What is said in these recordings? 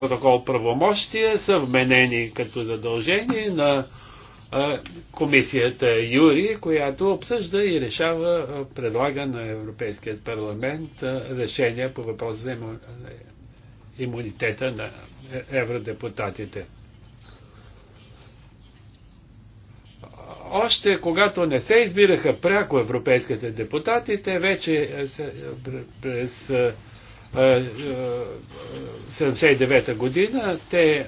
протокол правомощия са вменени като задължение на комисията Юри, която обсъжда и решава, предлага на Европейският парламент решения по въпроса за имунитета на евродепутатите. Още когато не се избираха пряко европейските депутатите, вече през 79-та е, е, година, те е,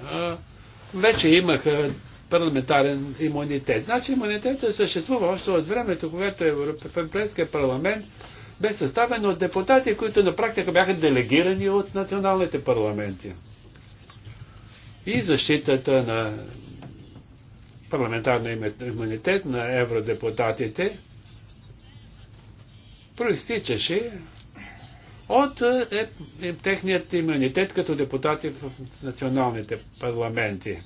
вече имаха парламентарен имунитет. Значи имунитетът съществува още от времето, когато Европейския парламент бе съставен от депутати, които на практика бяха делегирани от националните парламенти. И защитата на парламентарна имунитет на евродепутатите проистичаше от е, е, е, техният имунитет като депутати в националните парламенти.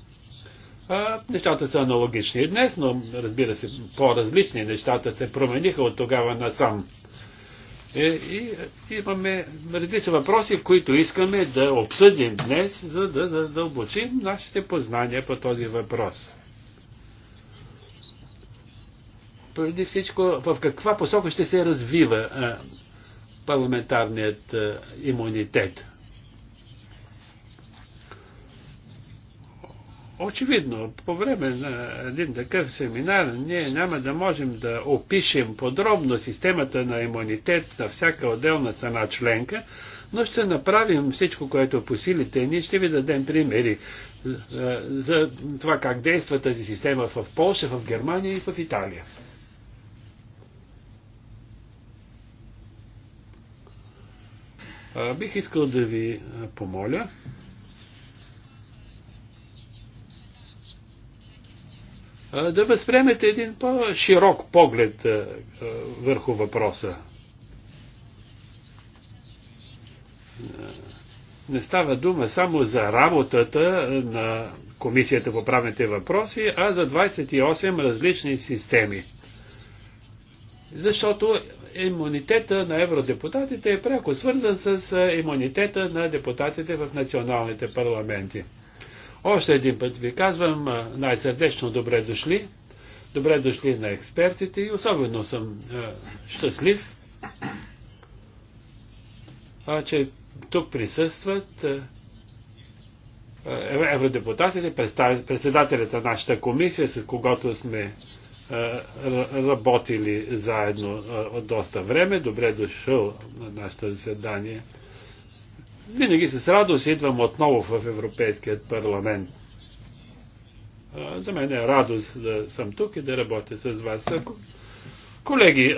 А, нещата са аналогични и днес, но разбира се, по-различни нещата се промениха от тогава насам. Е, и е, имаме редица въпроси, които искаме да обсъдим днес, за да задълбочим да, да нашите познания по този въпрос. Преди всичко, в каква посока ще се развива парламентарният е, имунитет. Очевидно, по време на един такъв семинар ние няма да можем да опишем подробно системата на имунитет на всяка отделна страна членка, но ще направим всичко, което е по силите ни, ще ви дадем примери е, за това как действа тази система в Польша, в Германия и в Италия. Бих искал да ви помоля да възприемете един по-широк поглед върху въпроса. Не става дума само за работата на Комисията по правните въпроси, а за 28 различни системи. Защото имунитета на евродепутатите е пряко свързан с имунитета на депутатите в националните парламенти. Още един път ви казвам най-сърдечно добре дошли. Добре дошли на експертите и особено съм щастлив, а, че тук присъстват евродепутатите, председателите председателят на нашата комисия, с когото сме е, работили заедно е, от доста време. Добре дошъл на нашето заседание. Винаги с радост идвам отново в Европейският парламент. Е, за мен е радост да съм тук и да работя с вас. Колеги,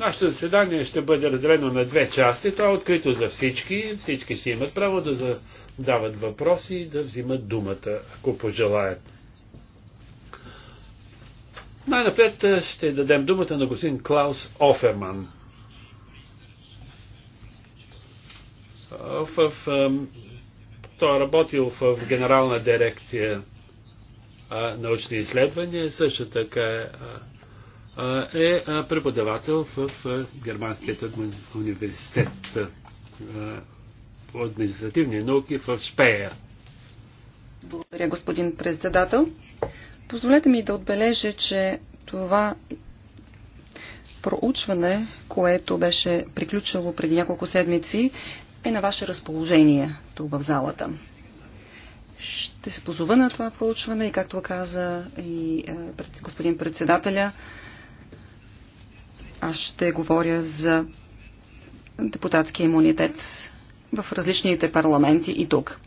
нашето заседание ще бъде разделено на две части. Това е открито за всички. Всички ще имат право да задават въпроси и да взимат думата, ако пожелаят. Най-напред ще дадем думата на господин Клаус Оферман. В, в, той е работил в, в Генерална дирекция а, научни изследвания, също така а, е а, преподавател в, в Германският университет по административни науки в Шпея. Благодаря, господин председател. Позволете ми да отбележа, че това проучване, което беше приключило преди няколко седмици, е на ваше разположение тук в залата. Ще се позова на това проучване и както каза и е, господин председателя, аз ще говоря за депутатския имунитет в различните парламенти и тук.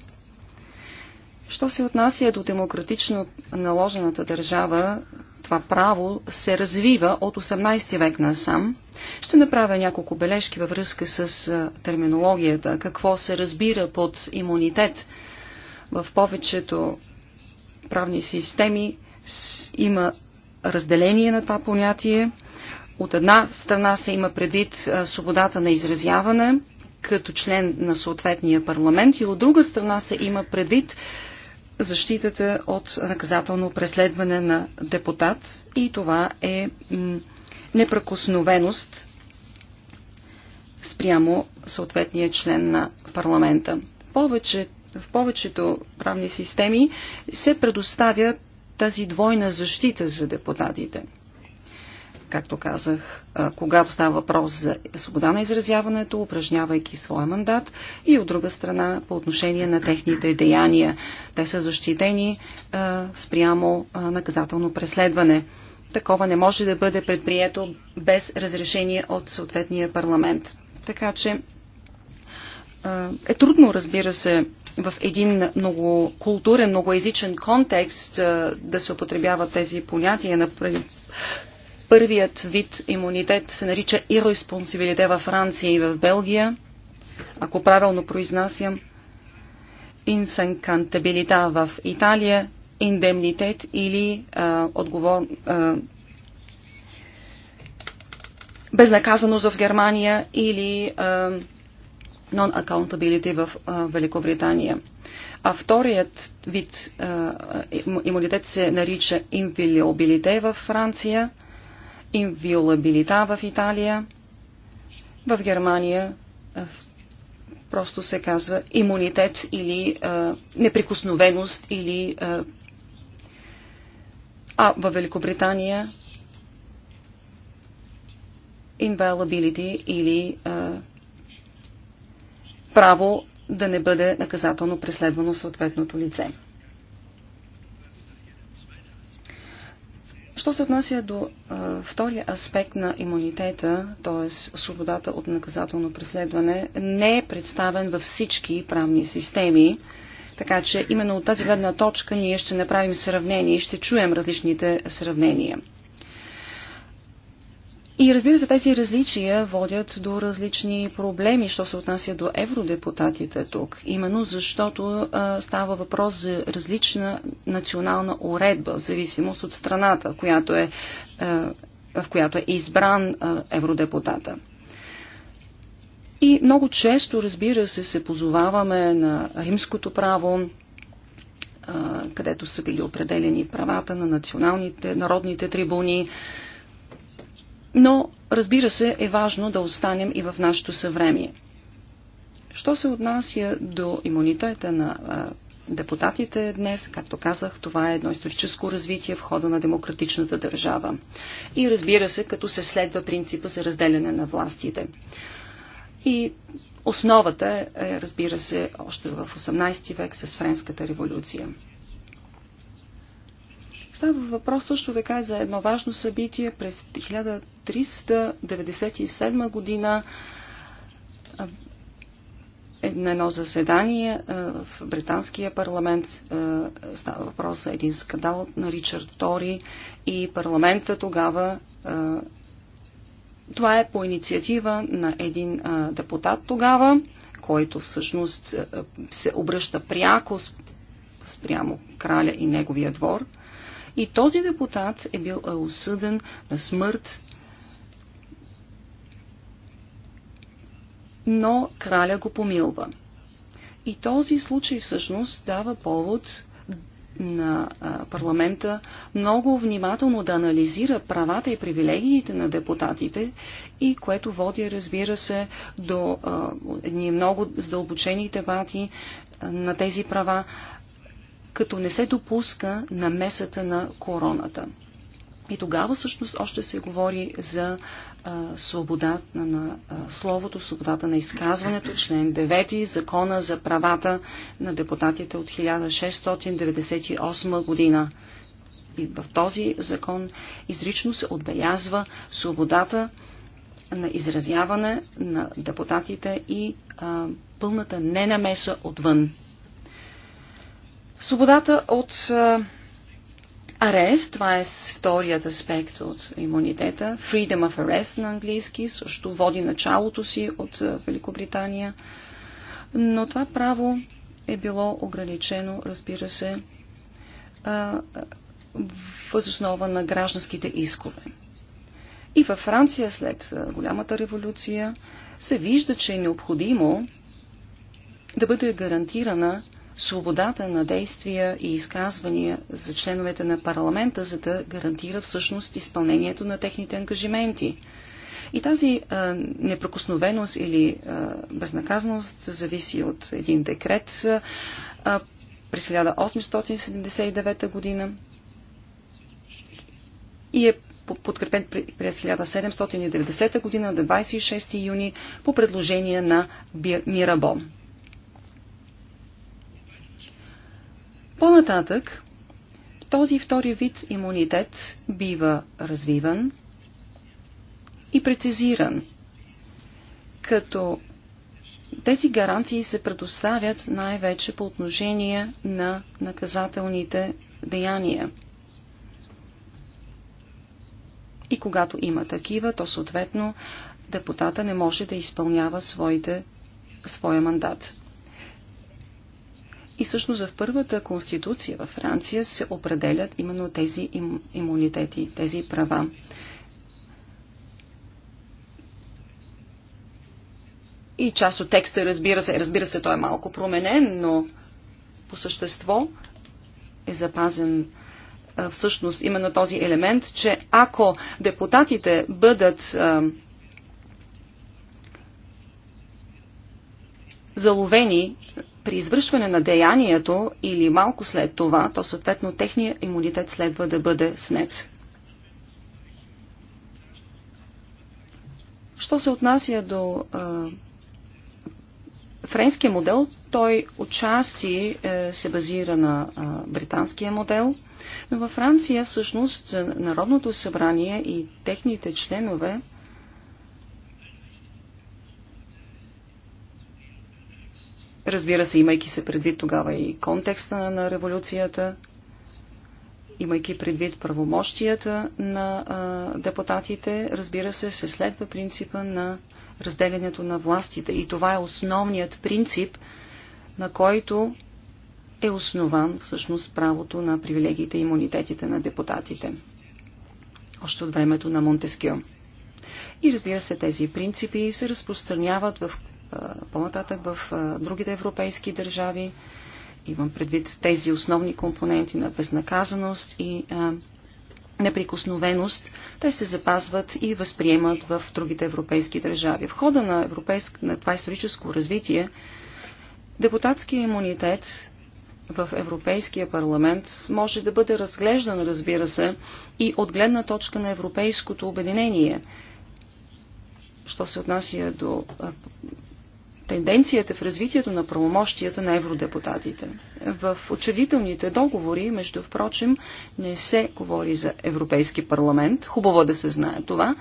Що се отнася до демократично наложената държава, това право се развива от 18 век насам. Ще направя няколко бележки във връзка с терминологията, какво се разбира под имунитет. В повечето правни системи има разделение на това понятие. От една страна се има предвид свободата на изразяване като член на съответния парламент и от друга страна се има предвид защитата от наказателно преследване на депутат и това е непрекосновеност спрямо съответния член на парламента. Повече, в повечето правни системи се предоставя тази двойна защита за депутатите – както казах, когато става въпрос за свобода на изразяването, упражнявайки своя мандат и от друга страна по отношение на техните деяния. Те са защитени спрямо наказателно преследване. Такова не може да бъде предприето без разрешение от съответния парламент. Така че е трудно, разбира се, в един много културен, многоязичен контекст да се употребяват тези понятия. на. Първият вид имунитет се нарича иреспонсибилите във Франция и в Белгия. Ако правилно произнасям, инсенкантабилита в Италия, индемнитет или а, отговор, а, безнаказаност в Германия или non-accountability в а, Великобритания. А вторият вид а, имунитет се нарича инфилиобилите във Франция – инвиолабилита в Италия, в Германия просто се казва имунитет или а, неприкосновеност или а, а в Великобритания инвиолабилити или а, право да не бъде наказателно преследвано съответното лице. Що се отнася до а, втория аспект на имунитета, т.е. свободата от наказателно преследване, не е представен във всички правни системи. Така че именно от тази гледна точка ние ще направим сравнение и ще чуем различните сравнения. И разбира се, тези различия водят до различни проблеми, що се отнася до евродепутатите тук. Именно защото а, става въпрос за различна национална уредба, в зависимост от страната, която е, а, в която е избран а, евродепутата. И много често, разбира се, се позоваваме на римското право, където са били определени правата на националните, народните трибуни, но разбира се е важно да останем и в нашето съвремие. Що се отнася до имунитета на депутатите днес, както казах, това е едно историческо развитие в хода на демократичната държава. И разбира се, като се следва принципа за разделяне на властите. И основата е, разбира се, още в 18 век с Френската революция. Става въпрос също така за едно важно събитие през 1397 година е, на едно заседание в британския парламент става въпрос за един скандал на Ричард II и парламента тогава това е по инициатива на един депутат тогава, който всъщност се обръща пряко спрямо краля и неговия двор – и този депутат е бил осъден на смърт. Но краля го помилва. И този случай всъщност дава повод на парламента много внимателно да анализира правата и привилегиите на депутатите и което води, разбира се, до едни много задълбочени дебати на тези права като не се допуска намесата на короната. И тогава всъщност още се говори за а, свободата на, на а, словото, свободата на изказването, член 9, закона за правата на депутатите от 1698 година. И в този закон изрично се отбелязва свободата на изразяване на депутатите и а, пълната ненамеса отвън. Свободата от арест, това е вторият аспект от имунитета. Freedom of arrest на английски също води началото си от Великобритания. Но това право е било ограничено, разбира се, възоснова на гражданските искове. И във Франция след голямата революция се вижда, че е необходимо да бъде гарантирана свободата на действия и изказвания за членовете на парламента, за да гарантира всъщност изпълнението на техните ангажименти. И тази а, непрекосновеност или а, безнаказаност зависи от един декрет а, през 1879 година и е подкрепен през 1790 година на 26 юни по предложение на Мирабо. По-нататък, този втори вид имунитет бива развиван и прецизиран, като тези гаранции се предоставят най-вече по отношение на наказателните деяния. И когато има такива, то съответно депутата не може да изпълнява своите, своя мандат. И всъщност в първата конституция във Франция се определят именно тези имунитети, тези права. И част от текста, разбира се, разбира се, той е малко променен, но по същество е запазен всъщност именно този елемент, че ако депутатите бъдат заловени при извършване на деянието или малко след това, то съответно техния имунитет следва да бъде снет. Що се отнася до а, френския модел, той отчасти е, се базира на а, британския модел, но във Франция всъщност Народното събрание и техните членове Разбира се, имайки се предвид тогава и контекста на революцията, имайки предвид правомощията на а, депутатите, разбира се, се следва принципа на разделянето на властите. И това е основният принцип, на който е основан всъщност правото на привилегиите и имунитетите на депутатите. Още от времето на Монтескио. И разбира се, тези принципи се разпространяват в по-нататък в другите европейски държави. Имам предвид тези основни компоненти на безнаказаност и неприкосновеност, те се запазват и възприемат в другите европейски държави. В хода на, европейск, на това историческо развитие, депутатския имунитет в Европейския парламент може да бъде разглеждан, разбира се, и от гледна точка на Европейското обединение. Що се отнася до тенденцията в развитието на правомощията на евродепутатите. В очевидителните договори, между впрочем, не се говори за Европейски парламент. Хубаво да се знае това.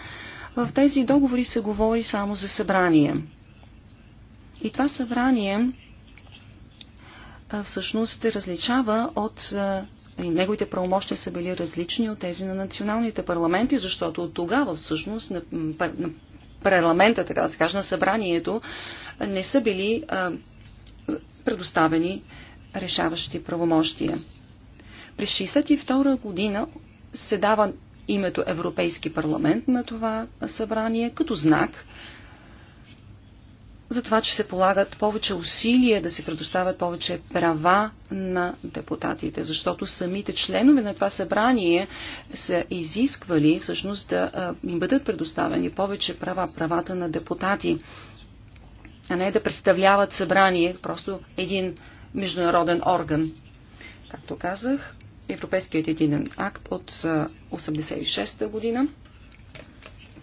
В тези договори се говори само за събрание. И това събрание всъщност се различава от и неговите правомощия са били различни от тези на националните парламенти, защото от тогава всъщност на, на парламента, така да се каже, на събранието, не са били а, предоставени решаващи правомощия. През 1962 година се дава името Европейски парламент на това събрание като знак, за това, че се полагат повече усилия да се предоставят повече права на депутатите, защото самите членове на това събрание са изисквали всъщност да им бъдат предоставени повече права, правата на депутати, а не да представляват събрание, просто един международен орган. Както казах, Европейският единен акт от 1986 година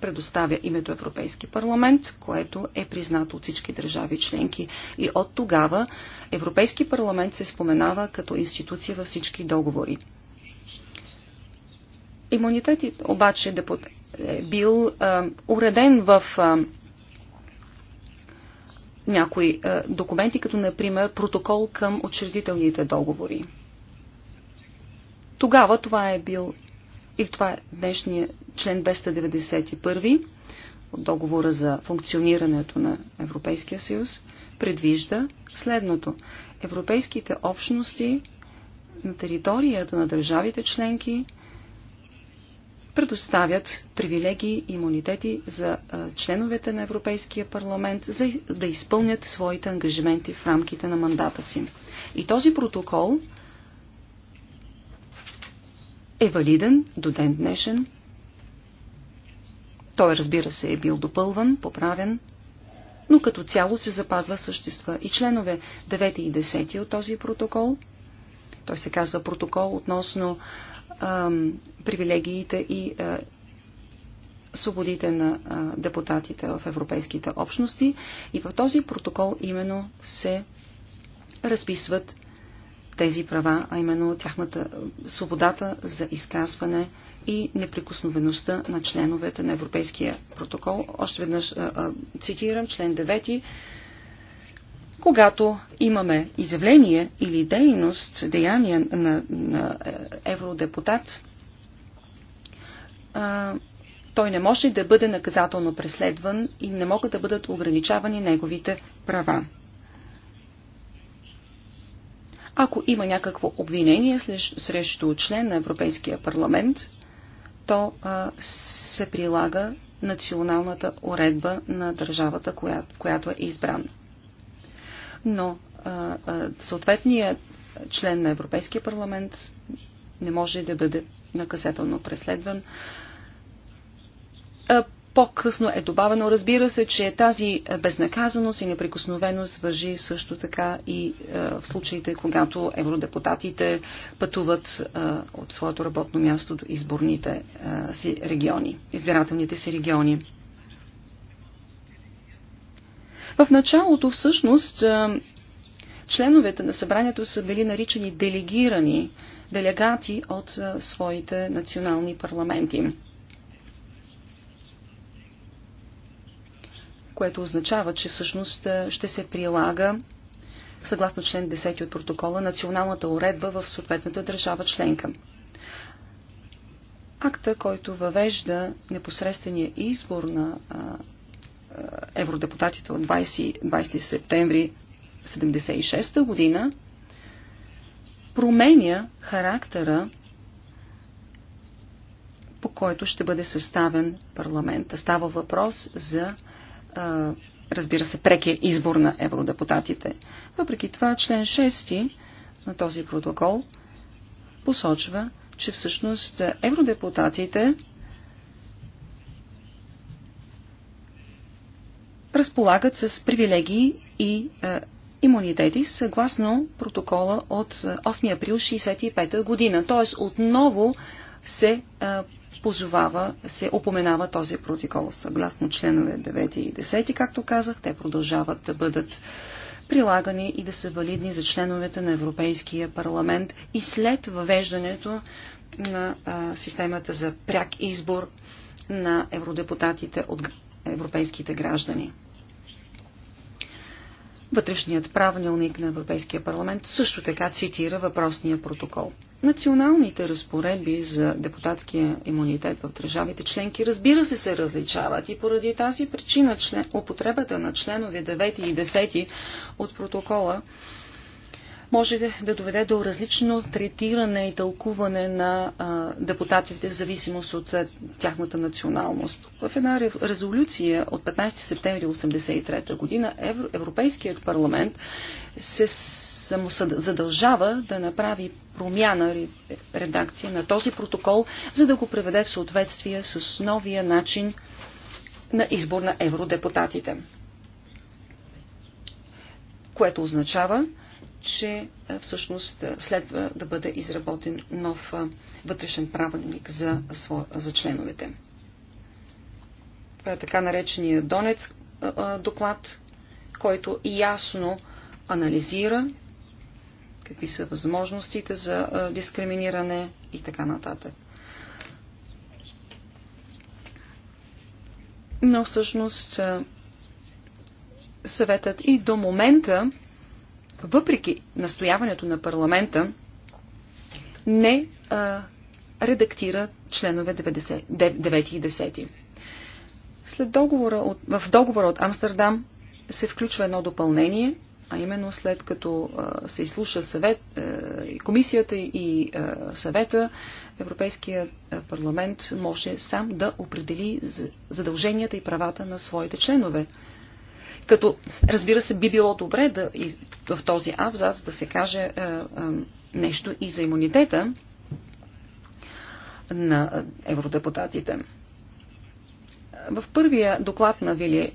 предоставя името Европейски парламент, което е признато от всички държави членки. И от тогава Европейски парламент се споменава като институция във всички договори. Имунитетът обаче е бил е, уреден в е, някои е, документи, като например протокол към учредителните договори. Тогава това е бил и това е днешния член 291 от договора за функционирането на Европейския съюз, предвижда следното. Европейските общности на територията на държавите членки предоставят привилегии и имунитети за членовете на Европейския парламент за да изпълнят своите ангажименти в рамките на мандата си. И този протокол е валиден до ден днешен. Той, разбира се, е бил допълван, поправен, но като цяло се запазва същества. И членове 9 и 10 от този протокол, той се казва протокол относно ам, привилегиите и а, свободите на а, депутатите в европейските общности. И в този протокол именно се разписват тези права, а именно тяхната е, свободата за изказване и неприкосновеността на членовете на Европейския протокол. Още веднъж е, е, цитирам член 9. Когато имаме изявление или дейност, деяние на, на евродепутат, той не може да бъде наказателно преследван и не могат да бъдат ограничавани неговите права. Ако има някакво обвинение срещу член на Европейския парламент, то а, се прилага националната уредба на държавата, коя, която е избрана. Но а, а, съответният член на Европейския парламент не може да бъде наказателно преследван. А, по-късно е добавено, разбира се, че тази безнаказаност и неприкосновеност въжи също така и е, в случаите, когато евродепутатите пътуват е, от своето работно място до изборните е, си региони, избирателните си региони. В началото всъщност членовете на събранието са били наричани делегирани делегати от своите национални парламенти. което означава, че всъщност е, ще се прилага съгласно член 10 от протокола националната уредба в съответната държава членка. Акта, който въвежда непосредствения избор на евродепутатите от 20, 20 септември 1976 година, променя характера по който ще бъде съставен парламента. Става въпрос за разбира се, прекия избор на евродепутатите. Въпреки това, член 6 на този протокол посочва, че всъщност евродепутатите разполагат с привилегии и имунитети съгласно протокола от 8 април 1965 година. Т.е. отново се е, позовава, се опоменава този протокол. Съгласно членове 9 и 10, както казах, те продължават да бъдат прилагани и да са валидни за членовете на Европейския парламент и след въвеждането на а, системата за пряк избор на евродепутатите от европейските граждани. Вътрешният правилник на Европейския парламент също така цитира въпросния протокол. Националните разпоредби за депутатския имунитет в държавите членки разбира се се различават и поради тази причина член, употребата на членове 9 и 10 от протокола може да доведе до различно третиране и тълкуване на депутатите в зависимост от тяхната националност. В една резолюция от 15 септември 1983 година Европейският парламент се задължава да направи промяна, редакция на този протокол, за да го преведе в съответствие с новия начин на избор на евродепутатите. Което означава, че всъщност следва да бъде изработен нов вътрешен правилник за, за членовете. Това е така наречения Донец доклад, който ясно анализира какви са възможностите за дискриминиране и така нататък. Но всъщност съветът и до момента въпреки настояването на парламента, не а, редактира членове 9 и 10. След договора от, в договора от Амстердам се включва едно допълнение, а именно след като а, се изслуша съвет, а, комисията и а, съвета, Европейският парламент може сам да определи задълженията и правата на своите членове. Като, разбира се, би било добре да и в този абзац да се каже е, е, нещо и за имунитета на евродепутатите. В първия доклад на Вили е,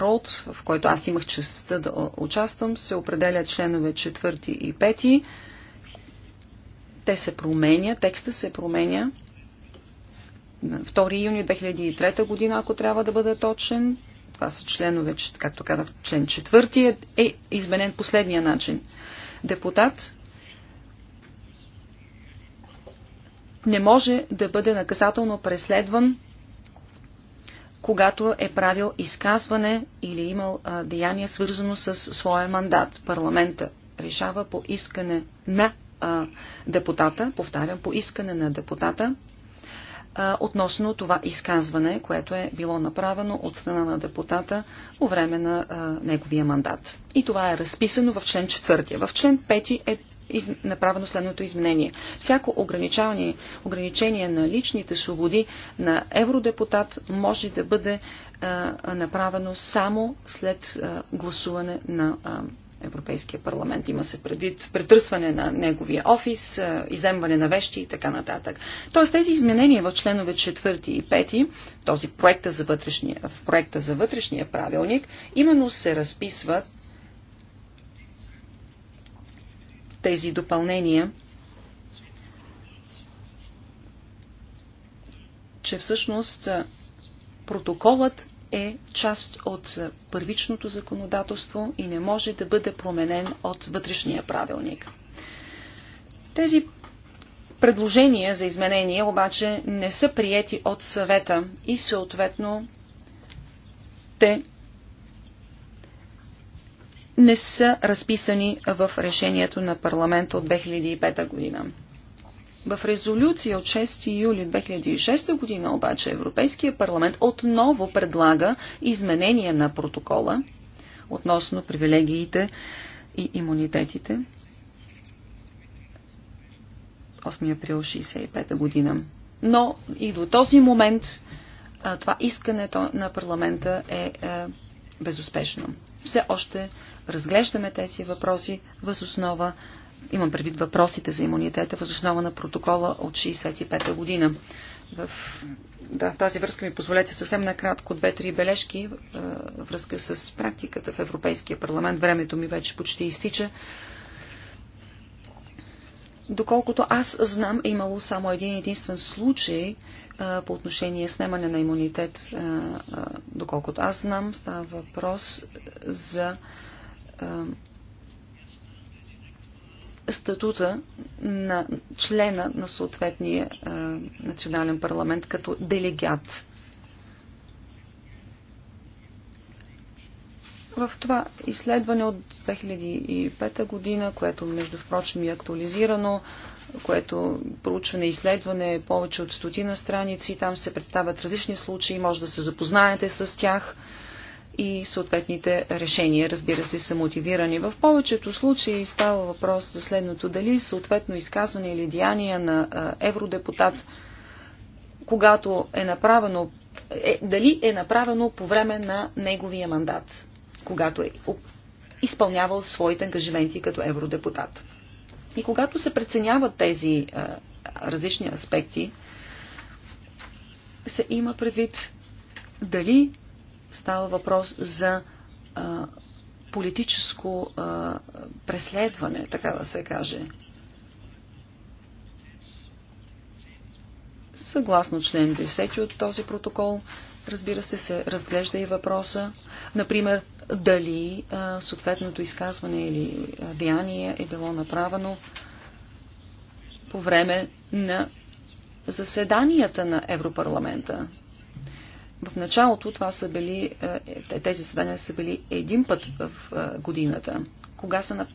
Роуд, в който аз имах честа да участвам, се определят членове 4 и 5. Те се променя, текста се променя на 2 юни 2003 година, ако трябва да бъда точен това са членове, както казах, член четвърти, е, е изменен последния начин. Депутат не може да бъде наказателно преследван, когато е правил изказване или имал а, деяние свързано с своя мандат. Парламента решава по искане на а, депутата, повтарям, по искане на депутата, а, относно това изказване, което е било направено от страна на депутата по време на а, неговия мандат. И това е разписано в член 4. В член 5 е из... направено следното изменение. Всяко ограничение, ограничение на личните свободи на евродепутат може да бъде а, направено само след а, гласуване на а, Европейския парламент. Има се предвид претърсване на неговия офис, е, иземване на вещи и така нататък. Тоест тези изменения в членове 4 и 5, този проекта за вътрешния, в проекта за вътрешния правилник, именно се разписват тези допълнения, че всъщност е, протоколът е част от първичното законодателство и не може да бъде променен от вътрешния правилник. Тези предложения за изменения обаче не са приети от съвета и съответно те не са разписани в решението на парламента от 2005 година. В резолюция от 6 юли 2006 година обаче Европейския парламент отново предлага изменение на протокола относно привилегиите и имунитетите. 8 април 1965 година. Но и до този момент това искането на парламента е, е безуспешно. Все още разглеждаме тези въпроси въз основа Имам предвид въпросите за имунитета възоснова на протокола от 65-та година. В да, в тази връзка ми позволете съвсем накратко две-три бележки е, във връзка с практиката в Европейския парламент. Времето ми вече почти изтича. Доколкото аз знам, е имало само един единствен случай а, е, по отношение снемане на имунитет. А, е, а, доколкото аз знам, става въпрос за статута на члена на съответния е, национален парламент като делегат. В това изследване от 2005 година, което между впрочем е актуализирано, което проучване и изследване е повече от стотина страници, там се представят различни случаи, може да се запознаете с тях и съответните решения, разбира се, са мотивирани. В повечето случаи става въпрос за следното дали съответно изказване или деяние на евродепутат, когато е направено, е, дали е направено по време на неговия мандат, когато е изпълнявал своите ангажименти като евродепутат. И когато се преценяват тези а, различни аспекти, се има предвид дали Става въпрос за а, политическо а, преследване, така да се каже. Съгласно член 10 от този протокол, разбира се, се разглежда и въпроса, например, дали а, съответното изказване или а, деяние е било направено по време на заседанията на Европарламента. В началото това са били, е, тези заседания са били един път в е, годината, кога са,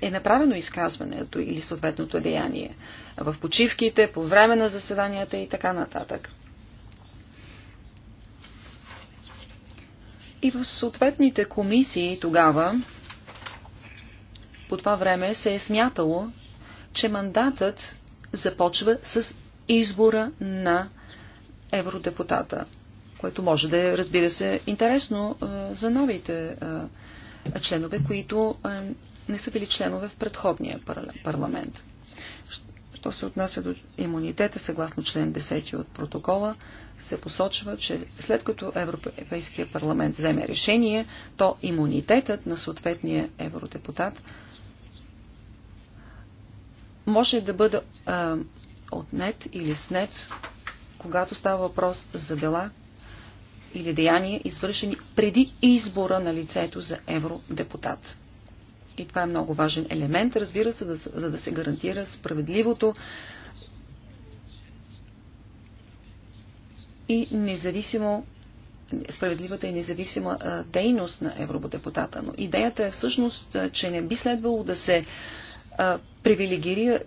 е направено изказването или съответното деяние. В почивките, по време на заседанията и така нататък. И в съответните комисии тогава, по това време, се е смятало, че мандатът започва с избора на евродепутата, което може да е, разбира се, интересно е, за новите е, членове, които е, не са били членове в предходния парламент. Що се отнася до имунитета, съгласно член 10 от протокола, се посочва, че след като Европейския парламент вземе решение, то имунитетът на съответния евродепутат може да бъде а, отнет или снет когато става въпрос за дела или деяния, извършени преди избора на лицето за евродепутат. И това е много важен елемент, разбира се, да, за да се гарантира справедливото и независимо справедливата и независима дейност на евродепутата. Но идеята е всъщност, че не би следвало да се привилегира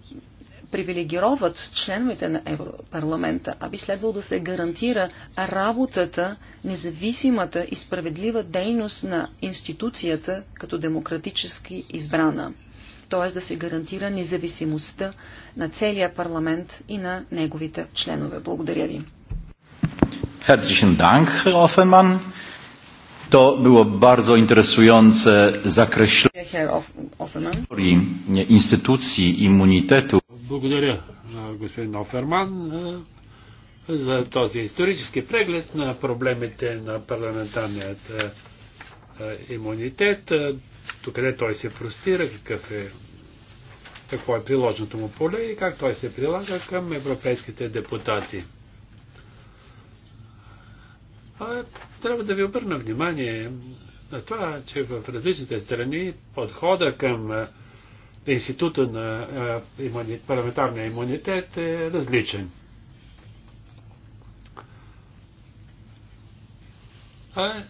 привилегироват членовете на Европарламента, а би следвало да се гарантира работата, независимата и справедлива дейност на институцията като демократически избрана. Т.е. да се гарантира независимостта на целия парламент и на неговите членове. Благодаря ви. Herzlichen Dank, Herr Offenmann. To było bardzo interesujące zakreślenie instytucji immunitetu. Благодаря на господин Оферман за този исторически преглед на проблемите на парламентарният имунитет, къде той се простира, какъв е, какво е приложното му поле и как той се прилага към европейските депутати. А, трябва да ви обърна внимание на това, че в различните страни подхода към института на парламентарния имунитет е различен. А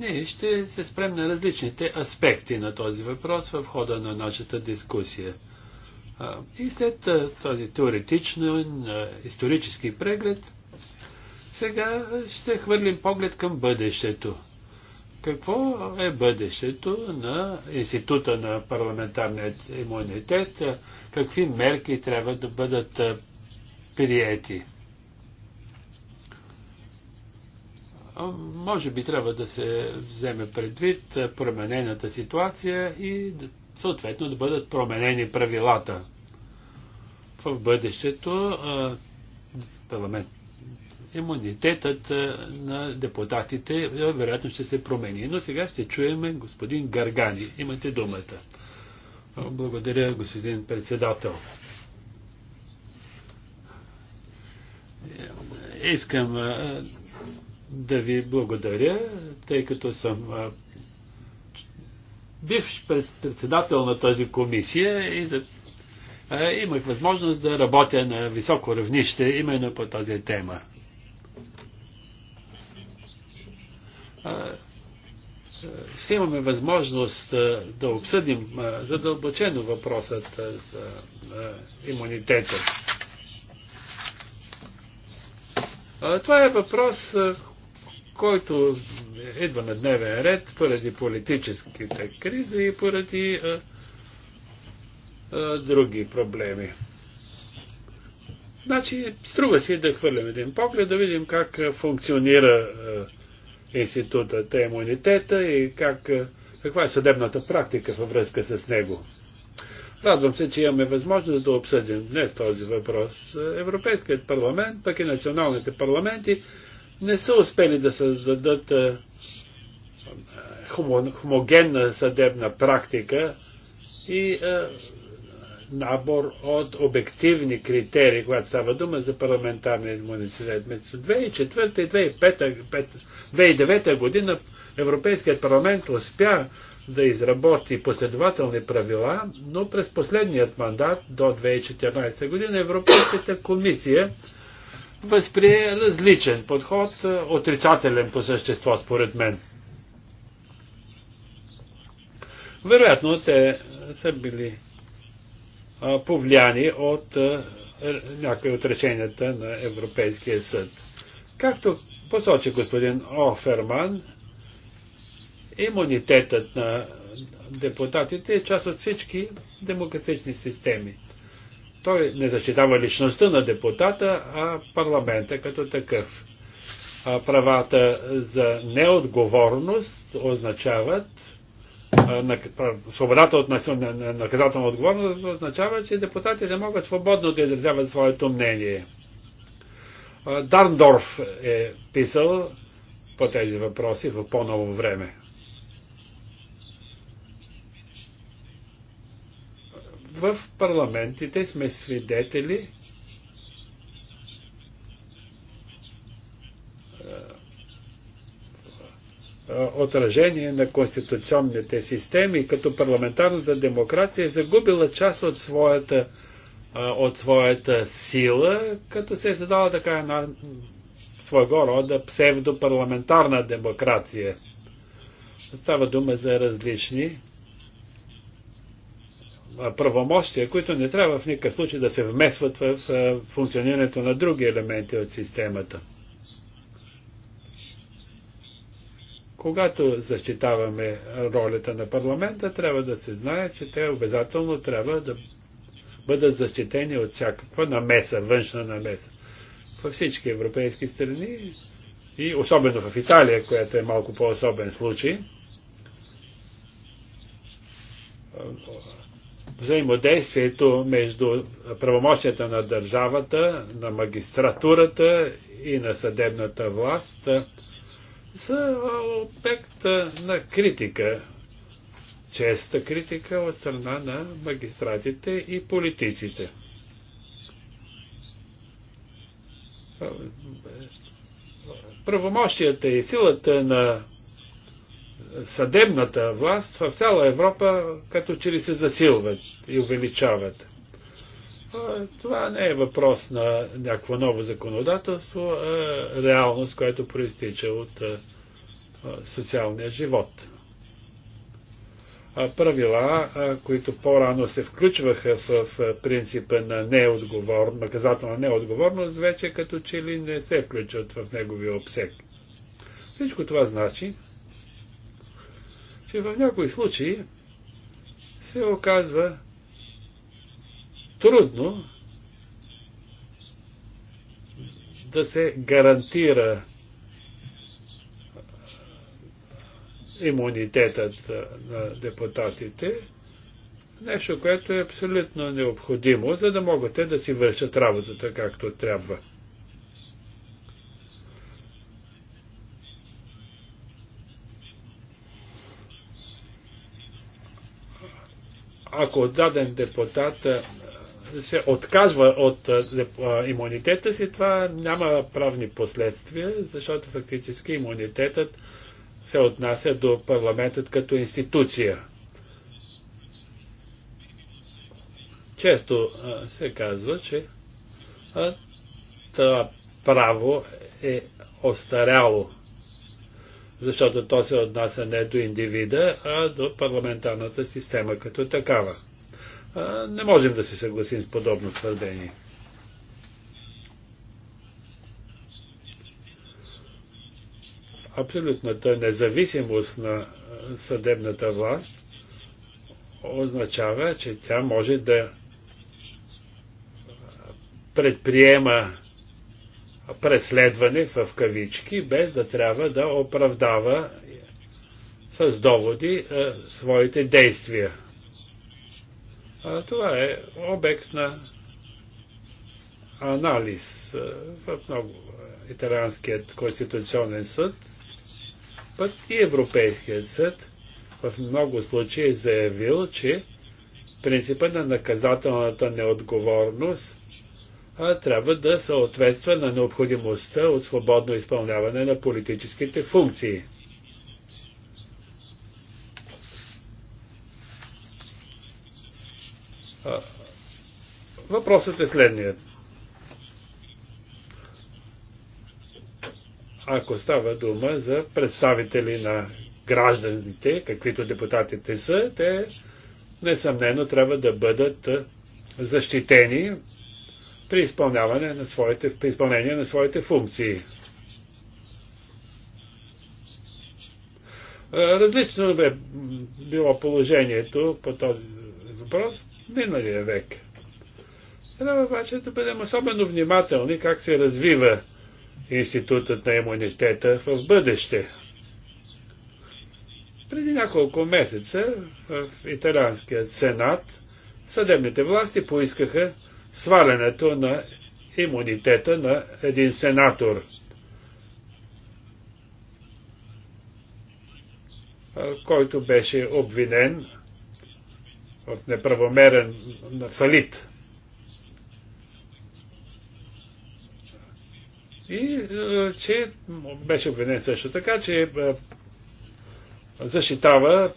ние ще се спрем на различните аспекти на този въпрос в хода на нашата дискусия. И след този теоретичен исторически преглед, сега ще хвърлим поглед към бъдещето. Какво е бъдещето на Института на парламентарният имунитет? Какви мерки трябва да бъдат приети? Може би трябва да се вземе предвид променената ситуация и съответно да бъдат променени правилата. В бъдещето парламент, имунитетът на депутатите вероятно ще се промени. Но сега ще чуем господин Гаргани. Имате думата. Благодаря, господин председател. Е, искам да ви благодаря, тъй като съм бивш председател на тази комисия и за имах възможност да работя на високо равнище именно по тази тема. ще имаме възможност да обсъдим задълбочено въпросът за имунитета. Това е въпрос, който идва на дневен ред поради политическите кризи и поради други проблеми. Значи, струва си да хвърлям един поглед, да видим как функционира институтът е имунитета и как, е, каква е съдебната практика във връзка с него. Радвам се, че имаме възможност да обсъдим днес този въпрос. Европейският парламент, пък и националните парламенти не са успели да създадат е, е, хомогенна съдебна практика и набор от обективни критерии, когато става дума за парламентарния иммунитет. Между 2004 и 2009 година Европейският парламент успя да изработи последователни правила, но през последният мандат до 2014 година Европейската комисия възприе различен подход, е, отрицателен по същество според мен. Вероятно те са били повлияни от някои от решенията на Европейския съд. Както посочи господин Оферман, имунитетът на депутатите е част от всички демократични системи. Той не защитава личността на депутата, а парламента като такъв. А правата за неотговорност означават на, свободата от наказателна отговорност означава, че депутатите могат свободно да изразяват своето мнение. Дарндорф е писал по тези въпроси в по-ново време. В парламентите сме свидетели отражение на конституционните системи, като парламентарната демокрация е загубила част от своята, от своята сила, като се е задала така една своего рода псевдопарламентарна демокрация. Става дума за различни правомощия, които не трябва в никакъв случай да се вмесват в функционирането на други елементи от системата. Когато защитаваме ролята на парламента, трябва да се знае, че те обязателно трябва да бъдат защитени от всякаква намеса, външна намеса. Във всички европейски страни и особено в Италия, която е малко по-особен случай, взаимодействието между правомощията на държавата, на магистратурата и на съдебната власт са обект на критика, честа критика от страна на магистратите и политиците. Правомощията и силата на съдебната власт в цяла Европа като че ли се засилват и увеличават. Това не е въпрос на някакво ново законодателство, а реалност, която проистича от социалния живот. Правила, които по-рано се включваха в принципа на неотговор, наказателна неотговорност, вече като че ли не се включват в неговия обсек. Всичко това значи, че в някои случаи се оказва, трудно да се гарантира имунитетът на депутатите, нещо, което е абсолютно необходимо, за да могат те да си вършат работата както трябва. Ако даден депутат се отказва от е, имунитета си, това няма правни последствия, защото фактически имунитетът се отнася до парламентът като институция. Често се казва, че това право е остаряло, защото то се отнася не до индивида, а до парламентарната система като такава. Не можем да се съгласим с подобно твърдение. Абсолютната е независимост на съдебната власт означава, че тя може да предприема преследване в кавички, без да трябва да оправдава с доводи своите действия. Това е обект на анализ в много италианският конституционен съд, път и Европейският съд в много случаи е заявил, че принципът на наказателната неотговорност а, трябва да съответства на необходимостта от свободно изпълняване на политическите функции. Въпросът е следният. Ако става дума за представители на гражданите, каквито депутатите са, те несъмнено трябва да бъдат защитени при, изпълняване на своите, при изпълнение на своите функции. Различно бе било положението по този, въпрос миналия век. Трябва обаче да бъдем особено внимателни как се развива институтът на имунитета в бъдеще. Преди няколко месеца в Италианският сенат съдебните власти поискаха свалянето на имунитета на един сенатор. който беше обвинен от неправомерен фалит. И е, че беше обвинен също така, че е, защитава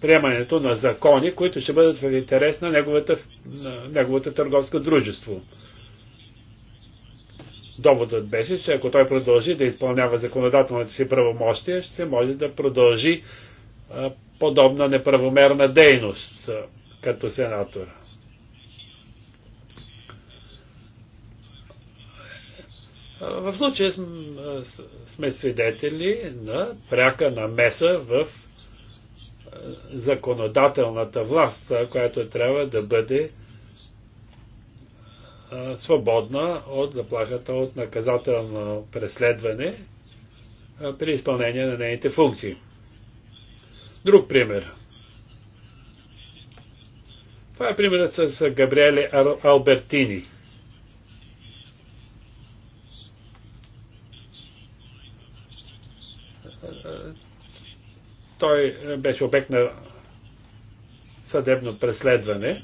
приемането на закони, които ще бъдат в интерес на неговата, на неговата търговско дружество. Доводът беше, че ако той продължи да изпълнява законодателните си правомощия, ще може да продължи а, е, подобна неправомерна дейност като сенатор. В случая сме свидетели на пряка намеса в е, законодателната власт, която трябва да бъде е, свободна от заплахата от наказателно преследване е, при изпълнение на нейните функции. Друг пример. Това е примерът с Габриеле Албертини. Той беше обект на съдебно преследване.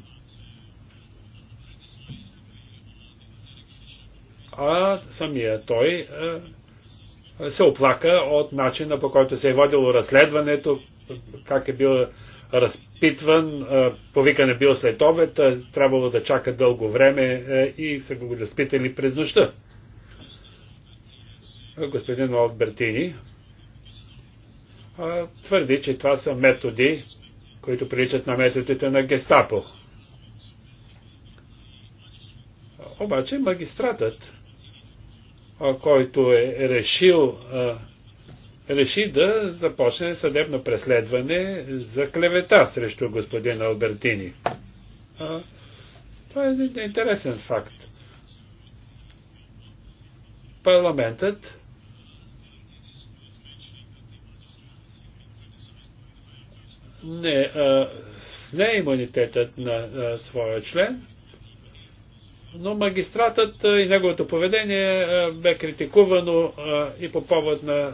А самия той се оплака от начина по който се е водило разследването, как е бил разпитван, повикан е бил след обед, трябвало да чака дълго време и са го разпитали през нощта. Господин Албертини твърди, че това са методи, които приличат на методите на гестапо. Обаче магистратът, който е решил реши да започне съдебно преследване за клевета срещу господин Албертини. А, това е интересен факт. Парламентът не, а, не имунитетът на а, своя член, но магистратът а, и неговото поведение а, бе критикувано а, и по повод на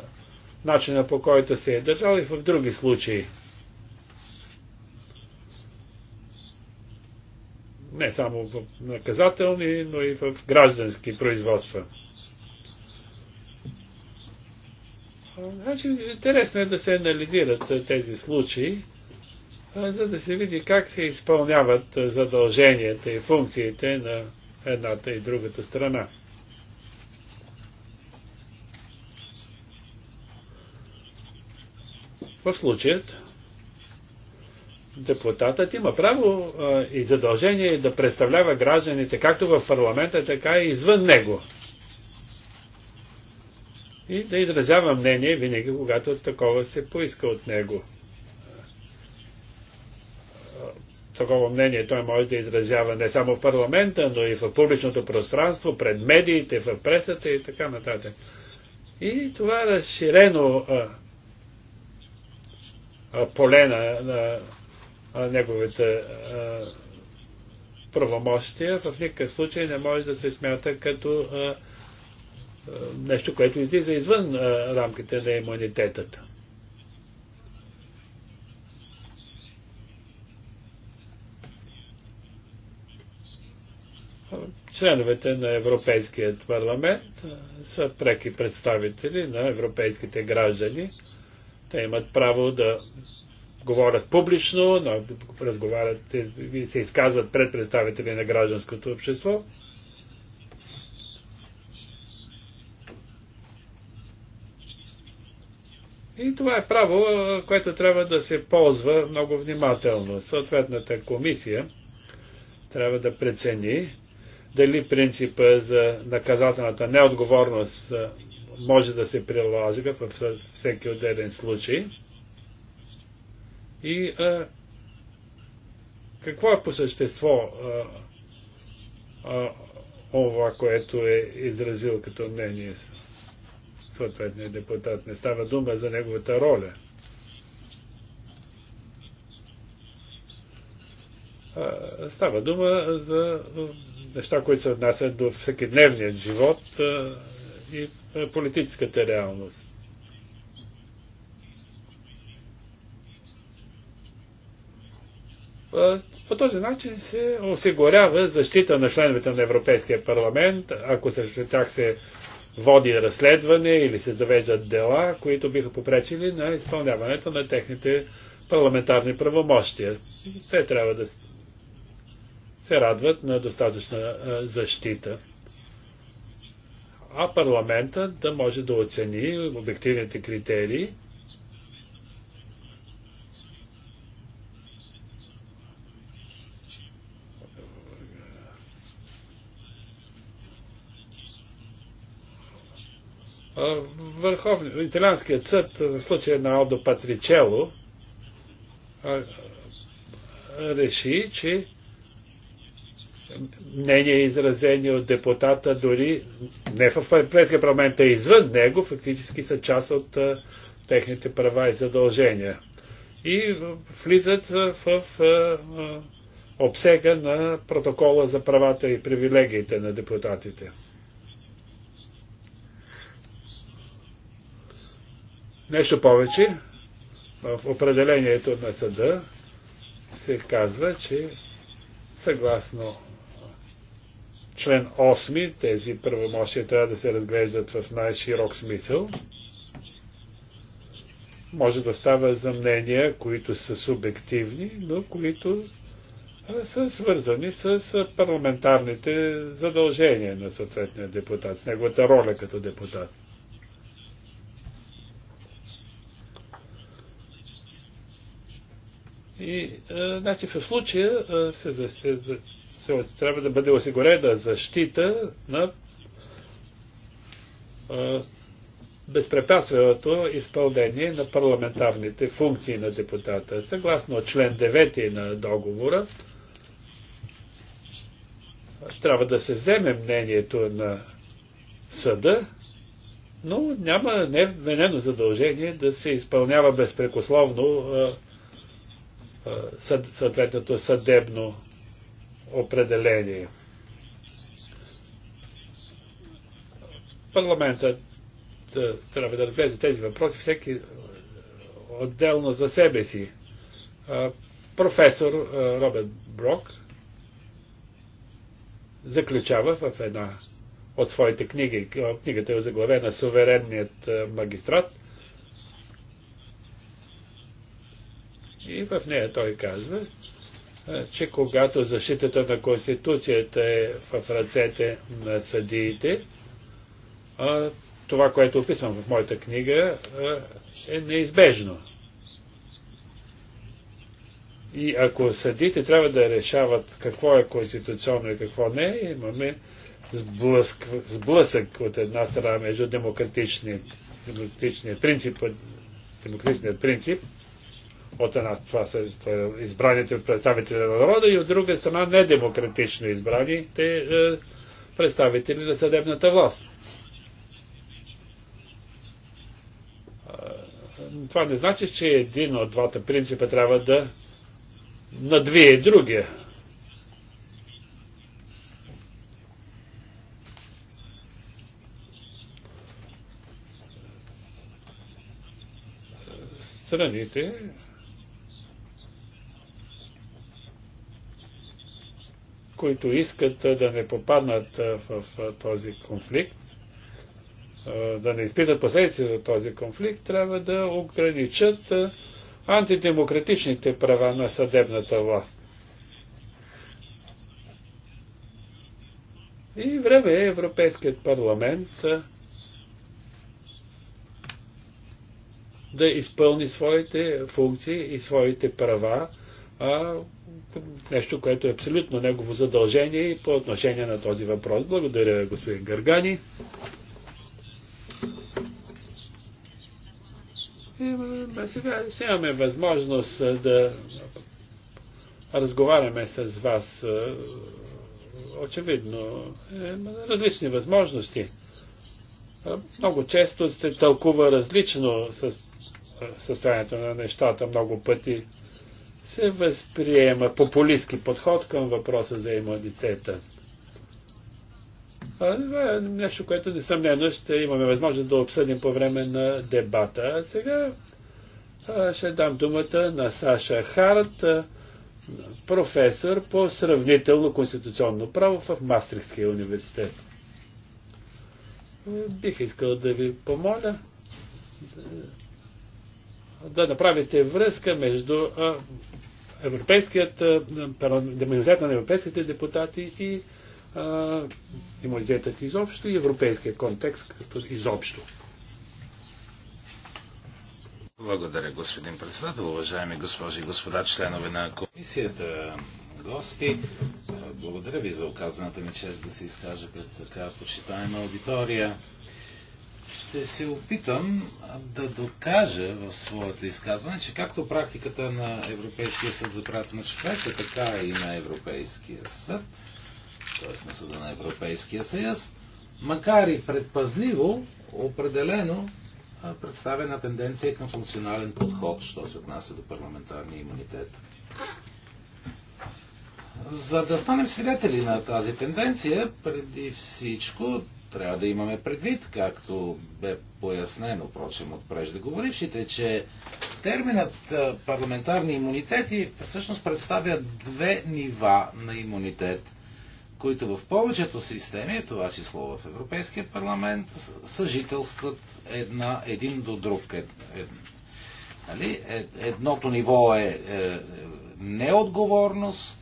начина по който се е държал и в други случаи. Не само в наказателни, но и в граждански производства. Значи, интересно е да се анализират тези случаи, за да се види как се изпълняват задълженията и функциите на едната и другата страна. В случаят депутатът има право а, и задължение да представлява гражданите както в парламента, така и извън него. И да изразява мнение винаги, когато такова се поиска от него. Такова мнение той може да изразява не само в парламента, но и в публичното пространство, пред медиите, в пресата и така нататък. И това разширено а, поле на, на, на неговите а, правомощия, в никакъв случай не може да се смята като а, а, нещо, което излиза извън а, рамките на имунитетата. Членовете на Европейският парламент са преки представители на европейските граждани те имат право да говорят публично, да разговарят и се изказват пред представители на гражданското общество. И това е право, което трябва да се ползва много внимателно. Съответната комисия трябва да прецени дали принципа за наказателната неотговорност може да се прилага във всеки отделен случай. И а, какво е по същество това, което е изразил като мнение съответния депутат? Не става дума за неговата роля. Става дума за неща, които се отнасят до дневният живот и е, политическата реалност. Е, по този начин се осигурява защита на членовете на Европейския парламент, ако срещу тях се води разследване или се завеждат дела, които биха попречили на изпълняването на техните парламентарни правомощия. Те трябва да се радват на достатъчна е, защита а парламента да може да оцени обективните критерии Върховният италианският съд в случая на Алдо Патричело реши, че мнение изразени от депутата дори не в Европейския парламент, а е извън него, фактически са част от а, техните права и задължения. И влизат в, в обсега на протокола за правата и привилегиите на депутатите. Нещо повече, в определението на съда се казва, че съгласно член 8 тези правомощия трябва да се разглеждат в най-широк смисъл. Може да става за мнения, които са субективни, но които са свързани с парламентарните задължения на съответния депутат, с неговата роля като депутат. И, значи, в случая се трябва да бъде осигурена защита на безпрепятственото изпълнение на парламентарните функции на депутата. Съгласно член 9 на договора, трябва да се вземе мнението на съда, но няма невменено е задължение да се изпълнява безпрекословно съответното съдебно определени. Парламентът е, трябва да разглежда тези въпроси всеки е, отделно за себе си. Е, професор Роберт Брок заключава в една от своите книги, книгата е заглавена Суверенният магистрат, и в нея той казва, че когато защитата на Конституцията е в ръцете на съдиите, това, което е описвам в моята книга, е неизбежно. И ако съдите трябва да решават какво е конституционно и какво не, имаме сблъск, сблъсък от една страна между демократичния, демократичния принцип, демократичния принцип от една това са е, избраните представители на народа и от друга страна недемократично избраните е, представители на съдебната власт. Е, това не значи, че един от двата принципа трябва да надвие другия. страните които искат да не попаднат в този конфликт, да не изпитат последици за този конфликт, трябва да ограничат антидемократичните права на съдебната власт. И време е Европейският парламент да изпълни своите функции и своите права, нещо, което е абсолютно негово задължение и по отношение на този въпрос. Благодаря, господин Гаргани. Имаме, сега, ще имаме възможност да разговаряме с вас. Очевидно, е, различни възможности. Много често се тълкува различно с състоянието на нещата много пъти се възприема популистски подход към въпроса за имунитета. А, това е нещо, което несъмнено ще имаме възможност да обсъдим по време на дебата. А сега а, ще дам думата на Саша Харт, професор по сравнително конституционно право в Мастрихския университет. Бих искал да ви помоля да направите връзка между европейският, на европейските депутати и имунитетът изобщо и европейския контекст като изобщо. Благодаря, господин председател, уважаеми госпожи и господа, членове на комисията, гости. Благодаря ви за оказаната ми чест да се изкажа пред така почитаема аудитория. Ще се опитам да докажа в своето изказване, че както практиката на Европейския съд за правата на човека, така и на Европейския съд, т.е. на съда на Европейския съюз, макар и предпазливо, определено представя една тенденция към функционален подход, що се отнася до парламентарния имунитет. За да станем свидетели на тази тенденция, преди всичко трябва да имаме предвид, както бе пояснено, прочем, от преждеговорившите, че терминът парламентарни имунитети всъщност представя две нива на имунитет, които в повечето системи, в това число в Европейския парламент, съжителстват една, един до друг. Ед, ед, нали, ед, Едното ниво е, е неотговорност,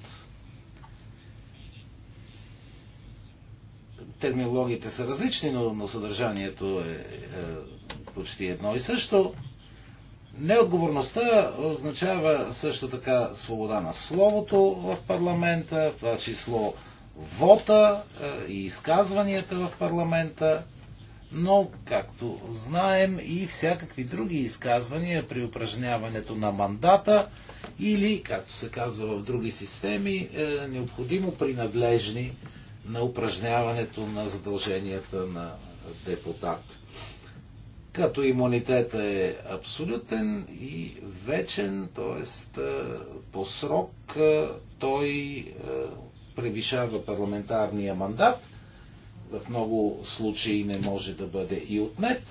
терминологиите са различни, но, но съдържанието е, е почти едно и също. Неотговорността означава също така свобода на словото в парламента, в това число вота е, и изказванията в парламента, но, както знаем, и всякакви други изказвания при упражняването на мандата или, както се казва в други системи, е необходимо принадлежни на упражняването на задълженията на депутат. Като имунитета е абсолютен и вечен, т.е. по срок той превишава парламентарния мандат. В много случаи не може да бъде и отнет.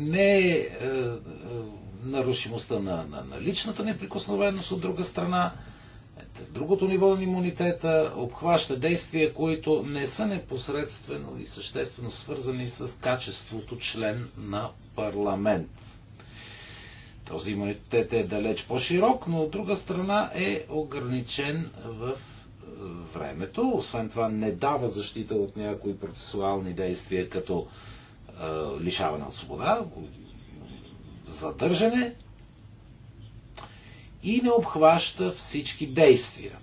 не е нарушимостта на, на, на личната неприкосновеност от друга страна, другото ниво на имунитета обхваща действия, които не са непосредствено и съществено свързани с качеството член на парламент. Този имунитет е далеч по-широк, но от друга страна е ограничен в е, времето. Освен това не дава защита от някои процесуални действия, като е, лишаване от свобода задържане и не обхваща всички действия.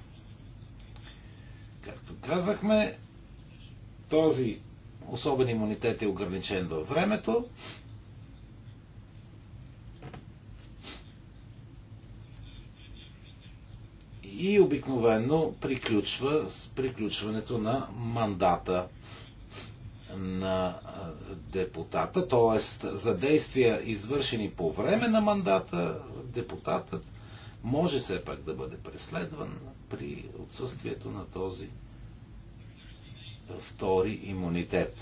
Както казахме, този особен имунитет е ограничен във времето. И обикновено приключва с приключването на мандата на депутата, т.е. за действия извършени по време на мандата, депутатът може все пак да бъде преследван при отсъствието на този втори имунитет.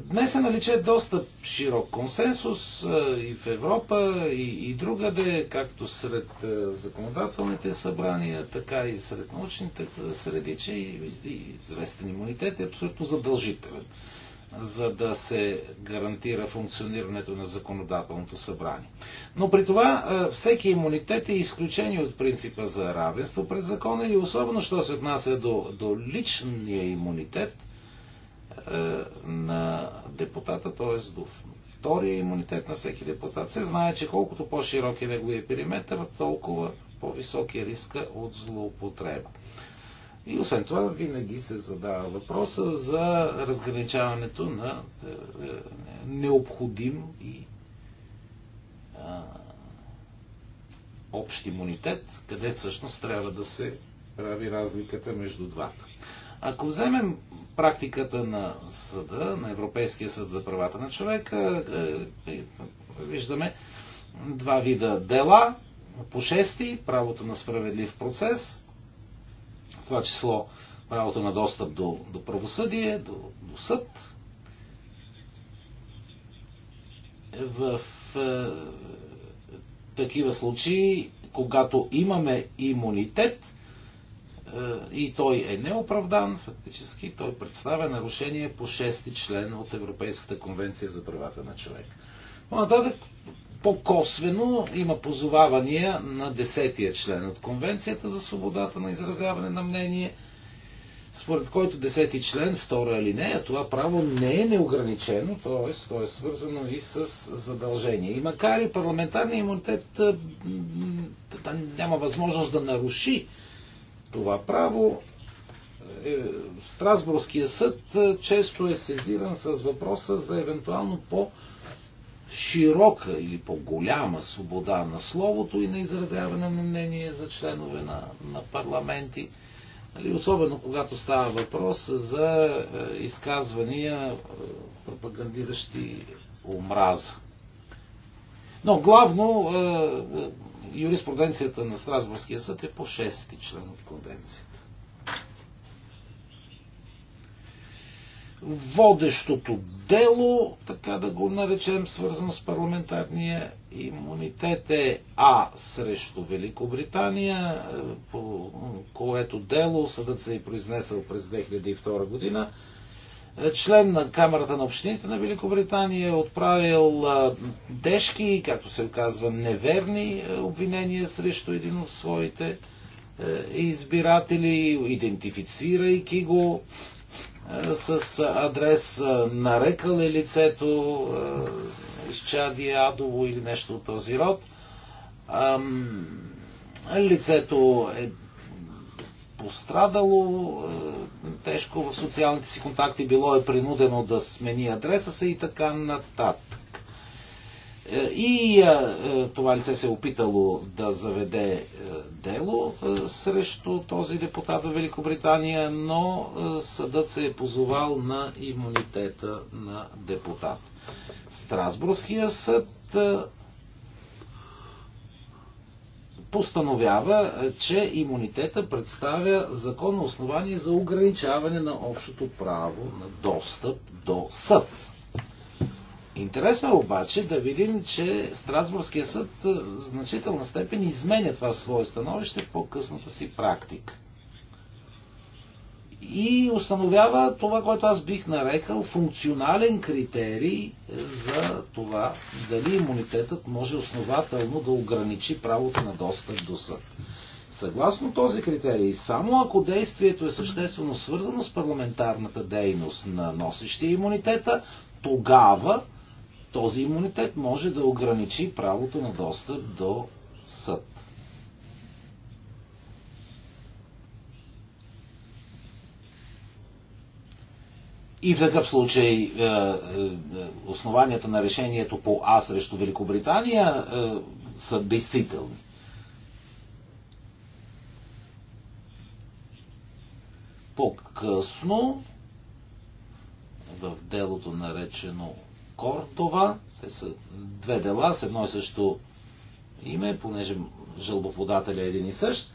Днес е наличе доста широк консенсус и в Европа, и, и другаде, както сред законодателните събрания, така и сред научните среди, че и, и известен имунитет е абсолютно задължителен, за да се гарантира функционирането на законодателното събрание. Но при това всеки имунитет е изключение от принципа за равенство пред закона и особено, що се отнася до, до личния имунитет – е, на депутата, т.е. до втория имунитет на всеки депутат. Се знае, че колкото по-широк е неговия периметр, толкова по-висок е риска от злоупотреба. И освен това, винаги се задава въпроса за разграничаването на е, е, необходим и общ имунитет, къде всъщност трябва да се прави разликата между двата. Ако вземем практиката на съда, на Европейския съд за правата на човека, е, е, виждаме два вида дела по шести, правото на справедлив процес, в това число правото на достъп до, до правосъдие, до, до съд. В е, такива случаи, когато имаме имунитет, е, и той е неоправдан, фактически той представя нарушение по 6 член от Европейската конвенция за правата на човек. По-нататък, по-косвено има позовавания на 10-я член от Конвенцията за свободата на изразяване на мнение, според който 10-ти член, втора линея, това право не е неограничено, т.е. то е свързано и с задължение. И макар и парламентарният имунитет няма възможност да наруши това право. Е, Страсбургския съд е, често е сезиран с въпроса за евентуално по- широка или по-голяма свобода на словото и на изразяване на мнение за членове на, на парламенти. Нали, особено когато става въпрос за е, изказвания, пропагандиращи омраза. Но главно юриспруденцията на Страсбургския съд е по 6 член от конвенцията. Водещото дело, така да го наречем, свързано с парламентарния имунитет е А срещу Великобритания, е, по което дело съдът се е произнесъл през 2002 година член на Камерата на общините на Великобритания, е отправил тежки, както се оказва, неверни е, обвинения срещу един от своите е, избиратели, идентифицирайки го е, с адрес нарекал е лицето изчадие Адово или нещо от този род. Лицето е пострадало е, тежко в социалните си контакти, било е принудено да смени адреса си и така нататък. Е, и е, това лице се е опитало да заведе дело срещу този депутат в Великобритания, но съдът се е позовал на имунитета на депутат. Страсбургския съд постановява, е, че имунитета представя законно основание за ограничаване на общото право на достъп до съд. Интересно е обаче да видим, че Страсбургския съд е, в значителна степен изменя това свое становище в по-късната си практика и установява това, което аз бих нарекал функционален критерий е, за това дали имунитетът може основателно да ограничи правото на достъп до съд. Съгласно този критерий, само ако действието е съществено свързано с парламентарната дейност на носещия имунитета, тогава този имунитет може да ограничи правото на достъп до съд. И в такъв случай е, е, основанията на решението по А срещу Великобритания е, са действителни. По-късно в делото наречено Кортова, те са две дела с едно и също име, понеже жалбоподателя е един и същ,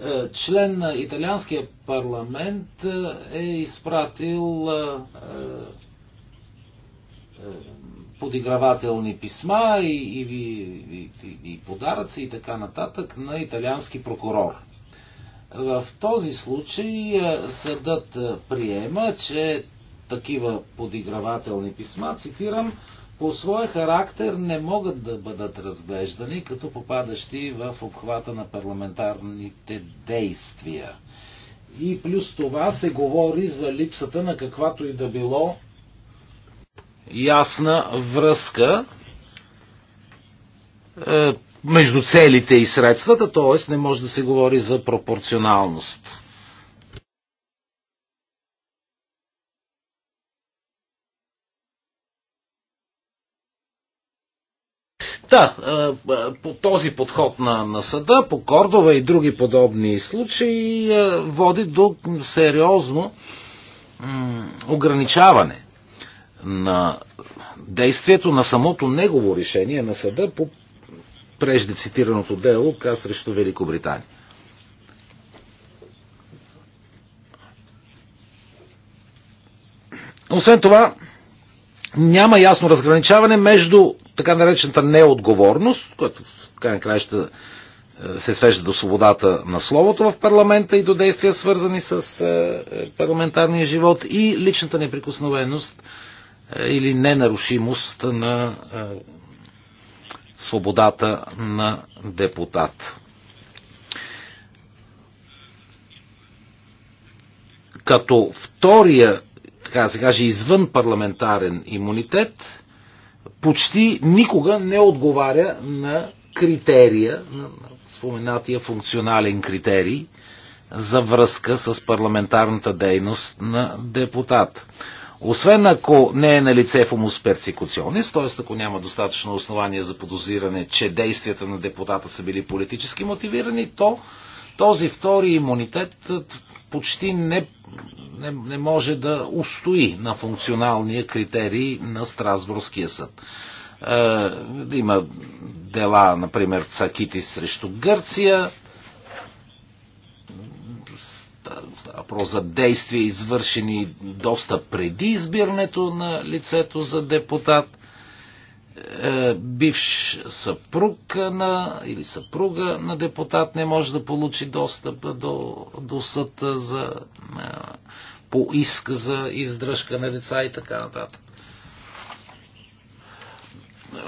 е, член на италианския парламент е, е изпратил е, подигравателни писма и, и, и, и подаръци и така нататък на италиански прокурор. В този случай съдът приема, че такива подигравателни писма, цитирам, по своя характер не могат да бъдат разглеждани като попадащи в обхвата на парламентарните действия. И плюс това се говори за липсата на каквато и да било ясна връзка е, между целите и средствата, т.е. не може да се говори за пропорционалност. Та, е, е, по този подход на, на съда, по Кордова и други подобни случаи, е, води до сериозно ограничаване на действието на самото негово решение на съда по прежде цитираното дело ка срещу Великобритания. Освен това, няма ясно разграничаване между така наречената неотговорност, която в край край ще се свежда до свободата на словото в парламента и до действия свързани с е, парламентарния живот и личната неприкосновеност е, или ненарушимост на е, свободата на депутат. Като втория, така да се каже, извън парламентарен имунитет, почти никога не отговаря на критерия, на споменатия функционален критерий за връзка с парламентарната дейност на депутат. Освен ако не е на лице фумус персекуционис, т.е. ако няма достатъчно основание за подозиране, че действията на депутата са били политически мотивирани, то този втори имунитет почти не, не, не може да устои на функционалния критерий на Страсбургския съд. Е, има дела, например, Цакити срещу Гърция, въпрос за действия, извършени доста преди избирането на лицето за депутат. Е, бивш съпруг на, или съпруга на депутат не може да получи достъп до, до съд за, е, по иск за издръжка на деца и така нататък.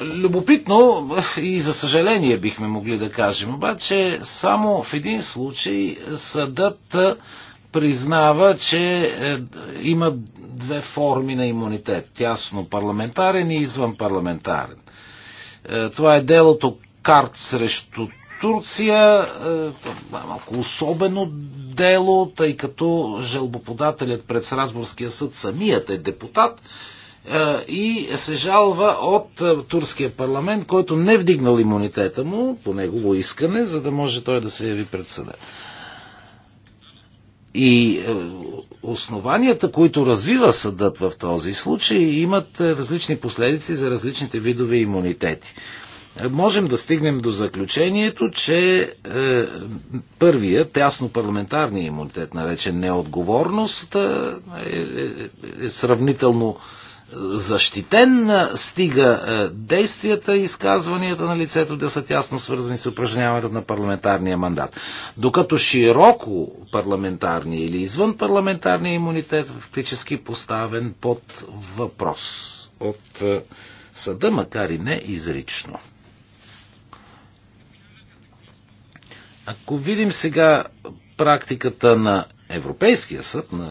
Любопитно и за съжаление бихме могли да кажем, обаче само в един случай съдът признава, че е, има две форми на имунитет. Тясно парламентарен и извън парламентарен. Е, това е делото Карт срещу Турция, е, малко особено дело, тъй като жалбоподателят пред Сразбургския съд самият е депутат и се жалва от турския парламент, който не вдигнал имунитета му по негово искане, за да може той да се яви пред съда. И е, основанията, които развива съдът в този случай, имат е, различни последици за различните видове имунитети. Е, можем да стигнем до заключението, че е, първия тясно парламентарния имунитет, наречен неотговорност, е, е, е сравнително е, защитен, стига действията и изказванията на лицето да са тясно свързани с упражняването на парламентарния мандат. Докато широко парламентарния или извън парламентарния имунитет фактически поставен под въпрос от съда, макар и не изрично. Ако видим сега практиката на Европейския съд, на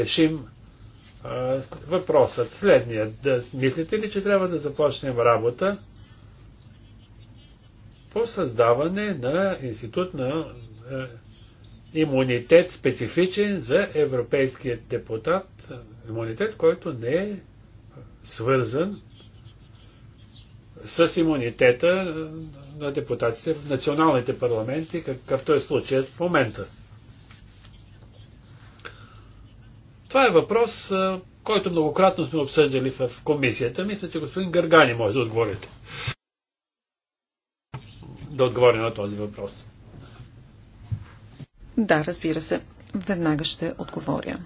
решим а, въпросът следния. Да, мислите ли, че трябва да започнем работа по създаване на институт на а, е, имунитет специфичен за европейският депутат, имунитет, който не е свързан с имунитета на депутатите в националните парламенти, какъвто е случаят в момента. Това е въпрос, който многократно сме обсъждали в комисията. Мисля, че господин Гъргани може да отговорите. Да отговори на този въпрос. Да, разбира се. Веднага ще отговоря.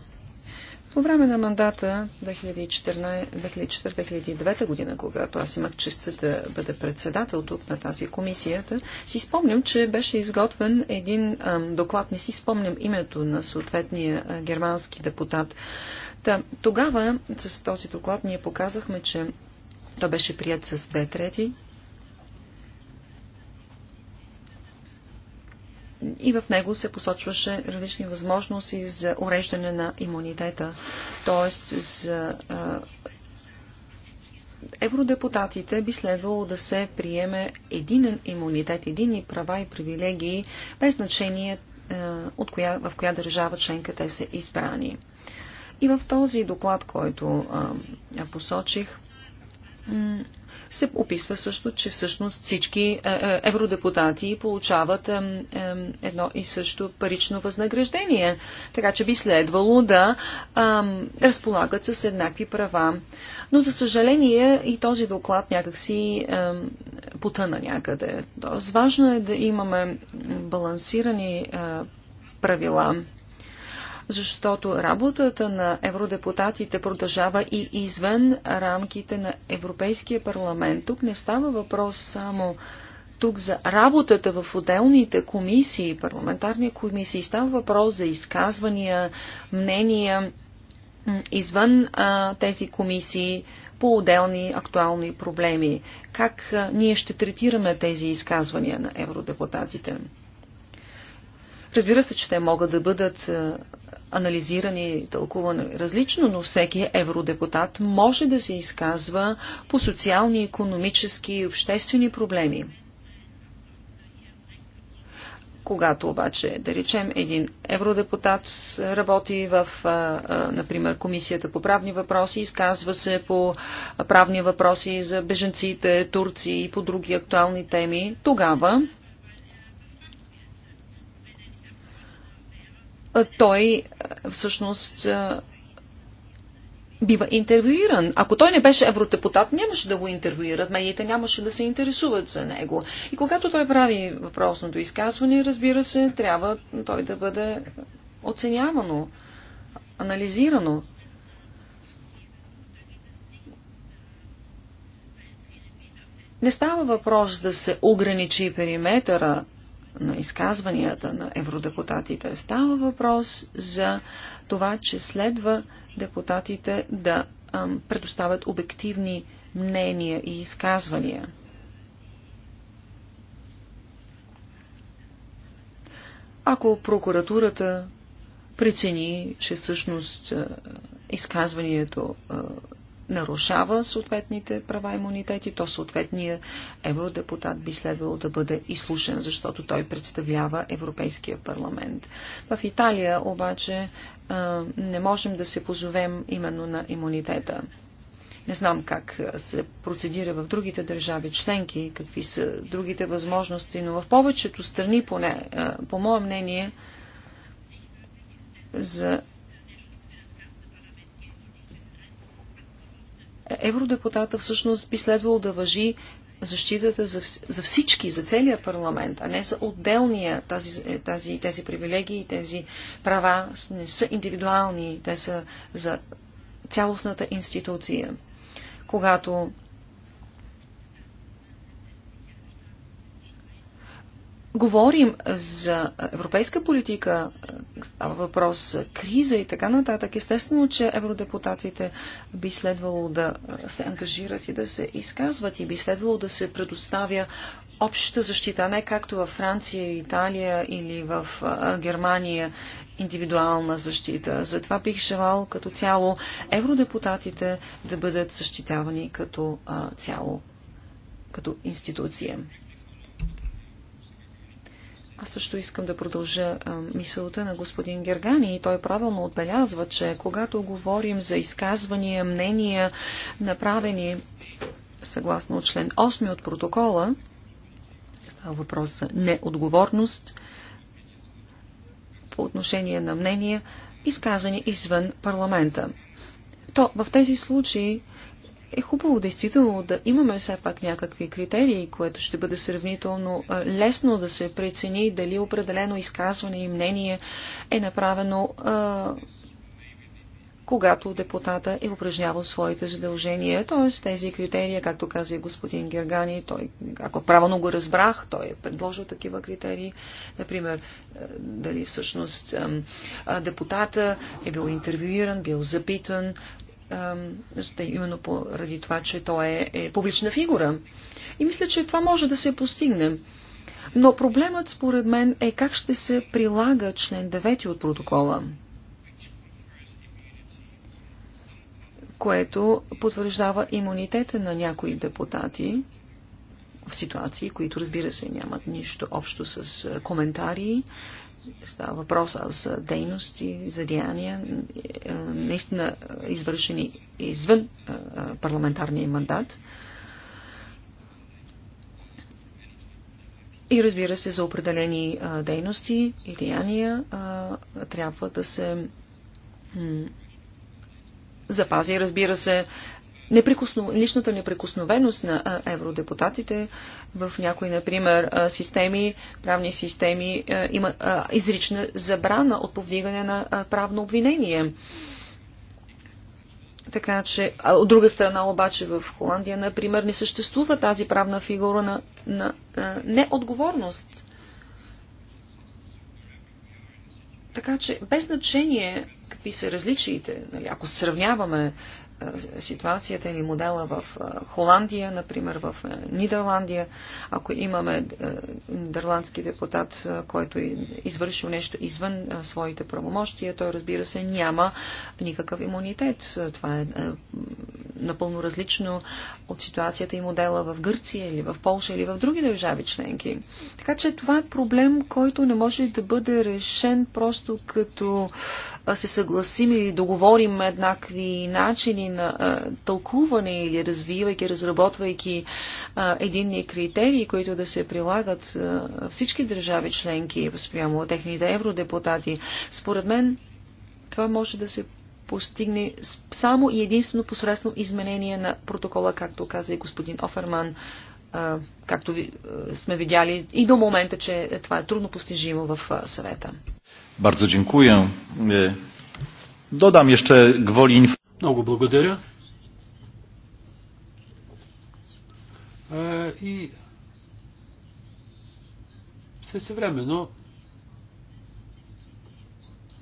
По време на мандата 2004-2009 година, когато аз имах честа да бъда председател тук на тази комисията, си спомням, че беше изготвен един ам, доклад, не си спомням името на съответния а, германски депутат. Та, тогава с този доклад ние показахме, че той беше прият с две трети и в него се посочваше различни възможности за уреждане на имунитета, т.е. за евродепутатите би следвало да се приеме единен имунитет, едини права и привилегии, без значение от коя, в коя държава членка те са избрани. И в този доклад, който а, посочих, се описва също, че всъщност всички е, е, евродепутати получават едно и също парично възнаграждение. Така че би следвало да разполагат с еднакви права. Но, за съжаление, и този доклад някакси потъна някъде. Тоест, важно е да имаме балансирани е, правила защото работата на евродепутатите продължава и извън рамките на Европейския парламент. Тук не става въпрос само тук за работата в отделните комисии, парламентарни комисии. Става въпрос за изказвания, мнения извън а, тези комисии по отделни актуални проблеми. Как а, ние ще третираме тези изказвания на евродепутатите? Разбира се, че те могат да бъдат е, анализирани и тълкувани различно, но всеки евродепутат може да се изказва по социални, економически и обществени проблеми. Когато обаче, да речем, един евродепутат работи в, е, е, например, Комисията по правни въпроси, изказва се по правни въпроси за беженците, Турции и по други актуални теми, тогава той е, всъщност е, бива интервюиран. Ако той не беше евродепутат, нямаше да го интервюират, медиите нямаше да се интересуват за него. И когато той прави въпросното изказване, разбира се, трябва той да бъде оценявано, анализирано. Не става въпрос да се ограничи периметъра на изказванията на евродепутатите. Става въпрос за това, че следва депутатите да предоставят обективни мнения и изказвания. Ако прокуратурата прецени, че всъщност изказването нарушава съответните права и имунитети, то съответният евродепутат би следвало да бъде изслушен, защото той представлява Европейския парламент. В Италия обаче не можем да се позовем именно на имунитета. Не знам как се процедира в другите държави членки, какви са другите възможности, но в повечето страни, поне, по мое мнение, за евродепутата всъщност би следвало да въжи защитата за, за всички, за целия парламент, а не за отделния. Тази, тази, тези привилегии и тези права не са индивидуални, те са за цялостната институция. Когато говорим за европейска политика, става въпрос за криза и така нататък, естествено, че евродепутатите би следвало да се ангажират и да се изказват и би следвало да се предоставя общата защита, не както във Франция, Италия или в Германия индивидуална защита. Затова бих желал като цяло евродепутатите да бъдат защитавани като цяло, като институция. Аз също искам да продължа мисълта на господин Гергани. и Той правилно отбелязва, че когато говорим за изказвания, мнения, направени съгласно член 8 от протокола, става въпрос за неотговорност по отношение на мнения, изказани извън парламента. То в тези случаи е хубаво действително да имаме все пак някакви критерии, което ще бъде сравнително лесно да се прецени дали определено изказване и мнение е направено когато депутата е упражнявал своите задължения. Т.е. тези критерия, както каза и господин Гергани, той, ако правилно го разбрах, той е предложил такива критерии. Например, дали всъщност депутата е бил интервюиран, бил запитан, именно поради това, че той е, е публична фигура. И мисля, че това може да се постигне. Но проблемът, според мен, е как ще се прилага член 9 от протокола, което потвърждава имунитета на някои депутати в ситуации, които, разбира се, нямат нищо общо с е, коментари Става въпроса за дейности, за деяния, е, наистина извършени извън е, парламентарния мандат. И разбира се, за определени е, дейности и деяния трябва да се запази, разбира се, неприкосно, личната неприкосновеност на евродепутатите в някои, например, системи, правни системи, има изрична забрана от повдигане на правно обвинение. Така че, а от друга страна обаче в Холандия, например, не съществува тази правна фигура на, на, а, неотговорност. Така че, без значение какви са различиите, нали, ако сравняваме ситуацията или модела в Холандия, например в Нидерландия. Ако имаме нидерландски депутат, който е извършил нещо извън своите правомощия, той разбира се няма никакъв имунитет. Това е напълно различно от ситуацията и модела в Гърция или в Польша или в други държави членки. Така че това е проблем, който не може да бъде решен просто като uh, се съгласим или договорим еднакви начини на тълкуване или развивайки, разработвайки единни критерии, които да се прилагат всички държави членки спрямо техните евродепутати, според мен това може да се постигне само и единствено посредством изменение на протокола, както каза и господин Оферман, както сме видяли и до момента, че това е трудно постижимо в съвета. Bardzo dziękuję. E, dodam jeszcze gwoli Много благодаря. Е, и същевременно,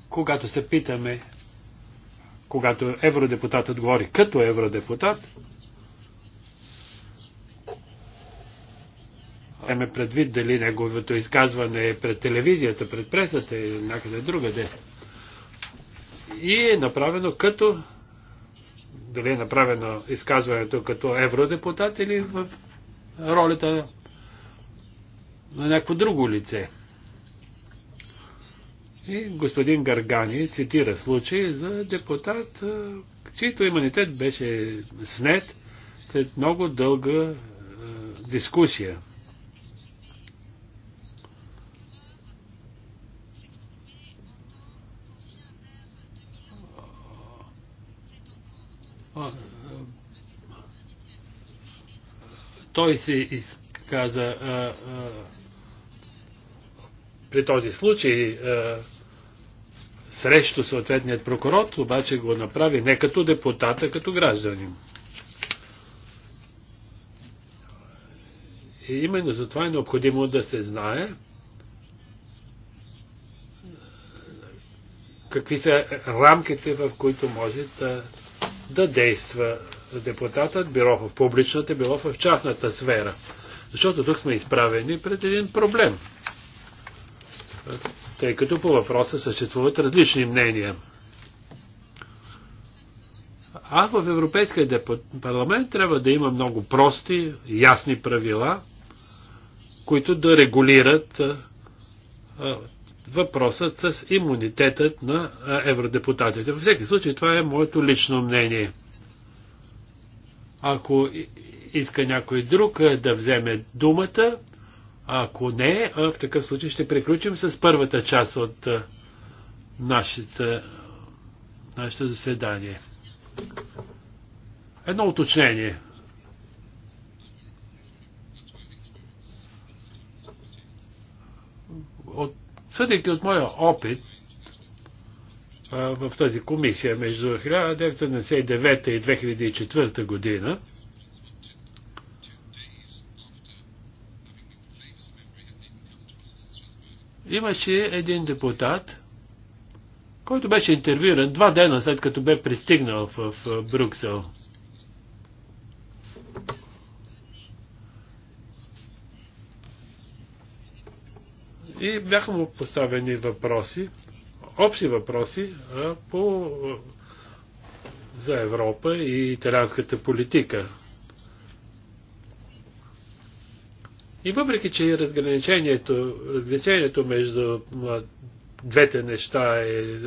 когато се питаме, когато Евродепутат отговори като евродепутат, Еме предвид дали неговото изказване е пред телевизията, пред пресата и някъде другаде. И е направено като дали е направено изказването като евродепутат или в ролята на някакво друго лице. И господин Гаргани цитира случай за депутат, чийто имунитет беше снет след много дълга дискусия. Той се изказа при този случай срещу съответният прокурор, обаче го направи не като депутат, а като гражданин. И именно за това е необходимо да се знае какви са рамките, в които може да да действа депутатът, било в публичната, било в частната сфера. Защото тук сме изправени пред един проблем. Тъй като по въпроса съществуват различни мнения. А в Европейския парламент трябва да има много прости, ясни правила, които да регулират въпросът с имунитетът на евродепутатите. Във всеки случай това е моето лично мнение. Ако иска някой друг да вземе думата, ако не, в такъв случай ще приключим с първата част от нашата, нашето заседание. Едно уточнение. От Съдейки от моя опит а, в тази комисия между 1979 и 2004 година, имаше един депутат, който беше интервюиран два дена след като бе пристигнал в, в Брюксел. И бяха му поставени въпроси, общи въпроси по, за Европа и италианската политика. И въпреки, че разграничението, разграничението между двете неща е, е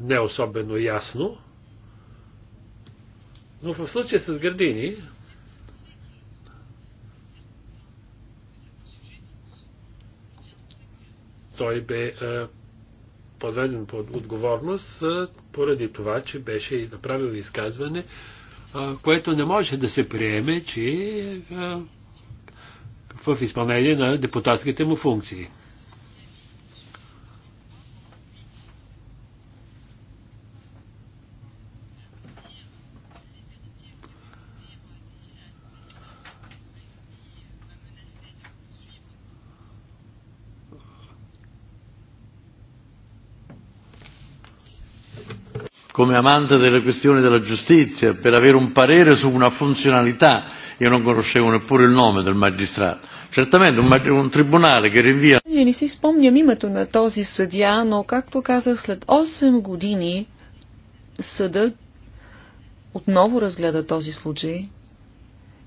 не особено ясно, но в случая с градини той бе е, подведен под отговорност е, поради това, че беше направил изказване, е, което не може да се приеме, че в изпълнение на депутатските му функции. come amante delle questioni della giustizia per avere un parere su una funzionalità, io non conoscevo neppure il nome del magistrato. Certamente un, un tribunale che rinvia... Не, не си спомням името на tosi sedia, no както казах, след 8 години съдът отново разгледа този случай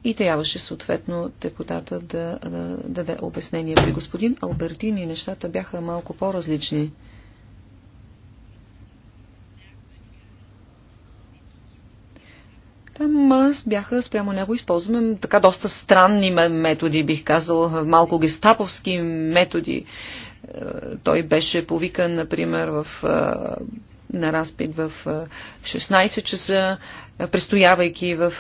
и трябваше съответно депутата да, да, да даде обяснение. При господин Албертини нещата бяха малко по-различни. бяха спрямо него използваме така доста странни методи, бих казал, малко гестаповски методи. Е, той беше повикан, например, в, е, на разпит в 16 е, часа, престоявайки в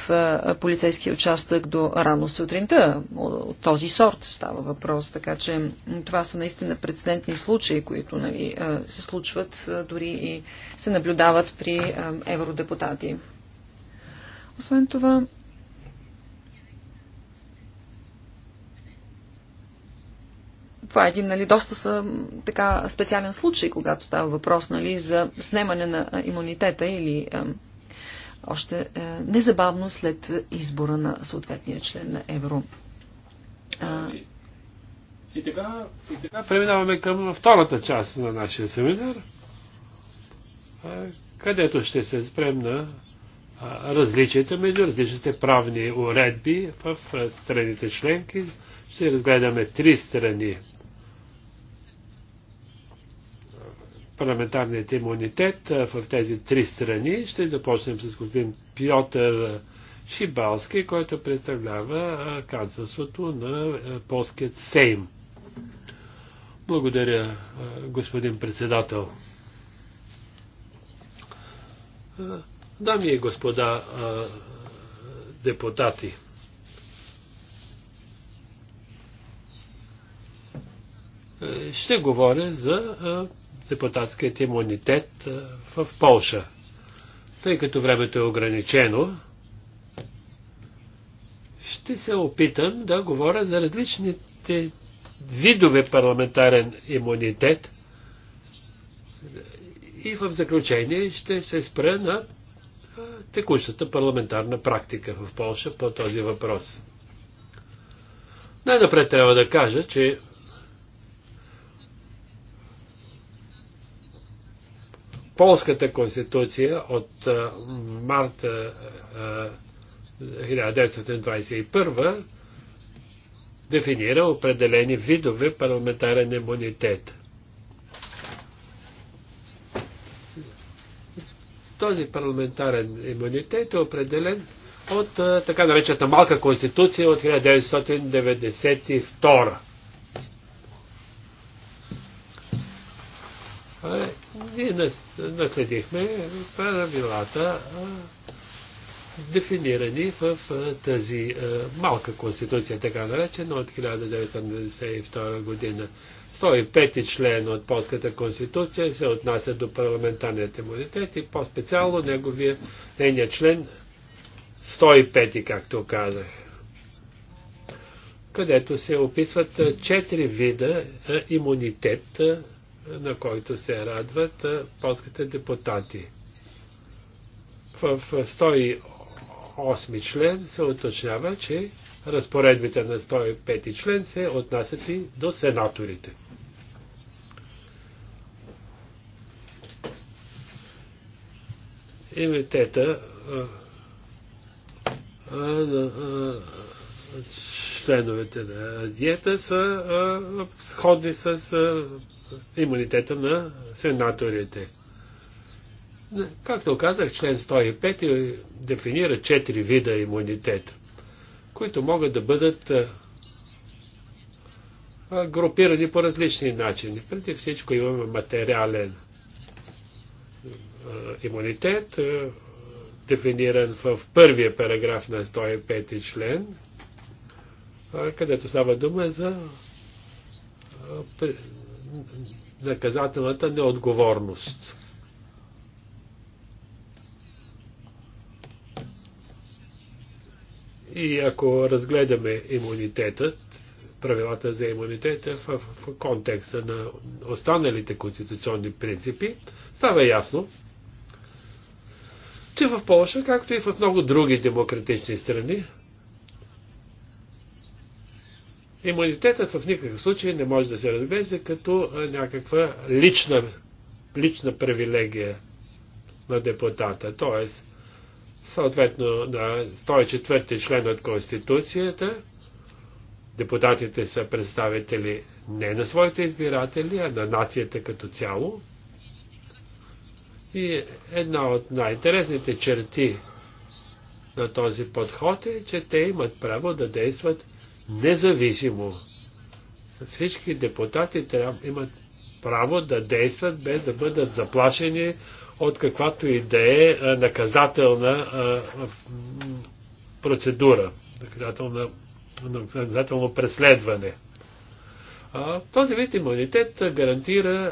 полицейския участък до рано сутринта. От този сорт става въпрос, така че това са наистина прецедентни случаи, които нали, се случват дори и се наблюдават при евродепутати. Освен това, това е един нали, доста са, така, специален случай, когато става въпрос нали, за снемане на имунитета или още е, незабавно след избора на съответния член на Евро. А... И, и, така, и така преминаваме към втората част на нашия семинар, където ще се спрем на различията между различните правни уредби в страните членки. Ще разгледаме три страни. Парламентарният имунитет в тези три страни. Ще започнем с господин Пьотър Шибалски, който представлява канцелството на полският Сейм. Благодаря, господин председател. Дами и господа а, депутати, е, ще говоря за депутатският имунитет в Полша. Тъй като времето е ограничено, ще се опитам да говоря за различните видове парламентарен имунитет и в заключение ще се спра на текущата парламентарна практика в Польша по този въпрос. Най-напред трябва да кажа, че Полската конституция от марта 1921 дефинира определени видове парламентарен имунитет. Този парламентарен имунитет е определен от така наречената малка конституция от 1992. Е, Ние наследихме правилата дефинирани в тази малка конституция, така наречена, от 1992 година. 105 член от Полската конституция се отнася до парламентарният имунитет и по-специално неговия, нейният член 105, както казах, където се описват четири вида имунитет, на който се радват полските депутати в 108 8 член се уточнява, че разпоредбите на 105 член се отнасят и до сенаторите. Имитета на членовете на диета са сходни с имунитета на сенаторите. Както казах, член 105 дефинира четири вида имунитет, които могат да бъдат групирани по различни начини. Преди всичко имаме материален имунитет, дефиниран в първия параграф на 105 член, където става дума за наказателната неотговорност. И ако разгледаме имунитетът, правилата за имунитета е в, в контекста на останалите конституционни принципи, става ясно, че в Польша, както и в много други демократични страни, имунитетът в никакъв случай не може да се разглежда като някаква лична, лична привилегия на депутата. Тоест, съответно на 104 член от Конституцията, депутатите са представители не на своите избиратели, а на нацията като цяло. И една от най-интересните черти на този подход е, че те имат право да действат независимо. Всички депутати трябва, имат право да действат без да бъдат заплашени от каквато и да е наказателна процедура, наказателна, наказателно преследване. Този вид имунитет гарантира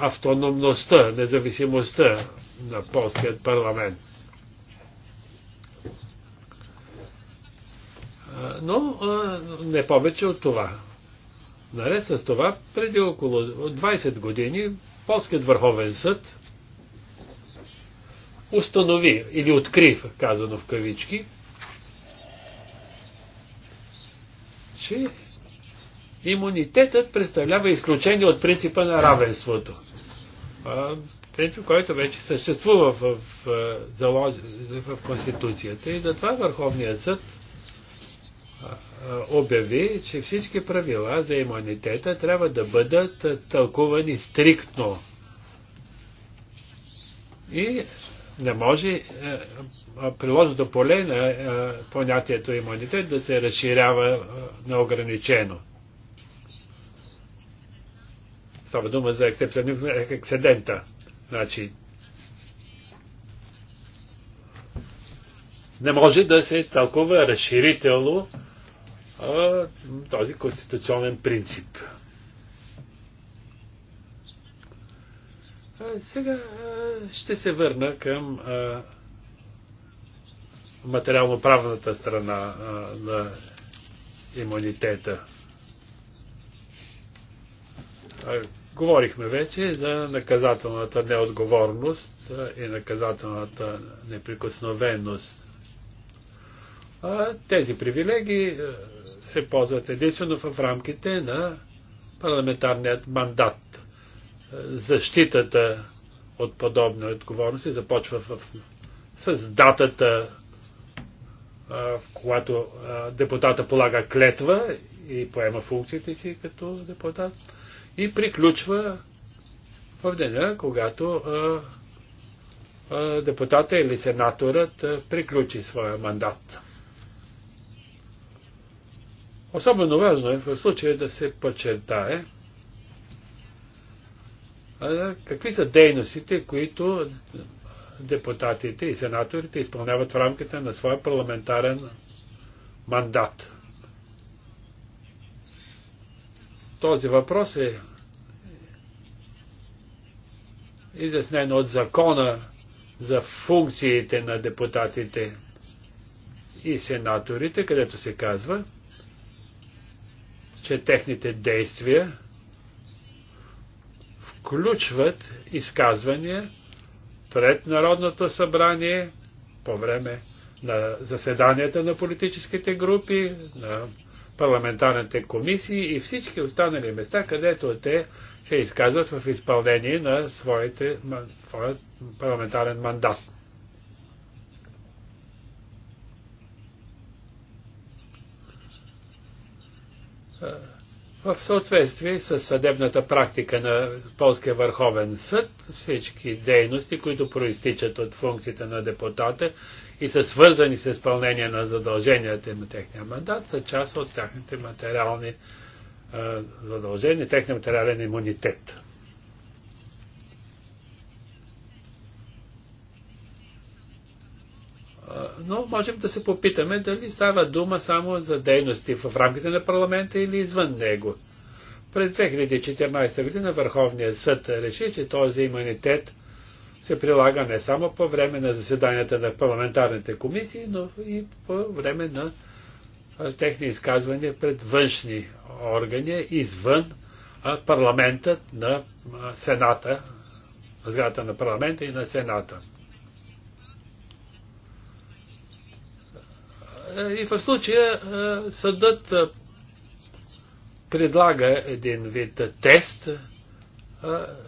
автономността, независимостта на полският парламент. Но не повече от това. Наред с това, преди около 20 години Полският върховен съд установи или откри, казано в кавички, че имунитетът представлява изключение от принципа на равенството. Принцип, който вече съществува в, в, в, в Конституцията и затова Върховният съд обяви, че всички правила за имунитета трябва да бъдат тълкувани стриктно. И не може е, приложното поле на е, понятието имунитет да се разширява е, неограничено. Става дума за ексцедента. Значи, не може да се тълкува разширително този конституционен принцип. Сега ще се върна към материално-правната страна на имунитета. Говорихме вече за наказателната неотговорност и наказателната неприкосновеност. Тези привилегии се ползват единствено в рамките на парламентарният мандат. Защитата от подобни отговорности започва в, с датата, в която депутата полага клетва и поема функциите си като депутат и приключва в деня, когато депутата или сенаторът приключи своя мандат. Особено важно е в случая да се подчертае какви са дейностите, които депутатите и сенаторите изпълняват в рамките на своя парламентарен мандат. Този въпрос е изяснен от закона за функциите на депутатите и сенаторите, където се казва, че техните действия включват изказвания пред Народното събрание по време на заседанията на политическите групи, на парламентарните комисии и всички останали места, където те се изказват в изпълнение на своите, своят парламентарен мандат. В съответствие с съдебната практика на Полския върховен съд, всички дейности, които проистичат от функциите на депутата и са свързани с изпълнение на задълженията на техния мандат, са част от тяхните материални задължения, техния материален имунитет. но можем да се попитаме дали става дума само за дейности в рамките на парламента или извън него. През 2014 година Върховният съд реши, че този имунитет се прилага не само по време на заседанията на парламентарните комисии, но и по време на техни изказвания пред външни органи, извън парламентът на Сената, сградата на парламента и на Сената. И в случая е, съдът е, предлага един вид тест, е,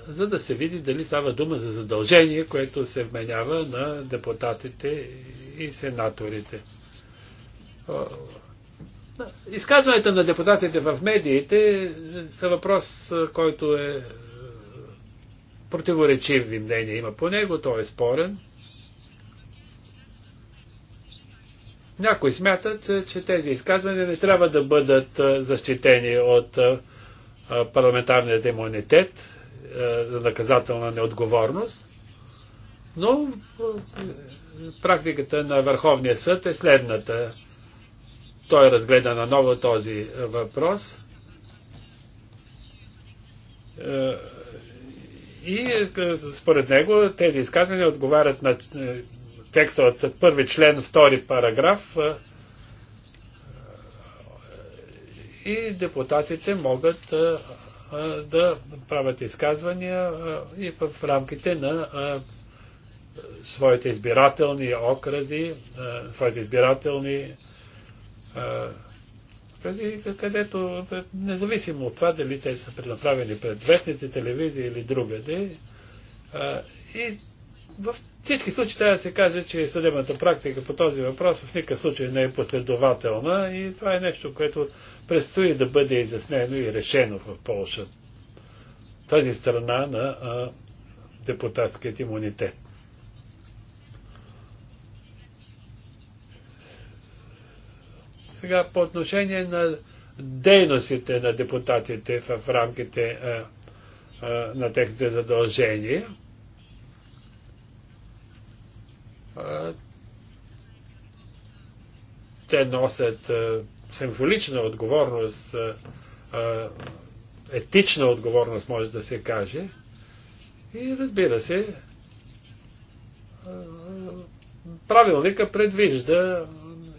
за да се види дали става дума за задължение, което се вменява на депутатите и сенаторите. Изказването на депутатите в медиите са въпрос, който е противоречив мнение има по него, той е спорен. Някои смятат, е, че тези изказвания не трябва да бъдат е, защитени от е, парламентарният имунитет за наказателна неотговорност, но практиката на Върховния съд е следната. Той разгледа наново този въпрос и според него тези изказвания отговарят на текста от първи член, втори параграф и депутатите могат да правят изказвания и в рамките на своите избирателни окрази, своите избирателни окрази, където независимо от това дали те са преднаправени пред вестници, телевизия или другаде, и в всички случаи трябва да се каже, че съдебната практика по този въпрос в никакъв случай не е последователна и това е нещо, което предстои да бъде изяснено и решено в Польша. Тази страна на а, депутатският имунитет. Сега по отношение на дейностите на депутатите в рамките а, а, на техните задължения – те носят символична отговорност, етична отговорност, може да се каже. И разбира се, правилника предвижда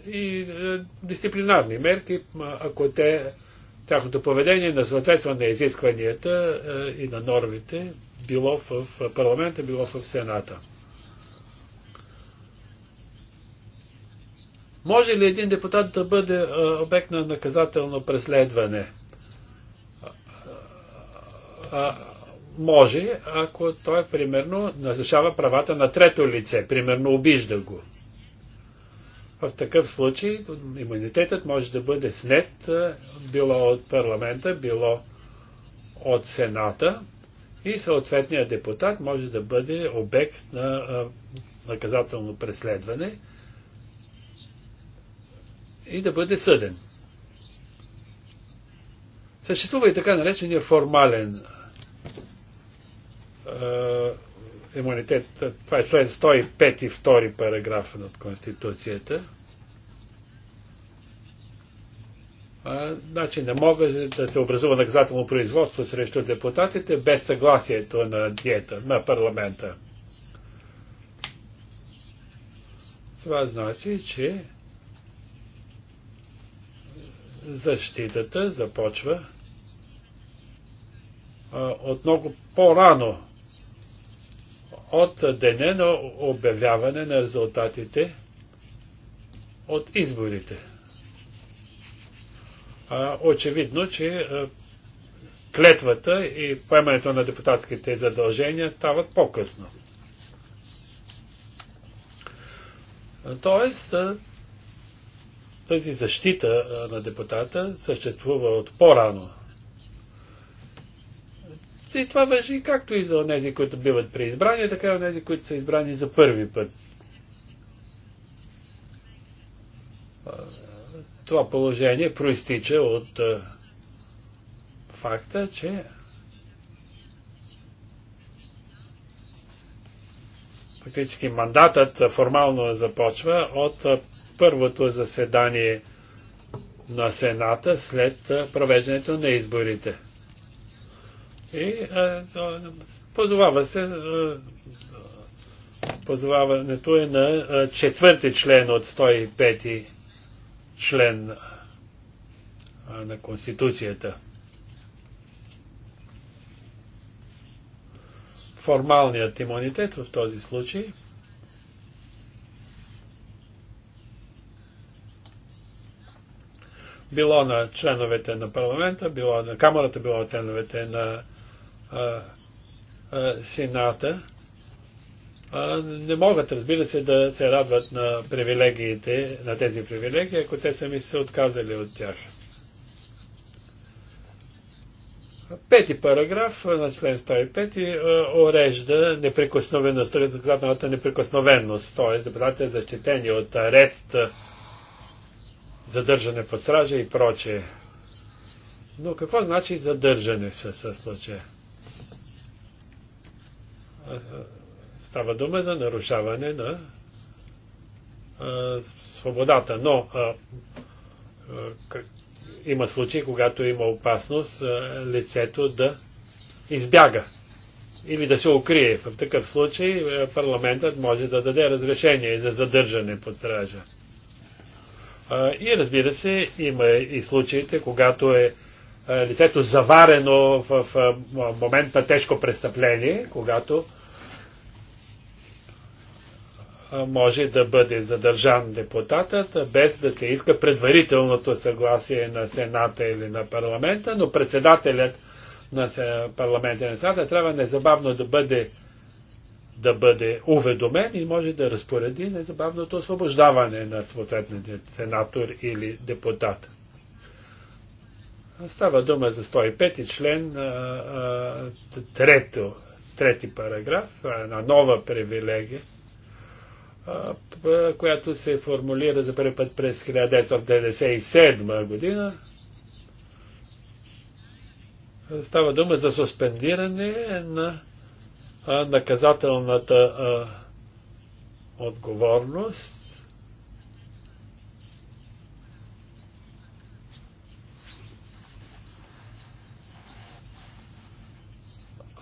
и дисциплинарни мерки, ако те, тяхното поведение на съответства на изискванията и на нормите, било в парламента, било в Сената. Може ли един депутат да бъде обект на наказателно преследване? А, може, ако той примерно нарушава правата на трето лице, примерно обижда го. В такъв случай имунитетът може да бъде снет било от парламента, било от Сената и съответният депутат може да бъде обект на наказателно преследване и да бъде съден. Съществува и така наречения формален е, имунитет. Това е член 105 и 2 параграф от Конституцията. А, значи не мога да се образува наказателно производство срещу депутатите без съгласието на диета, на парламента. Това значи, че защитата започва от много по-рано от деня на обявяване на резултатите от изборите. Очевидно, че клетвата и поемането на депутатските задължения стават по-късно. Тоест, тази защита на депутата съществува от по-рано. И това въжи както и за тези, които биват преизбрани, така и за тези, които са избрани за първи път. Това положение проистича от факта, че фактически мандатът формално започва от първото заседание на Сената след провеждането на изборите. И позовава се позоваването е на четвърти член от 105 член на Конституцията. Формалният имунитет в този случай – било на членовете на парламента, било на камерата, било на членовете на а, а, Сената, а, не могат, разбира се, да се радват на привилегиите, на тези привилегии, ако те сами са отказали от тях. Пети параграф на член 105 орежда неприкосновеността, законодателната неприкосновеност, т.е. депутатите защитени от арест, задържане под стража и прочее. Но какво значи задържане в със случая? Става дума за нарушаване на а, свободата. Но а, а, как, има случаи, когато има опасност а, лицето да избяга или да се укрие. В такъв случай парламентът може да даде разрешение за задържане под стража. И разбира се, има и случаите, когато е лицето заварено в момента тежко престъпление, когато може да бъде задържан депутатът, без да се иска предварителното съгласие на Сената или на парламента, но председателят на парламента и на Сената трябва незабавно да бъде да бъде уведомен и може да разпореди незабавното освобождаване на съответния сенатор или депутат. Става дума за 105 член, трето, трети параграф, една нова привилегия, която се формулира за първи път през 1997 година. Става дума за суспендиране на наказателната отговорност.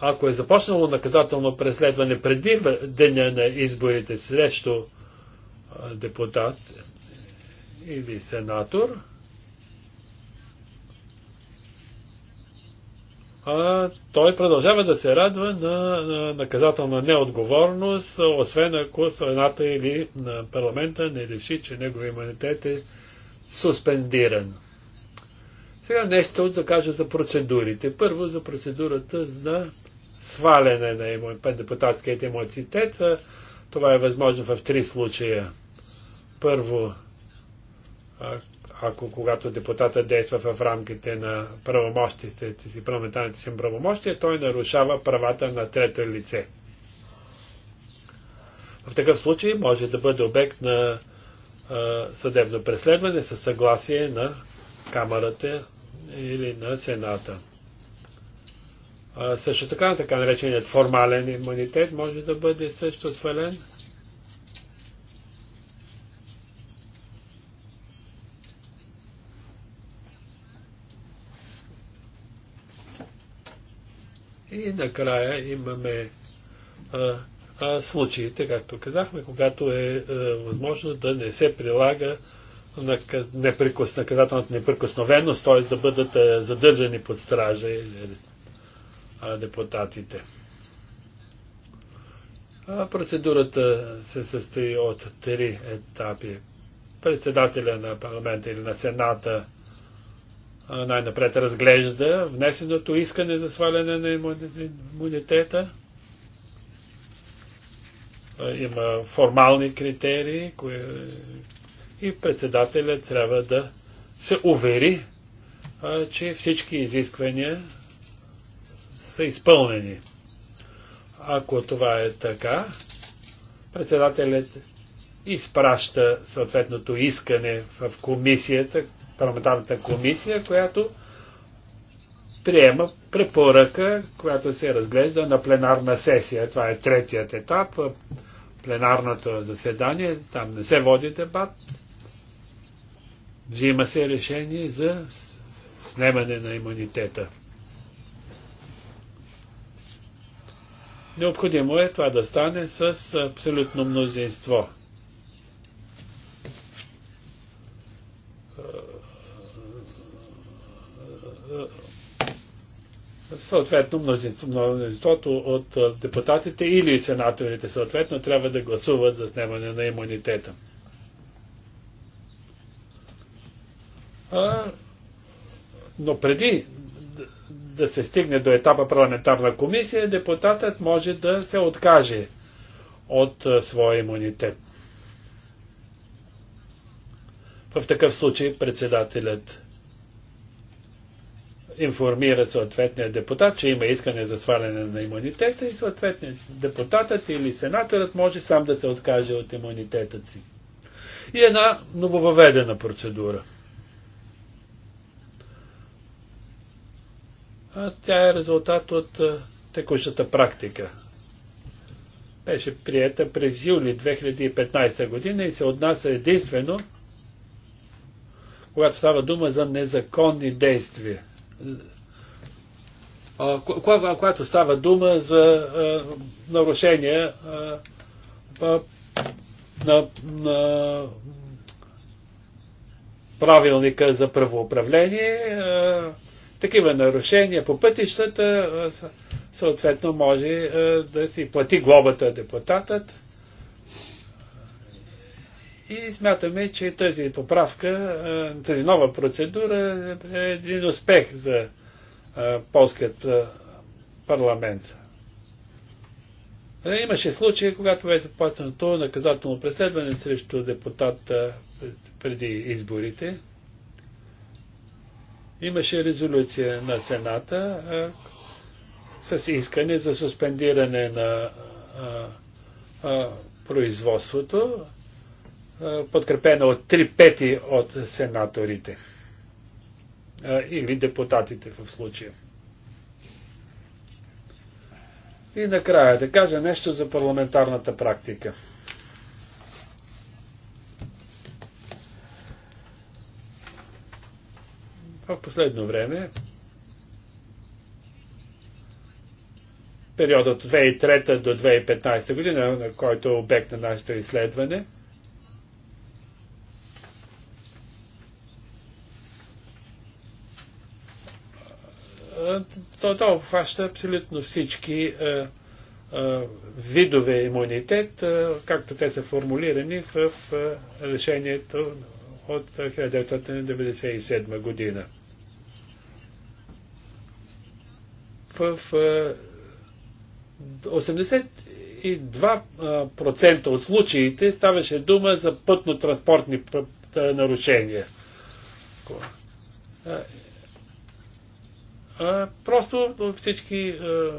Ако е започнало наказателно преследване преди деня на изборите срещу депутат или сенатор, а, той продължава да се радва на, на наказателна неотговорност, освен ако страната или на парламента не реши, че негови имунитет е суспендиран. Сега нещо да кажа за процедурите. Първо за процедурата за сваляне на депутатският имунитет. Това е възможно в три случая. Първо, ако когато депутата действа в рамките на правомощите си, парламентарните си правомощия, той нарушава правата на трето лице. В такъв случай може да бъде обект на а, съдебно преследване със съгласие на камерата или на Сената. А, също така, така нареченият формален имунитет може да бъде също свален И накрая имаме а, а, случаите, както казахме, когато е а, е, възможно да не се прилага наказателната неприкосновеност, т.е. да бъдат а, е, задържани под стража е, а, депутатите. А, процедурата се състои от три етапи. Председателя на парламента или на сената най-напред разглежда внесеното искане за сваляне на имунитета. Има формални критерии кои... и председателя трябва да се увери, че всички изисквания са изпълнени. Ако това е така, председателят изпраща съответното искане в комисията, парламентарната комисия, която приема препоръка, която се разглежда на пленарна сесия. Това е третият етап. Пленарното заседание, там не се води дебат. Взима се решение за снемане на имунитета. Необходимо е това да стане с абсолютно мнозинство. съответно мнозинството от депутатите или сенаторите съответно трябва да гласуват за снимане на имунитета. А, но преди да се стигне до етапа парламентарна комисия, депутатът може да се откаже от своя имунитет. В такъв случай председателят информират съответния депутат, че има искане за сваляне на имунитета и съответният депутатът или сенаторът може сам да се откаже от имунитета си. И една нововъведена процедура. А тя е резултат от текущата практика. Беше приета през юли 2015 година и се отнася единствено когато става дума за незаконни действия когато става дума за нарушения на, на правилника за правоуправление, такива нарушения по пътищата, съответно може да си плати глобата депутатът и смятаме, че тази поправка, тази нова процедура е един успех за полският парламент. Имаше случаи, когато бе започнато наказателно преследване срещу депутата преди изборите. Имаше резолюция на Сената а, с искане за суспендиране на а, а, производството подкрепена от три пети от сенаторите или депутатите в случая. И накрая да кажа нещо за парламентарната практика. В последно време период от 2003 до 2015 година, на който е обект на нашето изследване – то, то обхваща абсолютно всички а, е, а, е, видове имунитет, а, е, както те са формулирани в а, решението от 1997 година. В а, 82% от случаите ставаше дума за пътно-транспортни нарушения а, просто всички а,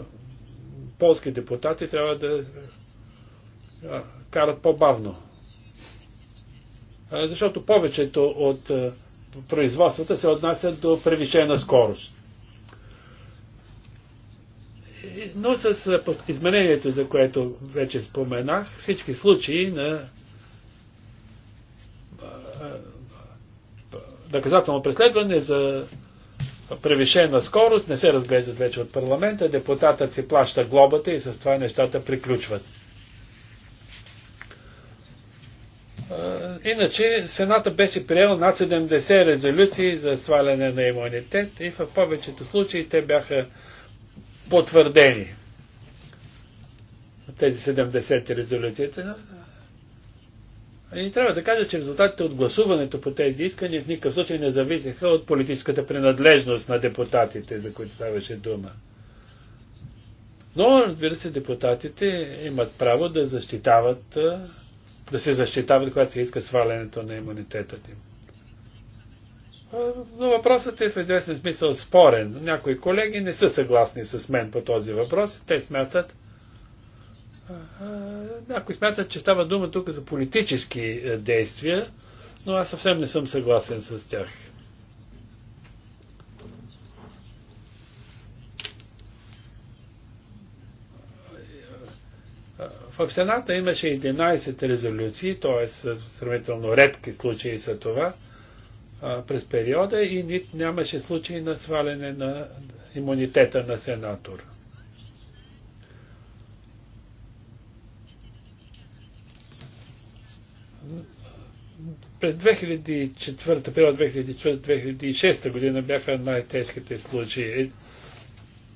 полски депутати трябва да а, карат по-бавно. защото повечето от а, производствата се отнасят до превишена скорост. Но с изменението, за което вече споменах, всички случаи на наказателно преследване за превишена скорост, не се разглеждат вече от парламента, депутатът си плаща глобата и с това нещата приключват. Иначе Сената беше приел над 70 резолюции за сваляне на имунитет и в повечето случаи те бяха потвърдени. Тези 70 резолюции. И трябва да кажа, че резултатите от гласуването по тези искания в никакъв случай не зависеха от политическата принадлежност на депутатите, за които ставаше дума. Но, разбира се, депутатите имат право да защитават, да се защитават, когато се иска свалянето на имунитета им. Но въпросът е в известен смисъл спорен. Някои колеги не са съгласни с мен по този въпрос. Те смятат, някои смятат, че става дума тук за политически е, действия, но аз съвсем не съм съгласен с тях. В Сената имаше 11 резолюции, т.е. сравнително редки случаи са това, през периода и нямаше случаи на сваляне на имунитета на сенатор. През 2004, период 2004-2006 година бяха най-тежките случаи.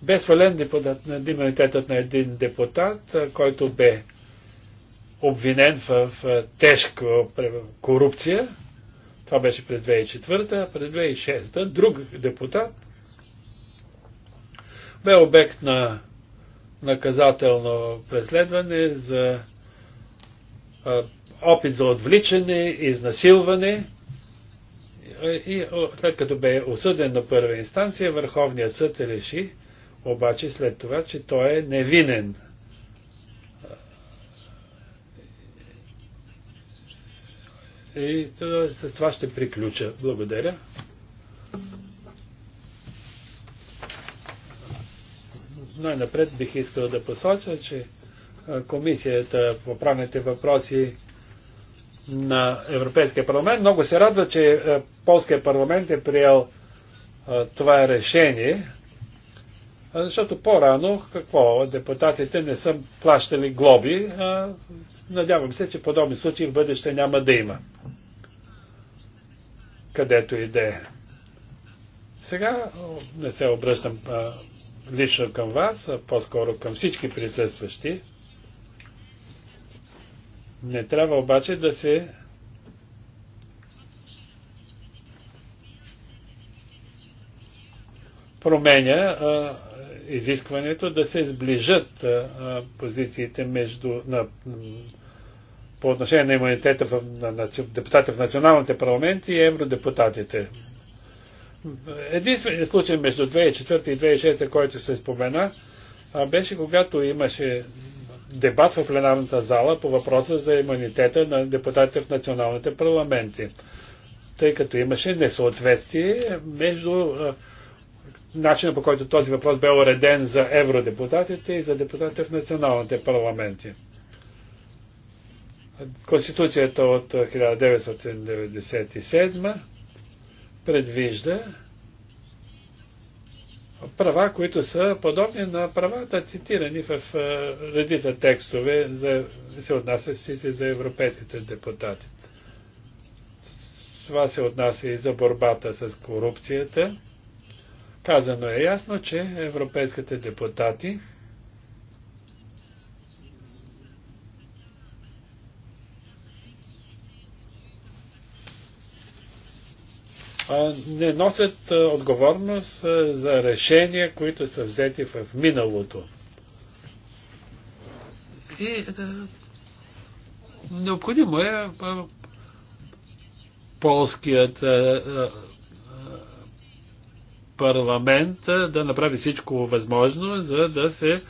Бе свален депутат, на имунитетът на един депутат, който бе обвинен в, тежка корупция. Това беше през 2004, та през 2006 та друг депутат бе обект на наказателно преследване за опит за отвличане, изнасилване. И след като бе осъден на първа инстанция, Върховният съд реши, обаче след това, че той е невинен. И с това ще приключа. Благодаря. Най-напред бих искал да посоча, че Комисията по правните въпроси на Европейския парламент. Много се радва, че е, Полския парламент е приел е, това решение, защото по-рано, какво, депутатите не са плащали глоби. А, надявам се, че подобни случаи в бъдеще няма да има. Където и да е. Сега не се обръщам лично към вас, а по-скоро към всички присъстващи. Не трябва обаче да се променя а, изискването да се сближат а, позициите между, на, по отношение на имунитета в, на, на депутатите в националните парламенти и евродепутатите. Единственият случай между 2004 и 2006, който се спомена, а, беше когато имаше дебат в пленарната зала по въпроса за имунитета на депутатите в националните парламенти, тъй като имаше несъответствие между начина по който този въпрос бе уреден за евродепутатите и за депутатите в националните парламенти. Конституцията от 1997 предвижда права, които са подобни на правата, цитирани в е, редица текстове, за, се отнасящи се за европейските депутати. Това се отнася и за борбата с корупцията. Казано е ясно, че европейските депутати не носят отговорност за решения, които са взети в миналото. И е, необходимо е полският парламент да направи всичко възможно, за да се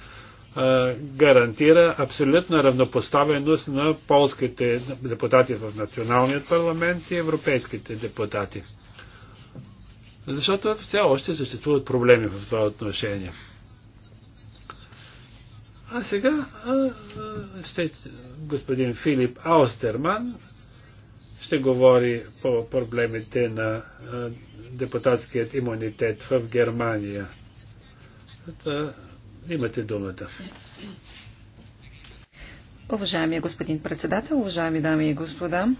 гарантира абсолютна равнопоставеност на полските депутати в националният парламент и европейските депутати. Защото все още съществуват проблеми в това отношение. А сега а, а, ще, господин Филип Аустерман ще говори по проблемите на а, депутатският имунитет в Германия. Та, имате думата. Уважаеми господин председател, уважаеми дами и господа,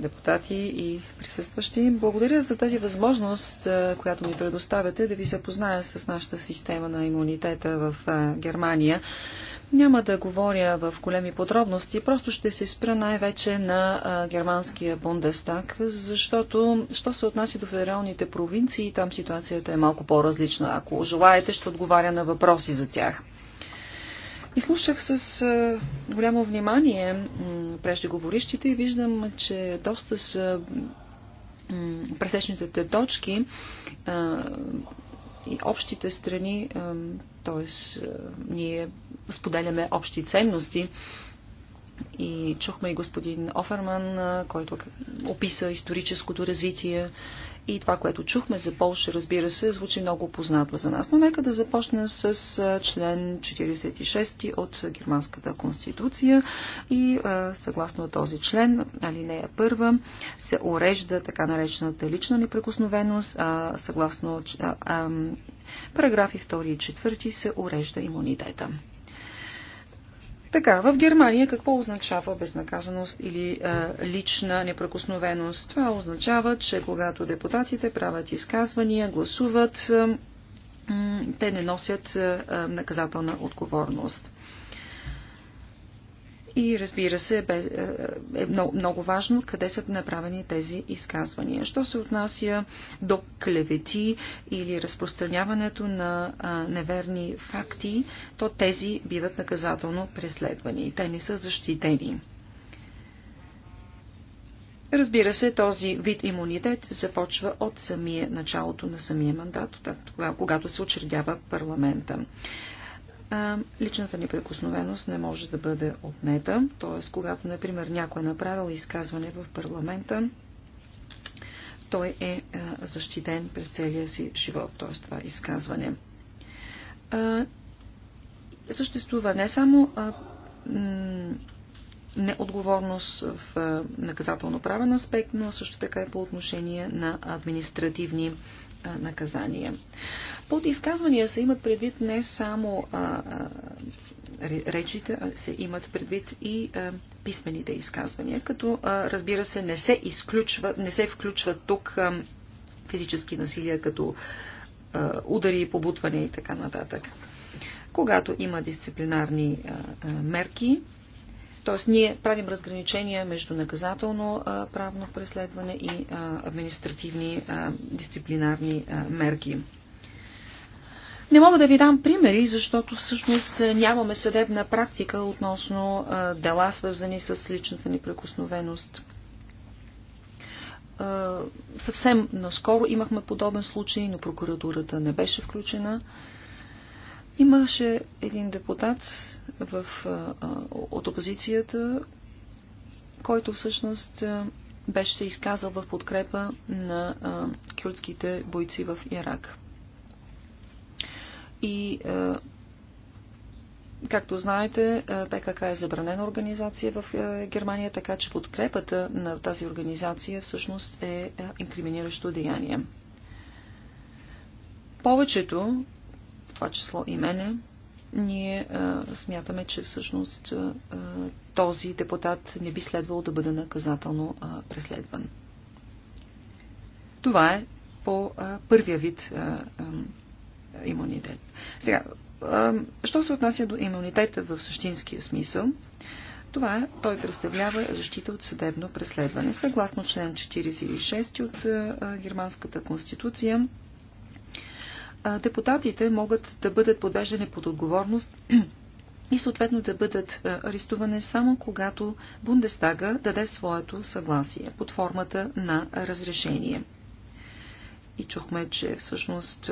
депутати и присъстващи. Благодаря за тази възможност, която ми предоставяте да ви запозная с нашата система на имунитета в Германия. Няма да говоря в големи подробности, просто ще се спра най-вече на а, германския Бундестаг, защото, що се отнася до федералните провинции, там ситуацията е малко по-различна. Ако желаете, ще отговаря на въпроси за тях. И слушах с голямо внимание преждеговорищите и виждам, че доста са пресечните точки и общите страни, т.е. ние споделяме общи ценности и чухме и господин Оферман, който описа историческото развитие. И това, което чухме за Полша, разбира се, звучи много познато за нас. Но нека да започна с член 46 от Германската конституция. И съгласно този член, алинея първа, се урежда така наречената лична неприкосновеност, а съгласно параграфи 2 и 4 се урежда имунитета. Така, в Германия какво означава безнаказаност или е, лична непрекосновеност? Това означава, че когато депутатите правят изказвания, гласуват, е, те не носят е, наказателна отговорност. И разбира се, е, е много, много важно къде са направени тези изказвания. Що се отнася до клевети или разпространяването на неверни факти, то тези биват наказателно преследвани. Те не са защитени. Разбира се, този вид имунитет започва от самия началото на самия мандат, когато се очредява парламента личната неприкосновеност не може да бъде отнета. Т.е. когато, например, някой е направил изказване в парламента, той е защитен през целия си живот, т.е. това изказване. Съществува не само неотговорност в наказателно-правен аспект, но също така и по отношение на административни наказания. Под изказвания се имат предвид не само речите, а се имат предвид и писмените изказвания, като разбира се не се, изключва, не се включва тук физически насилия като удари, побутване и така нататък. Когато има дисциплинарни мерки, Тоест, ние правим разграничения между наказателно правно преследване и административни дисциплинарни мерки. Не мога да ви дам примери, защото всъщност нямаме съдебна практика относно дела, свързани с личната неприкосновеност. Съвсем наскоро имахме подобен случай, но прокуратурата не беше включена. Имаше един депутат в, от опозицията, който всъщност беше се изказал в подкрепа на кюрдските бойци в Ирак. И, както знаете, ПКК е забранена организация в Германия, така че подкрепата на тази организация всъщност е инкриминиращо деяние. Повечето това число и мене, ние а, смятаме, че всъщност а, този депутат не би следвал да бъде наказателно а, преследван. Това е по а, първия вид а, а, имунитет. Сега, а, що се отнася до имунитета в същинския смисъл? Това е, той представлява защита от съдебно преследване. Съгласно член 46 от а, Германската конституция, депутатите могат да бъдат подвеждани под отговорност и съответно да бъдат арестувани само когато Бундестага даде своето съгласие под формата на разрешение. И чухме, че всъщност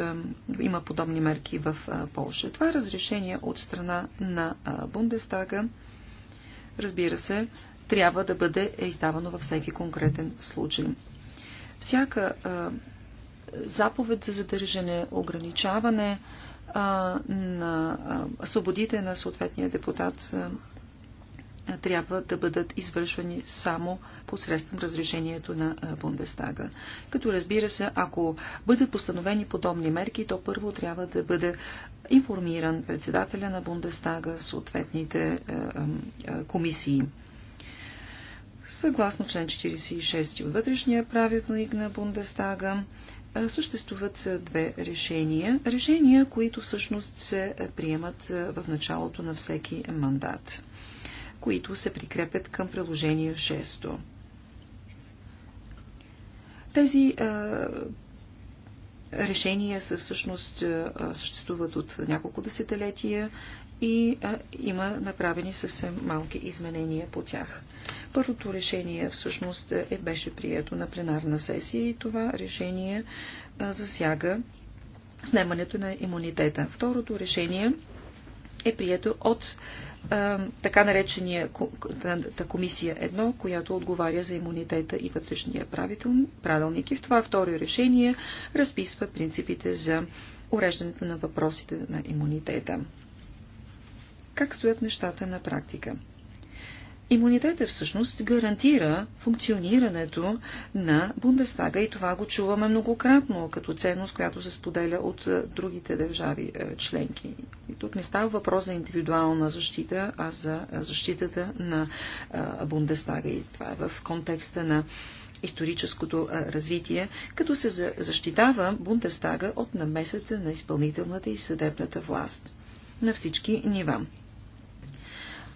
има подобни мерки в Польша. Това е разрешение от страна на Бундестага. Разбира се, трябва да бъде издавано във всеки конкретен случай. Всяка заповед за задържане, ограничаване а, на а, свободите на съответния депутат а, трябва да бъдат извършвани само посредством разрешението на Бундестага. Като разбира се, ако бъдат постановени подобни мерки, то първо трябва да бъде информиран председателя на Бундестага, съответните комисии. Съгласно член 46 от вътрешния правилник на Бундестага, съществуват две решения. Решения, които всъщност се приемат в началото на всеки мандат, които се прикрепят към приложение 6. Тези решения са всъщност съществуват от няколко десетилетия и а, има направени съвсем малки изменения по тях. Първото решение всъщност е, беше прието на пленарна сесия и това решение а, засяга снемането на имунитета. Второто решение е прието от а, така наречения комисия 1, която отговаря за имунитета и вътрешния правилник. И в това второ решение разписва принципите за уреждането на въпросите на имунитета как стоят нещата на практика. Имунитетът всъщност гарантира функционирането на Бундестага и това го чуваме многократно като ценност, която се споделя от е, другите държави е, членки. И тук не става въпрос за индивидуална защита, а за защитата на е, Бундестага и това е в контекста на историческото развитие, като се защитава Бундестага от намесата на изпълнителната и съдебната власт на всички нива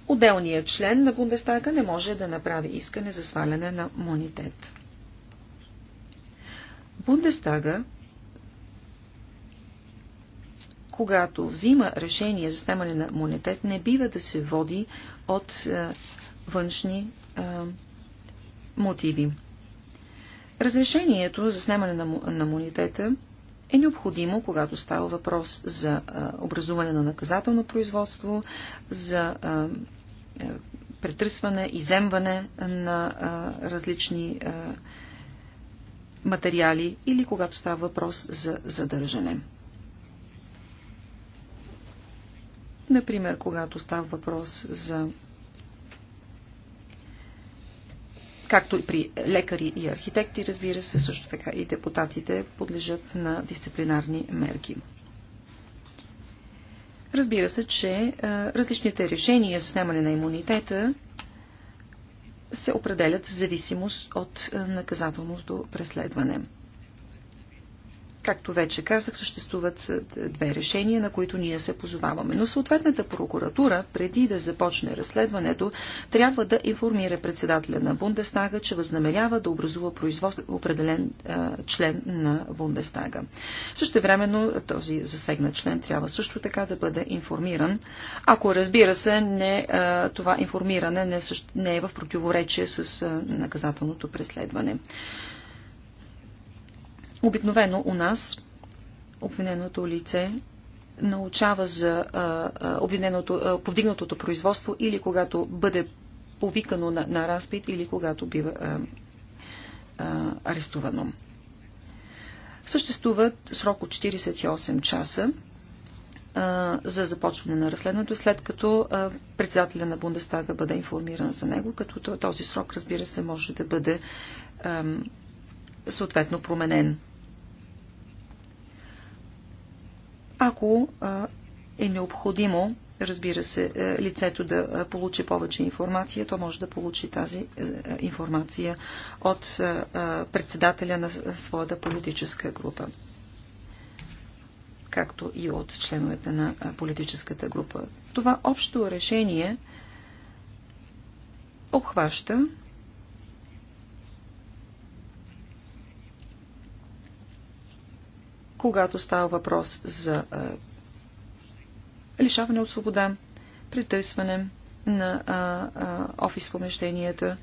отделният член на Бундестага не може да направи искане за сваляне на монитет. Бундестага, когато взима решение за снимане на монитет, не бива да се води от е, външни е, мотиви. Разрешението за снимане на, на монитета е необходимо, когато става въпрос за образуване на наказателно производство, за претръсване, иземване на различни материали или когато става въпрос за задържане. Например, когато става въпрос за както и при лекари и архитекти, разбира се, също така и депутатите подлежат на дисциплинарни мерки. Разбира се, че е, различните решения за снимане на имунитета се определят в зависимост от е, наказателното преследване. Както вече казах, съществуват две решения, на които ние се позоваваме. Но съответната прокуратура, преди да започне разследването, трябва да информира председателя на Бундестага, че възнамерява да образува производство определен а, член на Бундестага. времено този засегнат член трябва също така да бъде информиран, ако разбира се не, а, това информиране не, не е в противоречие с а, наказателното преследване. Обикновено у нас обвиненото лице научава за обвиненото, повдигнатото производство или когато бъде повикано на, на разпит или когато бива а, а, арестувано. Съществуват срок от 48 часа а, за започване на разследването, след като а, председателя на Бундестага бъде информиран за него, като този срок, разбира се, може да бъде а, съответно променен. ако е необходимо, разбира се, е, лицето да получи повече информация, то може да получи тази е, е, информация от председателя на своята политическа група, както и от членовете на политическата група. Това общо решение обхваща когато става въпрос за лишаване от свобода, притърсване на а, а, офис помещенията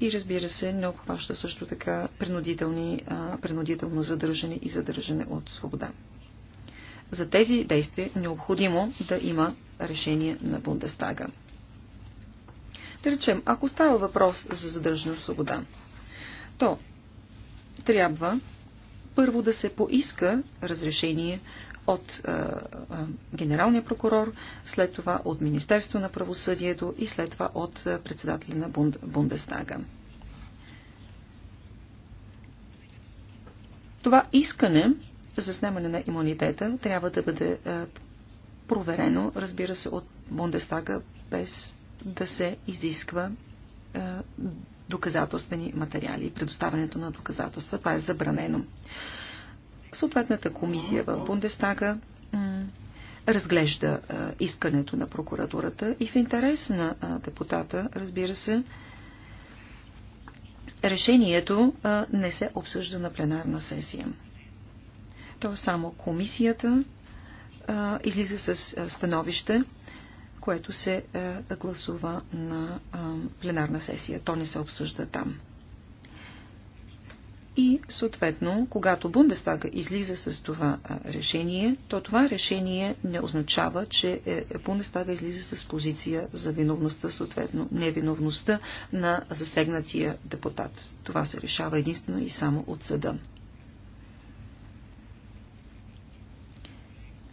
и разбира се не обхваща също така принудителни, а, принудително задържане и задържане от свобода. За тези действия е необходимо да има решение на Бундестага. Да речем, ако става въпрос за задържане от свобода, то трябва първо да се поиска разрешение от а, а, генералния прокурор, след това от Министерство на правосъдието и след това от а, председателя на Бунд, Бундестага. Това искане за снемане на имунитета трябва да бъде а, проверено, разбира се, от Бундестага без да се изисква е, доказателствени материали и предоставянето на доказателства. Това е забранено. Съответната комисия в Бундестага разглежда е, искането на прокуратурата и в интерес на е, депутата, разбира се, решението не се обсъжда на пленарна сесия. То само комисията излиза с становище което се е, гласува на е, пленарна сесия. То не се обсъжда там. И, съответно, когато Бундестага излиза с това е, решение, то това решение не означава, че Бундестага излиза с позиция за виновността, съответно невиновността на засегнатия депутат. Това се решава единствено и само от съда.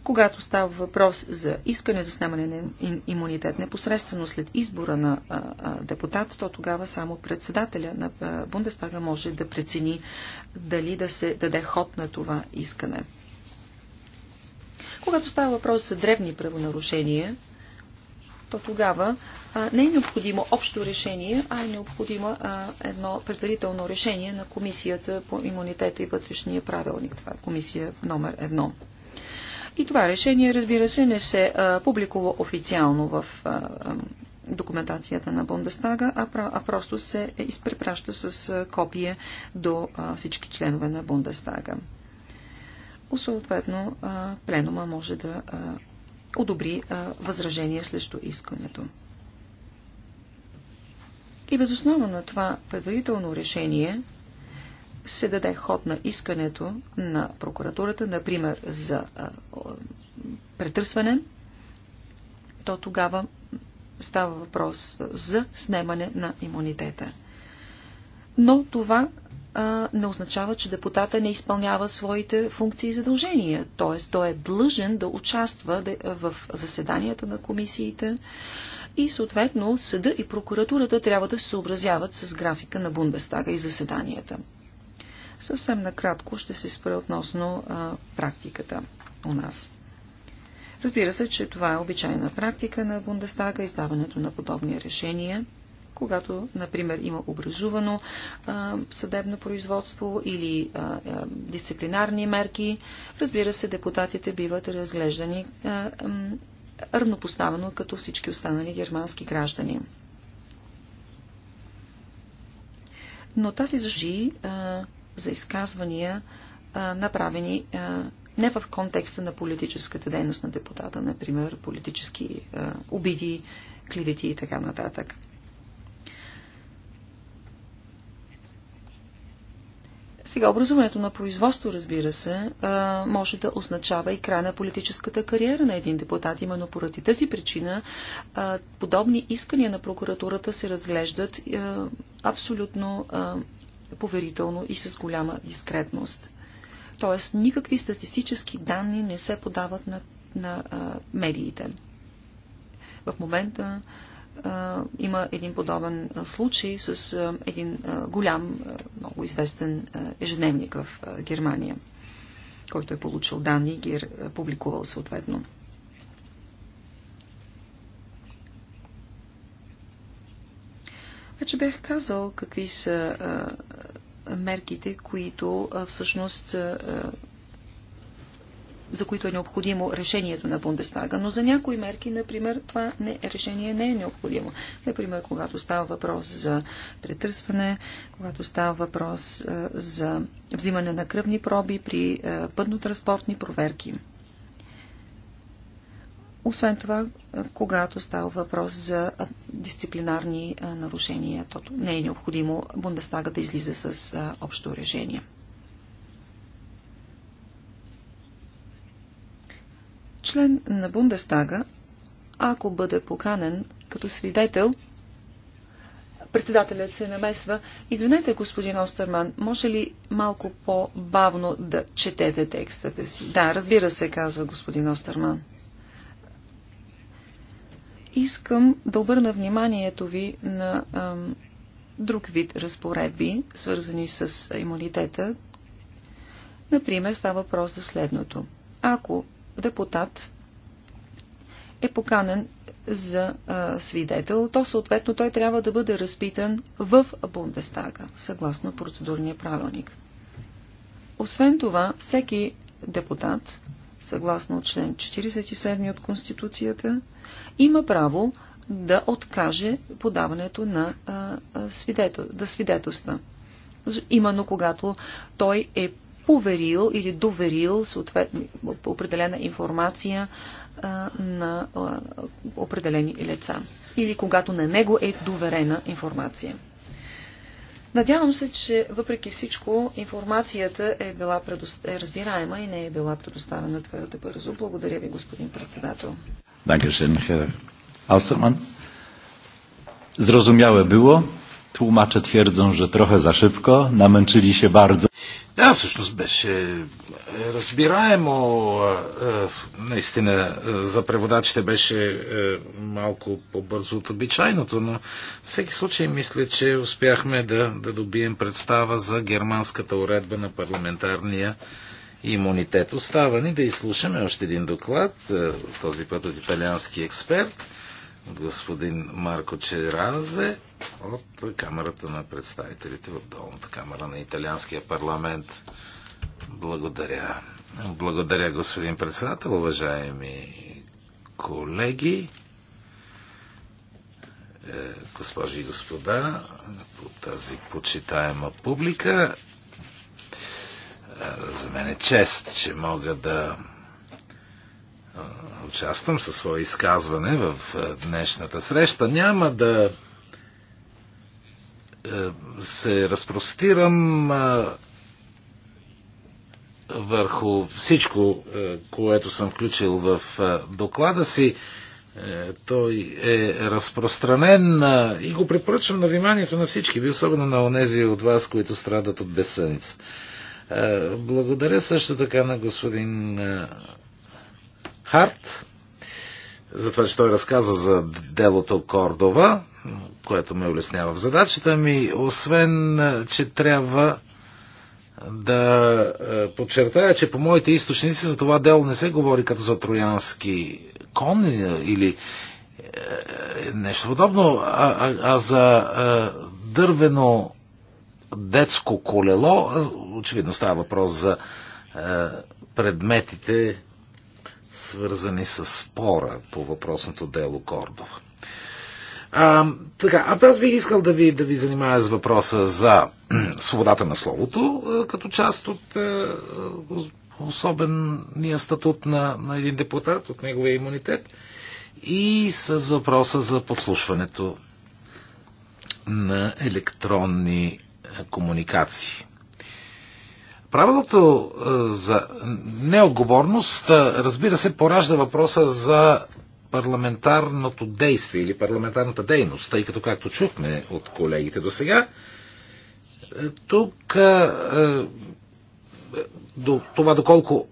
когато става въпрос за искане за снимане на имунитет непосредствено след избора на депутат, то тогава само председателя на Бундестага може да прецени дали да се даде ход на това искане. Когато става въпрос за древни правонарушения, то тогава а, не е необходимо общо решение, а е необходимо а, едно предварително решение на Комисията по имунитета и вътрешния правилник. Това е комисия номер едно. И това решение, разбира се, не се а, публикува официално в а, а, документацията на Бундестага, а, а просто се изпрепраща с а, копие до а, всички членове на Бундестага. Съответно, а, пленума може да а, одобри а, възражение срещу искането. И възоснова на това предварително решение се даде ход на искането на прокуратурата, например за претърсване, то тогава става въпрос за снемане на имунитета. Но това а, не означава, че депутата не изпълнява своите функции и задължения. Т.е. той е длъжен да участва в заседанията на комисиите и съответно съда и прокуратурата трябва да се съобразяват с графика на Бундестага и заседанията. Съвсем накратко ще се спра относно а, практиката у нас. Разбира се, че това е обичайна практика на Бундестага, издаването на подобни решения, когато, например, има образувано а, съдебно производство или а, а, дисциплинарни мерки. Разбира се, депутатите биват разглеждани равнопоставено като всички останали германски граждани. Но тази зажи за изказвания, направени не в контекста на политическата дейност на депутата, например, политически обиди, клевети и така нататък. Сега, образуването на производство, разбира се, може да означава и край на политическата кариера на един депутат. Именно поради тази причина подобни искания на прокуратурата се разглеждат абсолютно поверително и с голяма дискретност. Тоест, никакви статистически данни не се подават на, на а, медиите. В момента а, има един подобен случай с а, един а, голям, а, много известен а, ежедневник в а, Германия, който е получил данни и ги е публикувал съответно. Вече значи бях казал какви са мерките, които всъщност за които е необходимо решението на Бундестага, но за някои мерки, например, това не, решение не е необходимо. Например, когато става въпрос за претърсване, когато става въпрос за взимане на кръвни проби при пътно-транспортни проверки. Освен това, когато става въпрос за дисциплинарни нарушения, то не е необходимо Бундестага да излиза с общо решение. Член на Бундестага, ако бъде поканен като свидетел, председателят се намесва. Извинете, господин Остерман, може ли малко по-бавно да четете текстата си? Да, разбира се, казва господин Остерман. Искам да обърна вниманието ви на ам, друг вид разпоредби, свързани с имунитета. Например, става въпрос за следното. Ако депутат е поканен за а, свидетел, то съответно той трябва да бъде разпитан в Бундестага, съгласно процедурния правилник. Освен това, всеки депутат съгласно член 47 от Конституцията, има право да откаже подаването на а, свидетел, да свидетелства. Именно когато той е поверил или доверил по определена информация а, на а, определени лица. Или когато на него е доверена информация. Надявам се, че въпреки всичко информацията е била предост... е разбираема и не е била предоставена твърде бързо. Благодаря ви, господин председател. Dankeschön, Herr Austermann. Zrozumiałe Tłumacze twierdzą, że trochę za szybko, namęczyli się bardzo. Да, всъщност беше е, разбираемо. Е, е, наистина за преводачите беше малко по-бързо от обичайното, но всеки случай мисля, че успяхме да, да добием представа за германската уредба на парламентарния имунитет. Остава ни да изслушаме още един доклад, този път от италиански експерт господин Марко Черазе от Камерата на представителите в долната камера на Италианския парламент. Благодаря. Благодаря, господин председател, уважаеми колеги, е, госпожи и господа, по тази почитаема публика. Е, за мен е чест, че мога да участвам със свое изказване в днешната среща. Няма да се разпростирам върху всичко, което съм включил в доклада си. Е, той е разпространен и го препоръчвам на вниманието на всички, би особено на онези от вас, които страдат от безсъница. Е, благодаря също така на господин Харт, за това, че той разказа за делото Кордова, което ме улеснява в задачата ми, освен, че трябва да е, подчертая, че по моите източници за това дело не се говори като за троянски кон или е, нещо подобно, а, а, а за а, е, дървено детско колело, очевидно става въпрос за а, предметите свързани с спора по въпросното дело Кордова. А, така, а аз бих искал да ви, да ви занимая с въпроса за свободата на словото, като част от особения статут на, на един депутат, от неговия имунитет, и с въпроса за подслушването на електронни комуникации. Правилото е, за неотговорност, е, разбира се, поражда въпроса за парламентарното действие или парламентарната дейност, тъй като, както чухме от колегите до сега, е, тук това доколко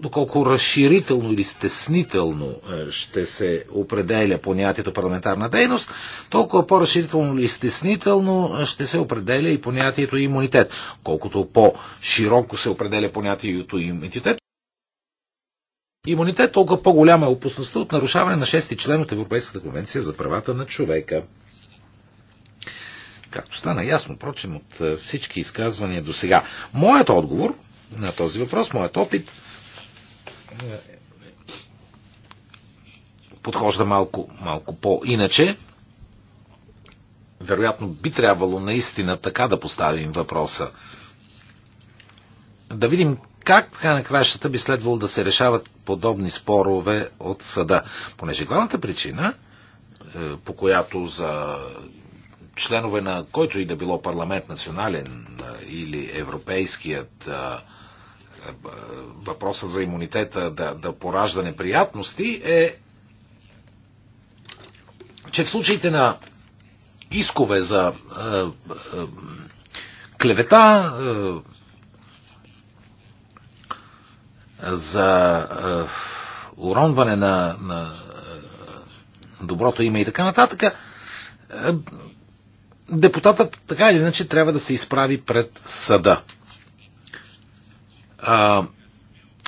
доколко разширително или стеснително е, ще се определя понятието парламентарна дейност, толкова по-разширително или стеснително е, ще се определя и понятието имунитет. Колкото по-широко се определя понятието имунитет, имунитет, толкова по-голяма е опасността от нарушаване на шести член от Европейската конвенция за правата на човека. Както стана ясно, впрочем, от е, всички изказвания до сега. Моят отговор на този въпрос, моят опит, подхожда малко, малко по-иначе. Вероятно би трябвало наистина така да поставим въпроса. Да видим как така на кращата би следвало да се решават подобни спорове от съда. Понеже главната причина, е, по която за членове на който и да било парламент, национален е, или европейският, е, въпросът за имунитета да, да поражда неприятности е, че в случаите на искове за е, е, клевета, е, за е, уронване на, на е, доброто име и така нататък, е, депутатът така или иначе трябва да се изправи пред съда. А,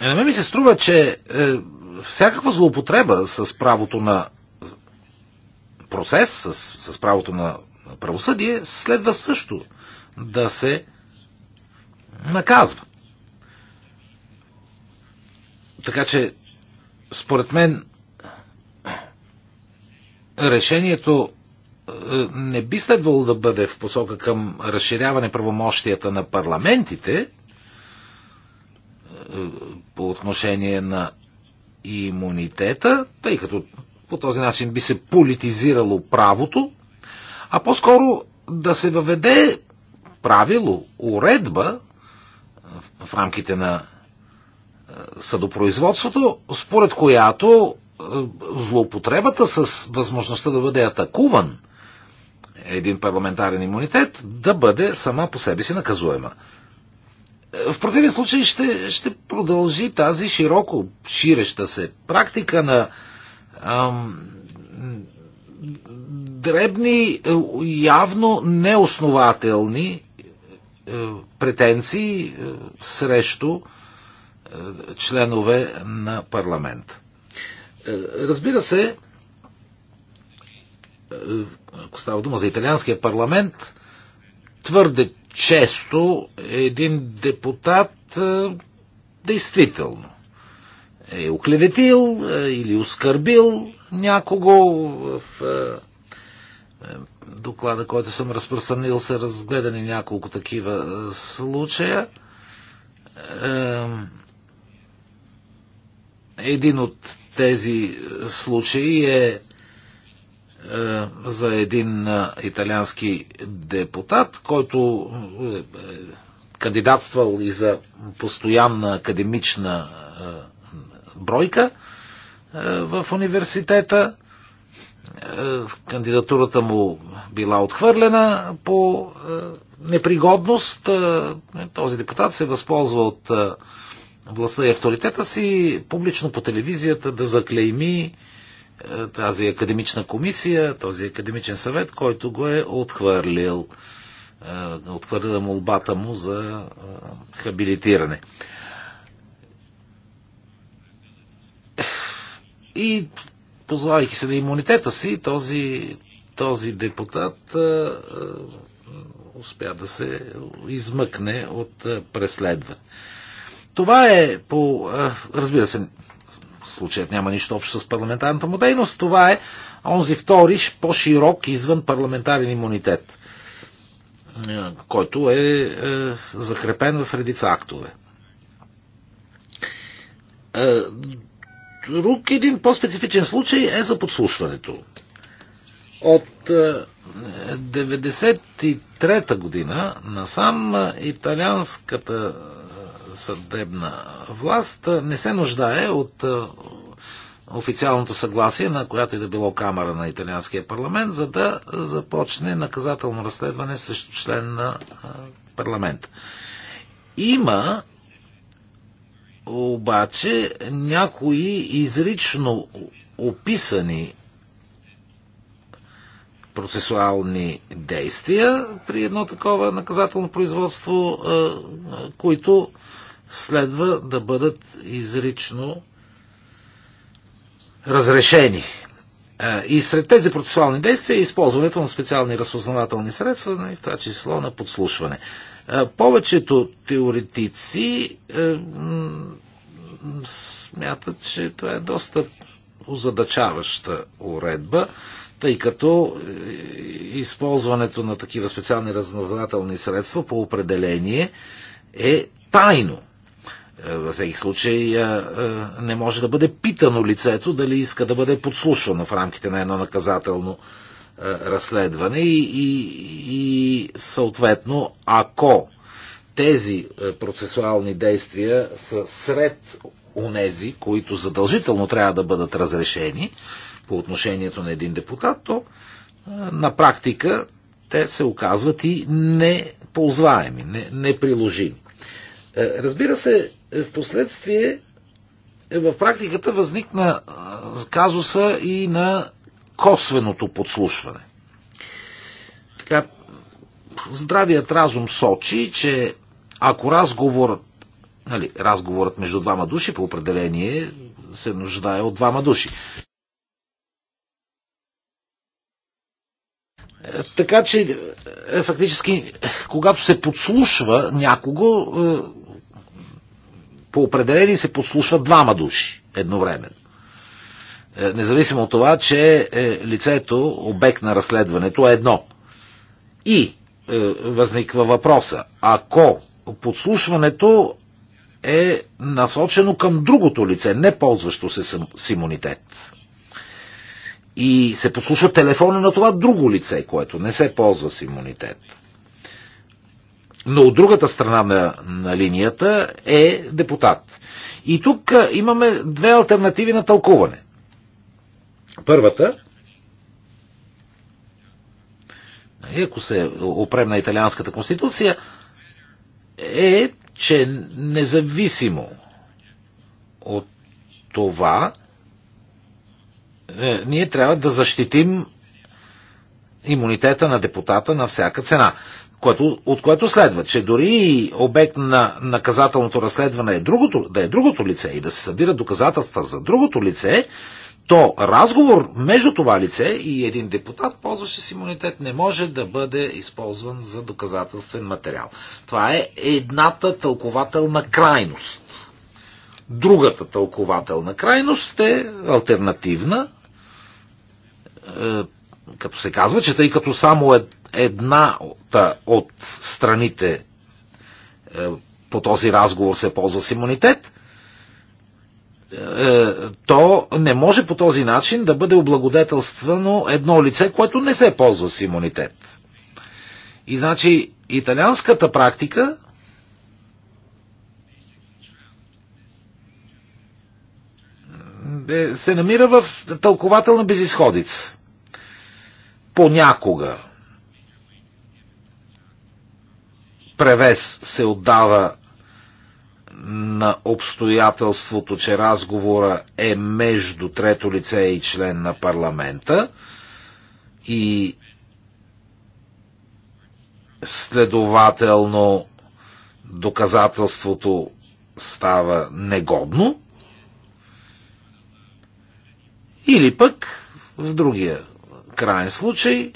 е, на мен ми се струва, че е, всякаква злоупотреба с правото на процес, с, с правото на правосъдие, следва също да се наказва. Така че, според мен, решението е, не би следвало да бъде в посока към разширяване правомощията на парламентите, по отношение на имунитета, тъй като по този начин би се политизирало правото, а по-скоро да се въведе правило, уредба в рамките на е, съдопроизводството, според която е, злоупотребата с възможността да бъде атакуван един парламентарен имунитет да бъде сама по себе си наказуема. В противен случай ще, ще продължи тази широко ширеща се практика на ам, дребни, явно неоснователни е, претенции е, срещу е, членове на парламент. Разбира се, ако става дума за италианския парламент, твърде често един депутат е, действително е оклеветил е, или оскърбил някого в е, доклада, който съм разпространил, са разгледани няколко такива случая. Един от тези случаи е е, за един е, италиански депутат, който е, е кандидатствал и за постоянна академична бройка в университета. Кандидатурата му била отхвърлена по непригодност. Този депутат се възползва от властта и авторитета си публично по телевизията да заклейми тази академична комисия, този академичен съвет, който го е отхвърлил. Е, отхвърлила молбата му за е, хабилитиране. И позлавайки се на имунитета си, този, този депутат е, успя да се измъкне от преследване. Това е по... Разбира се, случаят няма нищо общо с парламентарната му дейност, това е онзи втори по-широк извън парламентарен имунитет, е, който е, е закрепен в редица актове. Е, друг един по-специфичен случай е за подслушването. От 1993 година насам италианската съдебна власт не се нуждае от официалното съгласие на която и да било камера на италианския парламент, за да започне наказателно разследване срещу член на парламент. Има обаче някои изрично описани процесуални действия при едно такова наказателно производство, които следва да бъдат изрично разрешени. Е, и сред тези процесуални действия е използването на специални разпознавателни средства, и в това число на подслушване. Е, повечето теоретици е, смятат, че това е доста озадачаваща уредба, тъй като използването на такива специални разузнавателни средства по определение е тайно е, във всеки случай е, е, не може да бъде питано лицето дали иска да бъде подслушвано в рамките на едно наказателно разследване и, и, и съответно, ако тези процесуални действия са сред онези, които задължително трябва да бъдат разрешени по отношението на един депутат, то на практика те се оказват и неползваеми, неприложими. Е, разбира се, е, в последствие е, в практиката възникна казуса и на косвеното подслушване. Така, здравият разум сочи, че ако разговорът, нали, разговорът между двама души по определение се нуждае от двама души. Така че, фактически, когато се подслушва някого, по определени се подслушват двама души едновременно. Е, независимо от това, че е, лицето, обект на разследването е едно. И е, възниква въпроса, ако подслушването е насочено към другото лице, не ползващо се с имунитет. И се подслуша телефона на това друго лице, което не се ползва с имунитет но от другата страна на, на линията е депутат. И тук имаме две альтернативи на тълкуване. Първата, нали, ако се опрем на италианската конституция, е, че независимо от това, е, ние трябва да защитим имунитета на депутата на всяка цена което, от което следва, че дори обект на наказателното разследване е другото, да е другото лице и да се събират доказателства за другото лице, то разговор между това лице и един депутат, ползващи с имунитет, не може да бъде използван за доказателствен материал. Това е едната тълкователна крайност. Другата тълкователна крайност е альтернативна, е, като се казва, че тъй като само е една от страните е, по този разговор се ползва с имунитет, е, то не може по този начин да бъде облагодетелствано едно лице, което не се ползва с имунитет. И значи италианската практика е, се намира в тълкователна безисходица. Понякога превес се отдава на обстоятелството, че разговора е между трето лице и член на парламента и следователно доказателството става негодно, или пък в другия крайен случай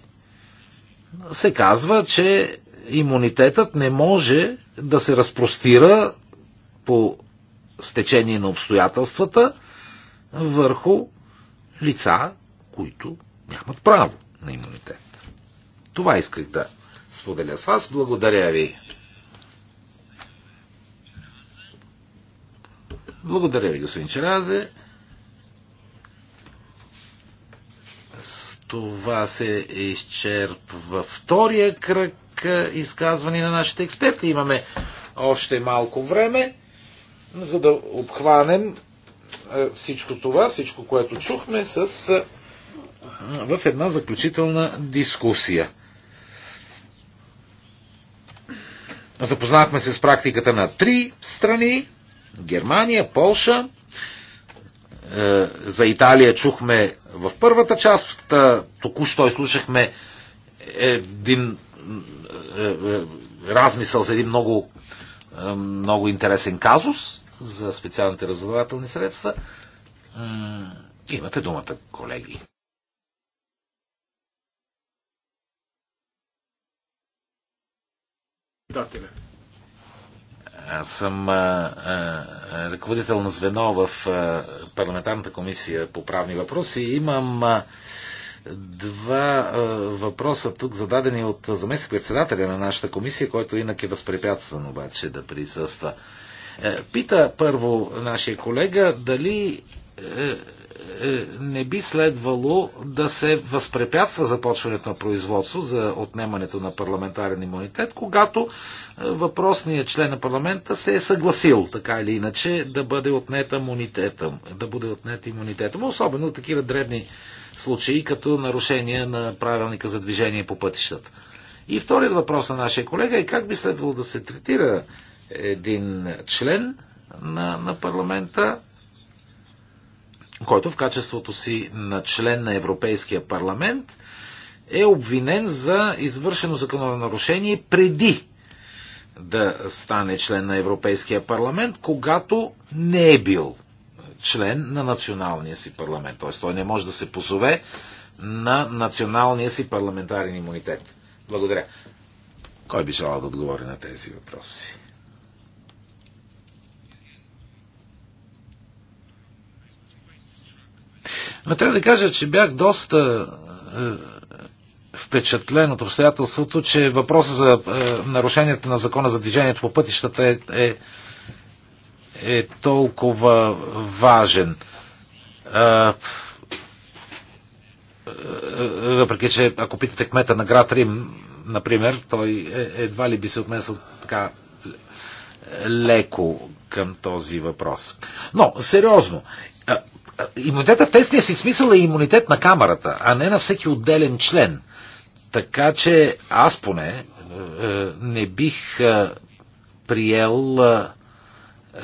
се казва, че имунитетът не може да се разпростира по стечение на обстоятелствата върху лица, които нямат право на имунитет. Това исках да споделя с вас. Благодаря ви. Благодаря ви, господин Черазе. С това се изчерпва втория кръг е, изказване на нашите експерти. Имаме още малко време, за да обхванем е, всичко това, всичко, което чухме с, е, в една заключителна дискусия. Запознахме се с практиката на три страни Германия, Полша. За Италия чухме в първата част, току-що изслушахме един е, е, размисъл за един много, е, много интересен казус за специалните разузнавателни средства. Имате думата, колеги. Аз съм а, а, ръководител на звено в а, парламентарната комисия по правни въпроси и имам а, два въпроса тук, зададени от заместник председателя на нашата комисия, който инак е възпрепятстван обаче да присъства. Е, пита първо нашия колега дали е, е, не би следвало да се възпрепятства започването на производство за отнемането на парламентарен имунитет, когато въпросният член на парламента се е съгласил, така или иначе, да бъде отнет имунитета, да бъде отнет имунитета, особено такива дребни случаи като нарушение на правилника за движение по пътищата. И вторият въпрос на нашия колега е как би следвало да се третира един член на, на парламента, който в качеството си на член на Европейския парламент е обвинен за извършено закононарушение преди да стане член на Европейския парламент, когато не е бил член на националния си парламент. Т.е. той не може да се позове на националния си парламентарен имунитет. Благодаря. Кой би желал да отговори на тези въпроси? Но трябва да кажа, че бях доста е, впечатлен от обстоятелството, че въпросът за е, нарушението на закона за движението по пътищата е, е е толкова важен. Въпреки, че ако питате кмета на град Рим, например, той е, едва ли би се отнесъл така леко към този въпрос. Но, сериозно, имунитета в тесния си смисъл е имунитет на камерата, а не на всеки отделен член. Така че аз поне не бих приел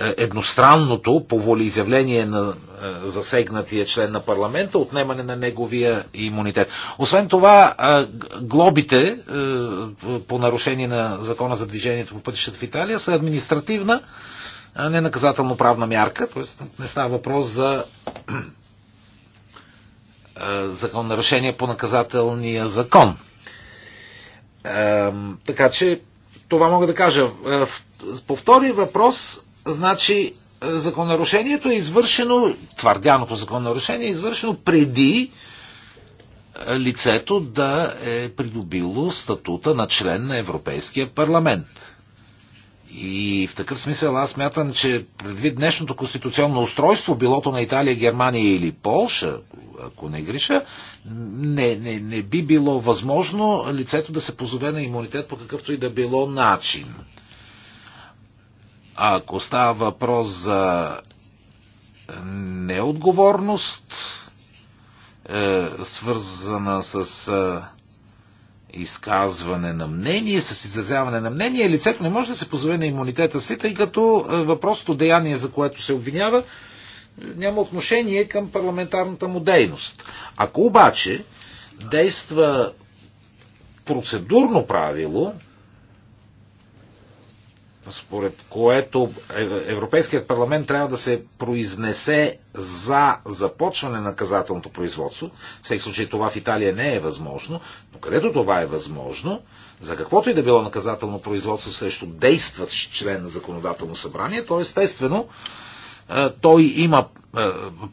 е, едностранното по волеизявление на е, засегнатия член на парламента, отнемане на неговия имунитет. Освен това, е, глобите по нарушение на закона за движението по пътищата в Италия са административна, а не наказателно-правна мярка, т.е. не става въпрос за закон нарушение по наказателния закон. Така че това мога да кажа. По втори въпрос Значи, е, законорушението е извършено, твърдяното закононарушение е извършено преди е, лицето да е придобило статута на член на Европейския парламент. И в такъв смисъл аз мятам, че предвид днешното конституционно устройство, билото на Италия, Германия или Полша, ако не греша, не, не, не би било възможно лицето да се позове на имунитет по какъвто и да било начин. А ако става въпрос за неотговорност, е, свързана с е, изказване на мнение, с изразяване на мнение, лицето не може да се позове на имунитета си, тъй като е, въпросното деяние, за което се обвинява, е, няма отношение към парламентарната му дейност. Ако обаче действа процедурно правило, според което е, Европейският парламент трябва да се произнесе за започване на наказателното производство. В всеки случай това в Италия не е възможно, но където това е възможно, за каквото и да било наказателно производство срещу действащ член на законодателно събрание, то естествено е, той има е,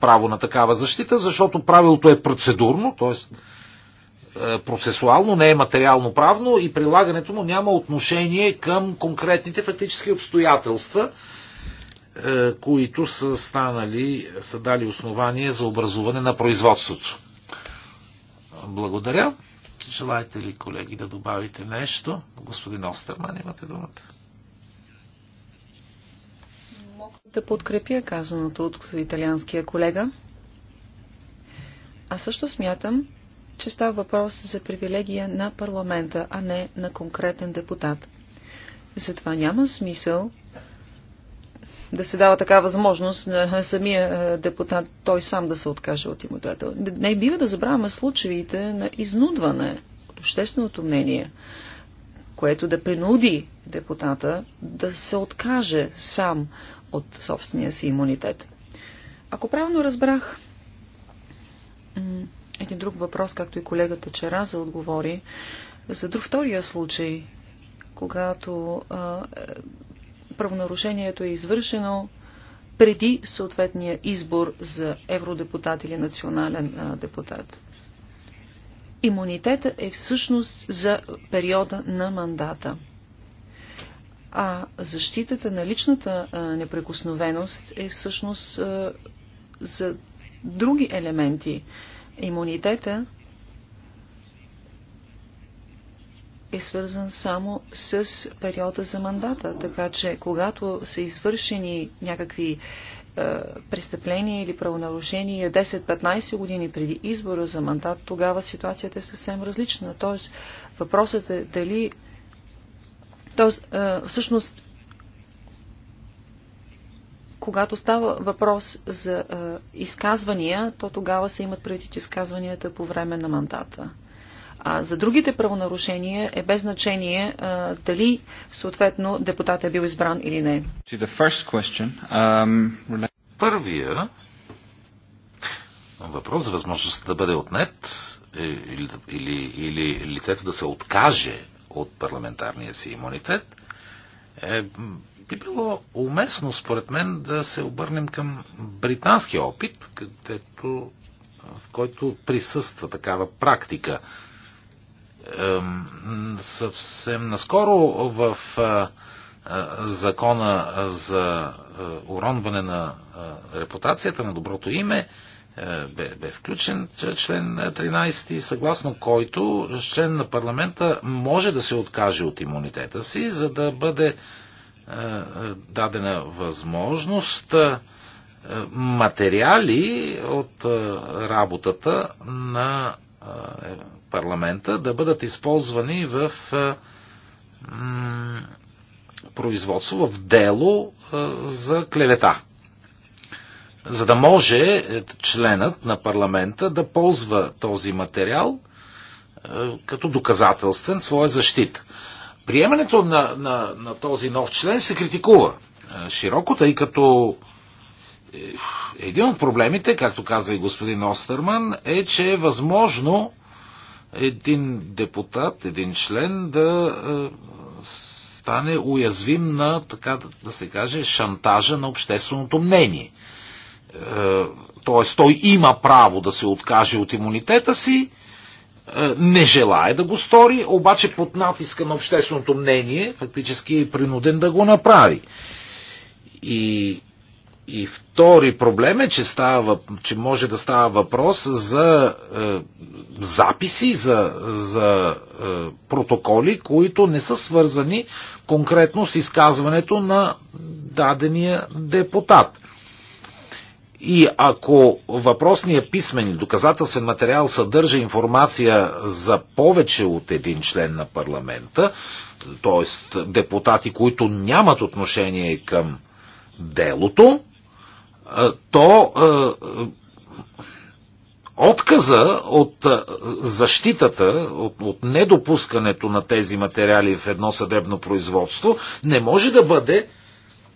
право на такава защита, защото правилото е процедурно, т.е. Е, процесуално, не е материално правно и прилагането му няма отношение към конкретните фактически обстоятелства, е, които са станали, са дали основание за образуване на производството. Благодаря. Желаете ли, колеги, да добавите нещо? Господин Остерман, имате думата. Мога да подкрепя казаното от италианския колега. А също смятам, че става въпрос за привилегия на парламента, а не на конкретен депутат. Затова няма смисъл да се дава така възможност на самия е, депутат той сам да се откаже от имотател. Не бива да забравяме случаите на изнудване от общественото мнение, което да принуди депутата да се откаже сам от собствения си имунитет. Ако правилно разбрах, един друг въпрос, както и колегата Чераза отговори, за друг втория случай, когато а, е, правонарушението е извършено преди съответния избор за евродепутат или национален а, депутат. Имунитета е всъщност за периода на мандата. А защитата на личната а, неприкосновеност е всъщност а, за други елементи, имунитета е свързан само с периода за мандата. Така че, когато са извършени някакви е, престъпления или правонарушения, 10-15 години преди избора за мандат, тогава ситуацията е съвсем различна. Тоест, въпросът е дали. Тоест, е, всъщност, когато става въпрос за е, изказвания, то тогава се имат предвид изказванията по време на мандата. А за другите правонарушения е без значение а, е, дали съответно депутат е бил избран или не. Um, Първия въпрос за възможността да бъде отнет е, или, или, или лицето да се откаже от парламентарния си имунитет е би било уместно, според мен, да се обърнем към британския опит, където, в който присъства такава практика. съвсем наскоро в е, е, закона за е, уронване на репутацията, на доброто име, бе, бе включен член 13, съгласно който член на парламента може да се откаже от имунитета си, за да бъде е, е, дадена възможност е, материали от работата на парламента да бъдат използвани в производство, в дело за клевета. За да може членът на парламента да ползва този материал като доказателствен своя защита приемането на, на, на този нов член се критикува е, широко, тъй като е, един от проблемите, както каза и господин Остерман, е, че е възможно един депутат, един член да е, стане уязвим на, така да се каже, шантажа на общественото мнение. Тоест, той има право да се откаже от имунитета си, е, не желая да го стори, обаче под натиска на общественото мнение фактически е принуден да го направи. И, и втори проблем е, че, става, че може да става въпрос за е, записи, за, за е, протоколи, които не са свързани конкретно с изказването на дадения депутат. И ако въпросният писмен доказателствен материал съдържа информация за повече от един член на парламента, т.е. депутати, които нямат отношение към делото, то отказа от защитата, от, от недопускането на тези материали в едно съдебно производство, не може да бъде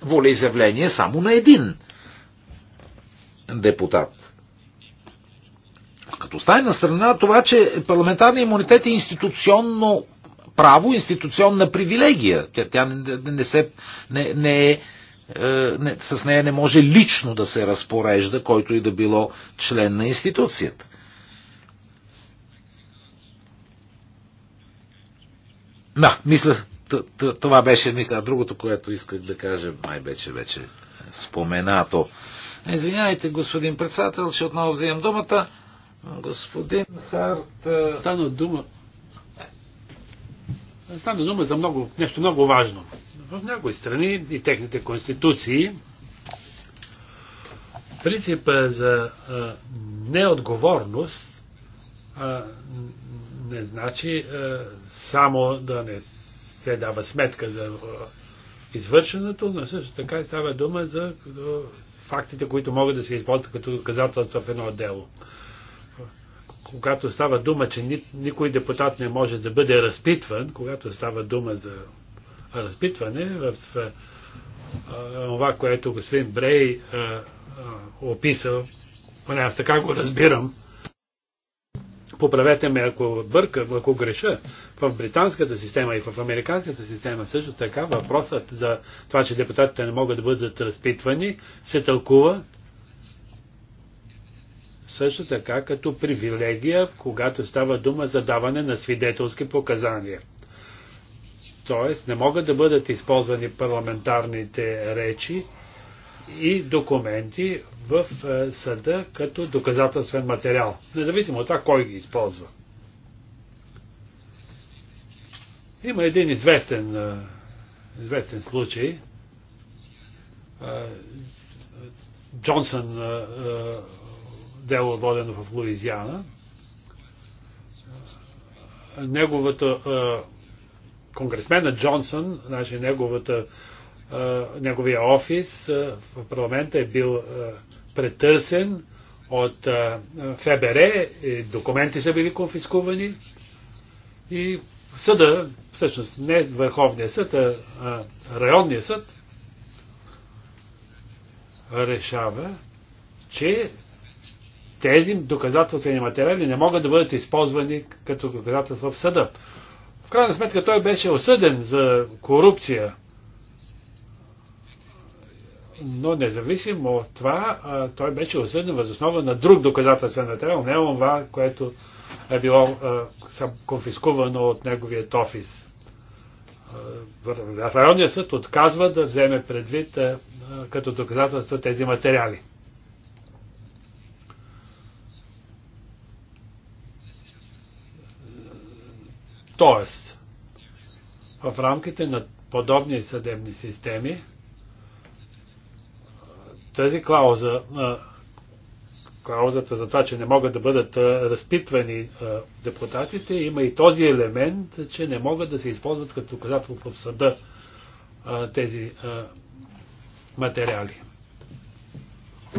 волеизявление само на един депутат. Като стане на страна това, че парламентарният имунитет е институционно право, институционна привилегия. Тя, тя не, не се. Не, не е, е, не, с нея не може лично да се разпорежда, който и да било член на институцията. Да, мисля, това беше, мисля, другото, което исках да кажа, май вече, вече споменато. Извинявайте, господин председател, че отново взимам думата. Господин Харт... Е, стана дума... Стана дума за много, нещо много важно. В някои страни и техните конституции принципа за а, е, неотговорност а, е, не значи а, само да не се дава сметка за извършеното, но също така става дума за фактите, които могат да се използват като доказателство в едно дело. Когато става дума, че ни, никой депутат не може да бъде разпитван, когато става дума за разпитване, в това, което господин Брей а, а, описал, поне аз така го разбирам, поправете ме ако бърка, ако греша, в британската система и в американската система също така въпросът за това, че депутатите не могат да бъдат разпитвани, се тълкува също така като привилегия, когато става дума за даване на свидетелски показания. Тоест, не могат да бъдат използвани парламентарните речи и документи в е, съда като доказателствен материал, независимо от това кой ги използва. Има един известен, е, известен случай. Е, Джонсън дело водено в Луизиана. Неговата конгресмена Джонсън, значи неговата неговия офис в парламента е бил претърсен от ФБР, документи са били конфискувани и съда, всъщност не Върховния съд, а районния съд, решава, че тези доказателствени материали не могат да бъдат използвани като доказателства в съда. В крайна сметка той беше осъден за корупция но независимо от това, а, той беше осъден възоснова на друг доказателствен материал, не това, което е било а, конфискувано от неговият офис. А, районният съд отказва да вземе предвид а, а, като доказателство тези материали. Тоест, в рамките на подобни съдебни системи, тази клауза, клаузата за това, че не могат да бъдат разпитвани депутатите, има и този елемент, че не могат да се използват като доказателство в съда тези материали.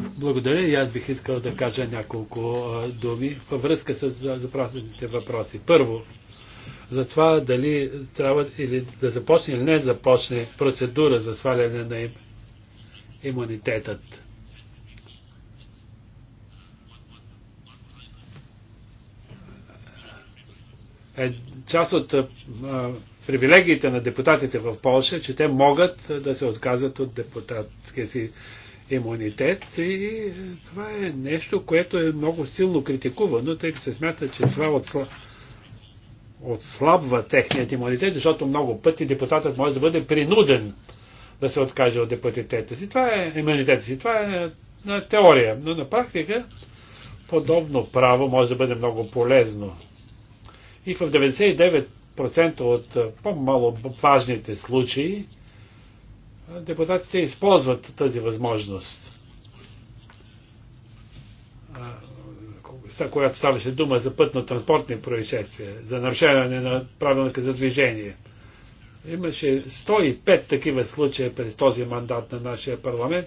Благодаря и аз бих искал да кажа няколко думи във връзка с запрасените въпроси. Първо, за това дали трябва или да започне или не започне процедура за сваляне на имунитетът. Е, част от а, привилегиите на депутатите в Польша, че те могат да се отказват от депутатския си имунитет и това е нещо, което е много силно критикувано, тъй като се смята, че това отслабва техният имунитет, защото много пъти депутатът може да бъде принуден да се откаже от депутитета си. Това е имунитета си. Това е на е, е, теория. Но на практика подобно право може да бъде много полезно. И в 99% от е, по-мало важните случаи депутатите използват тази възможност. За която ставаше дума за пътно-транспортни происшествия, за нарушение на правилника за движение – Имаше 105 такива случая през този мандат на нашия парламент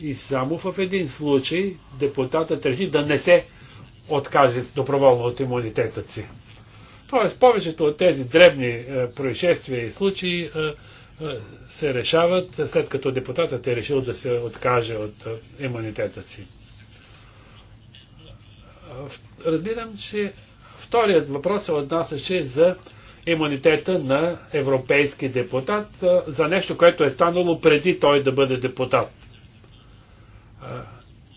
и само в един случай депутатът реши да не се откаже доброволно от имунитетът си. Тоест, повечето от тези дребни е, происшествия и случаи е, е, се решават след като депутатът е решил да се откаже от имунитетът си. Разбирам, че вторият въпрос се отнасяше за имунитета на европейски депутат за нещо, което е станало преди той да бъде депутат.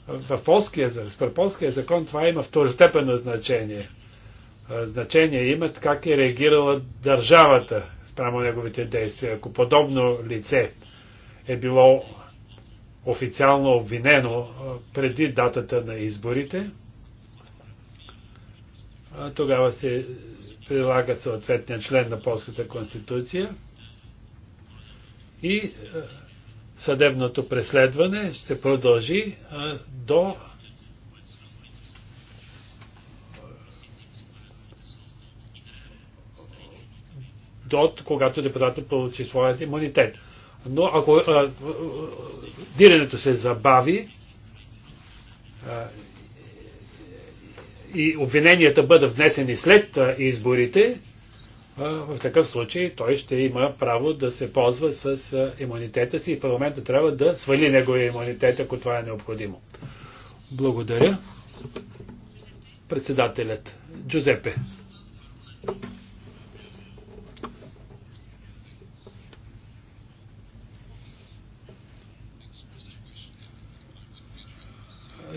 В полския, според полския закон това има второстепенно значение. Значение имат как е реагирала държавата спрямо неговите действия. Ако подобно лице е било официално обвинено преди датата на изборите, тогава се прилага съответния член на Полската конституция и е, съдебното преследване ще продължи е, до до когато депутатът получи своят имунитет. Но ако а, е, диренето се забави а, и обвиненията бъдат внесени след изборите, в такъв случай той ще има право да се ползва с имунитета си и парламента трябва да свали неговия имунитет, ако това е необходимо. Благодаря. Председателят Джузепе.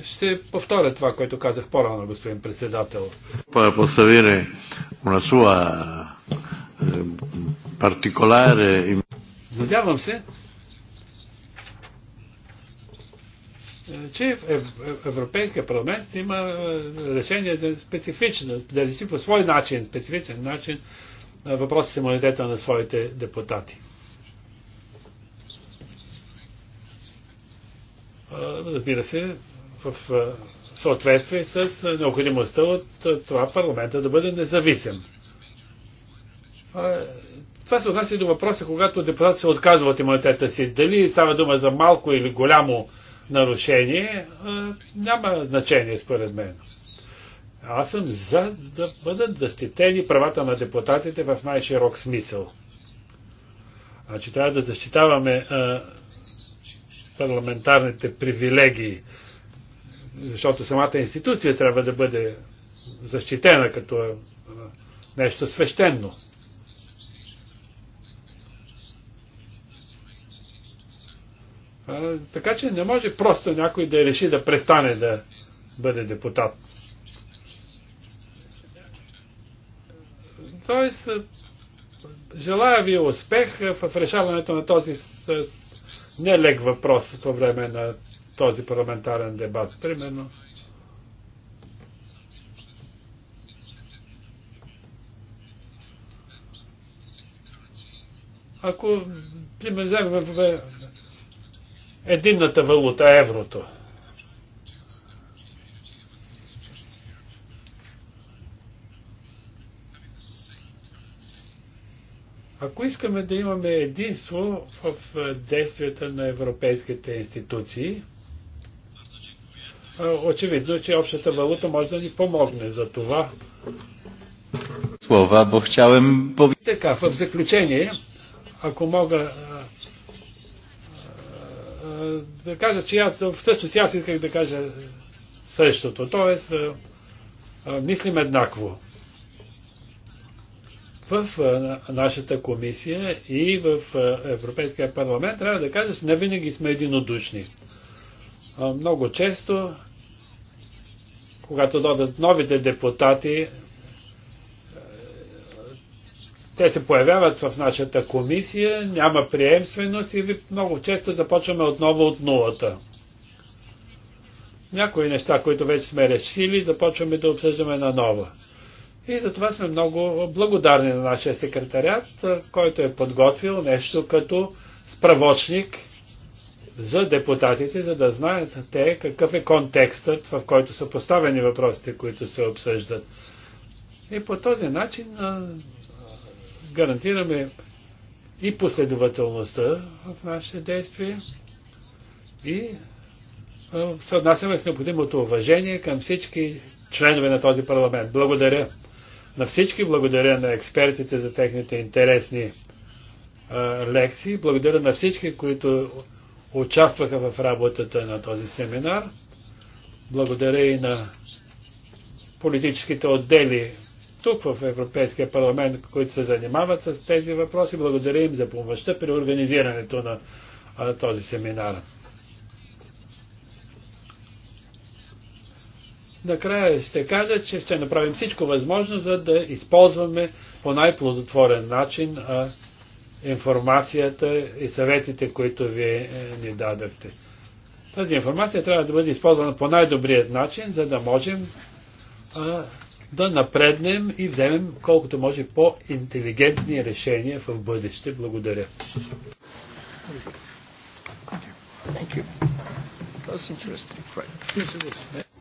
Ще повторя това, което казах по-рано, господин председател. Поставире una sua eh, particolare... Надявам се, е, че Европейския парламент има е, решение за специфично, да реши по свой начин, специфичен начин е, въпроси с имунитета на своите депутати. Разбира се, в съответствие с необходимостта от това парламента да бъде независим. Това се отнася до въпроса, когато депутат се отказва от имунитета си. Дали става дума за малко или голямо нарушение, няма значение според мен. Аз съм за да бъдат защитени правата на депутатите в най-широк смисъл. Значи трябва да защитаваме а, парламентарните привилегии защото самата институция трябва да бъде защитена като е, нещо свещено. така че не може просто някой да реши да престане да бъде депутат. Тоест, е, желая ви успех в решаването на този нелег въпрос по време на този парламентарен дебат. Примерно, ако примерно, вземем единната валута, еврото, Ако искаме да имаме единство в действията на европейските институции, е, очевидно, е, че общата валута може да ни помогне за това. Слова, бо chciałem Така, в заключение, ако мога е, да кажа, че аз всъщност аз исках да кажа същото. Тоест, мислим еднакво. В нашата комисия и в Европейския парламент трябва да кажа, че не винаги сме единодушни. Много често когато додат новите депутати, е, те се появяват в нашата комисия, няма приемственост и много често започваме отново от нулата. Някои неща, които вече сме решили, започваме да обсъждаме на нова. И за това сме много благодарни на нашия секретарят, който е подготвил нещо като справочник – за депутатите, за да знаят те какъв е контекстът, в който са поставени въпросите, които се обсъждат. И по този начин а, гарантираме и последователността в нашите действия и се отнасяме с необходимото уважение към всички членове на този парламент. Благодаря на всички, благодаря на експертите за техните интересни а, лекции, благодаря на всички, които участваха в работата на този семинар. Благодаря и на политическите отдели тук в Европейския парламент, които се занимават с тези въпроси. Благодаря им за помощта при организирането на а, този семинар. Накрая ще кажа, че ще направим всичко възможно, за да използваме по най-плодотворен начин а, информацията и съветите, които вие е, ни дадахте. Тази информация трябва да бъде използвана по най-добрият начин, за да можем а, да напреднем и вземем колкото може по-интелигентни решения в бъдеще. Благодаря. Thank you. That's interesting. Right. Yes, it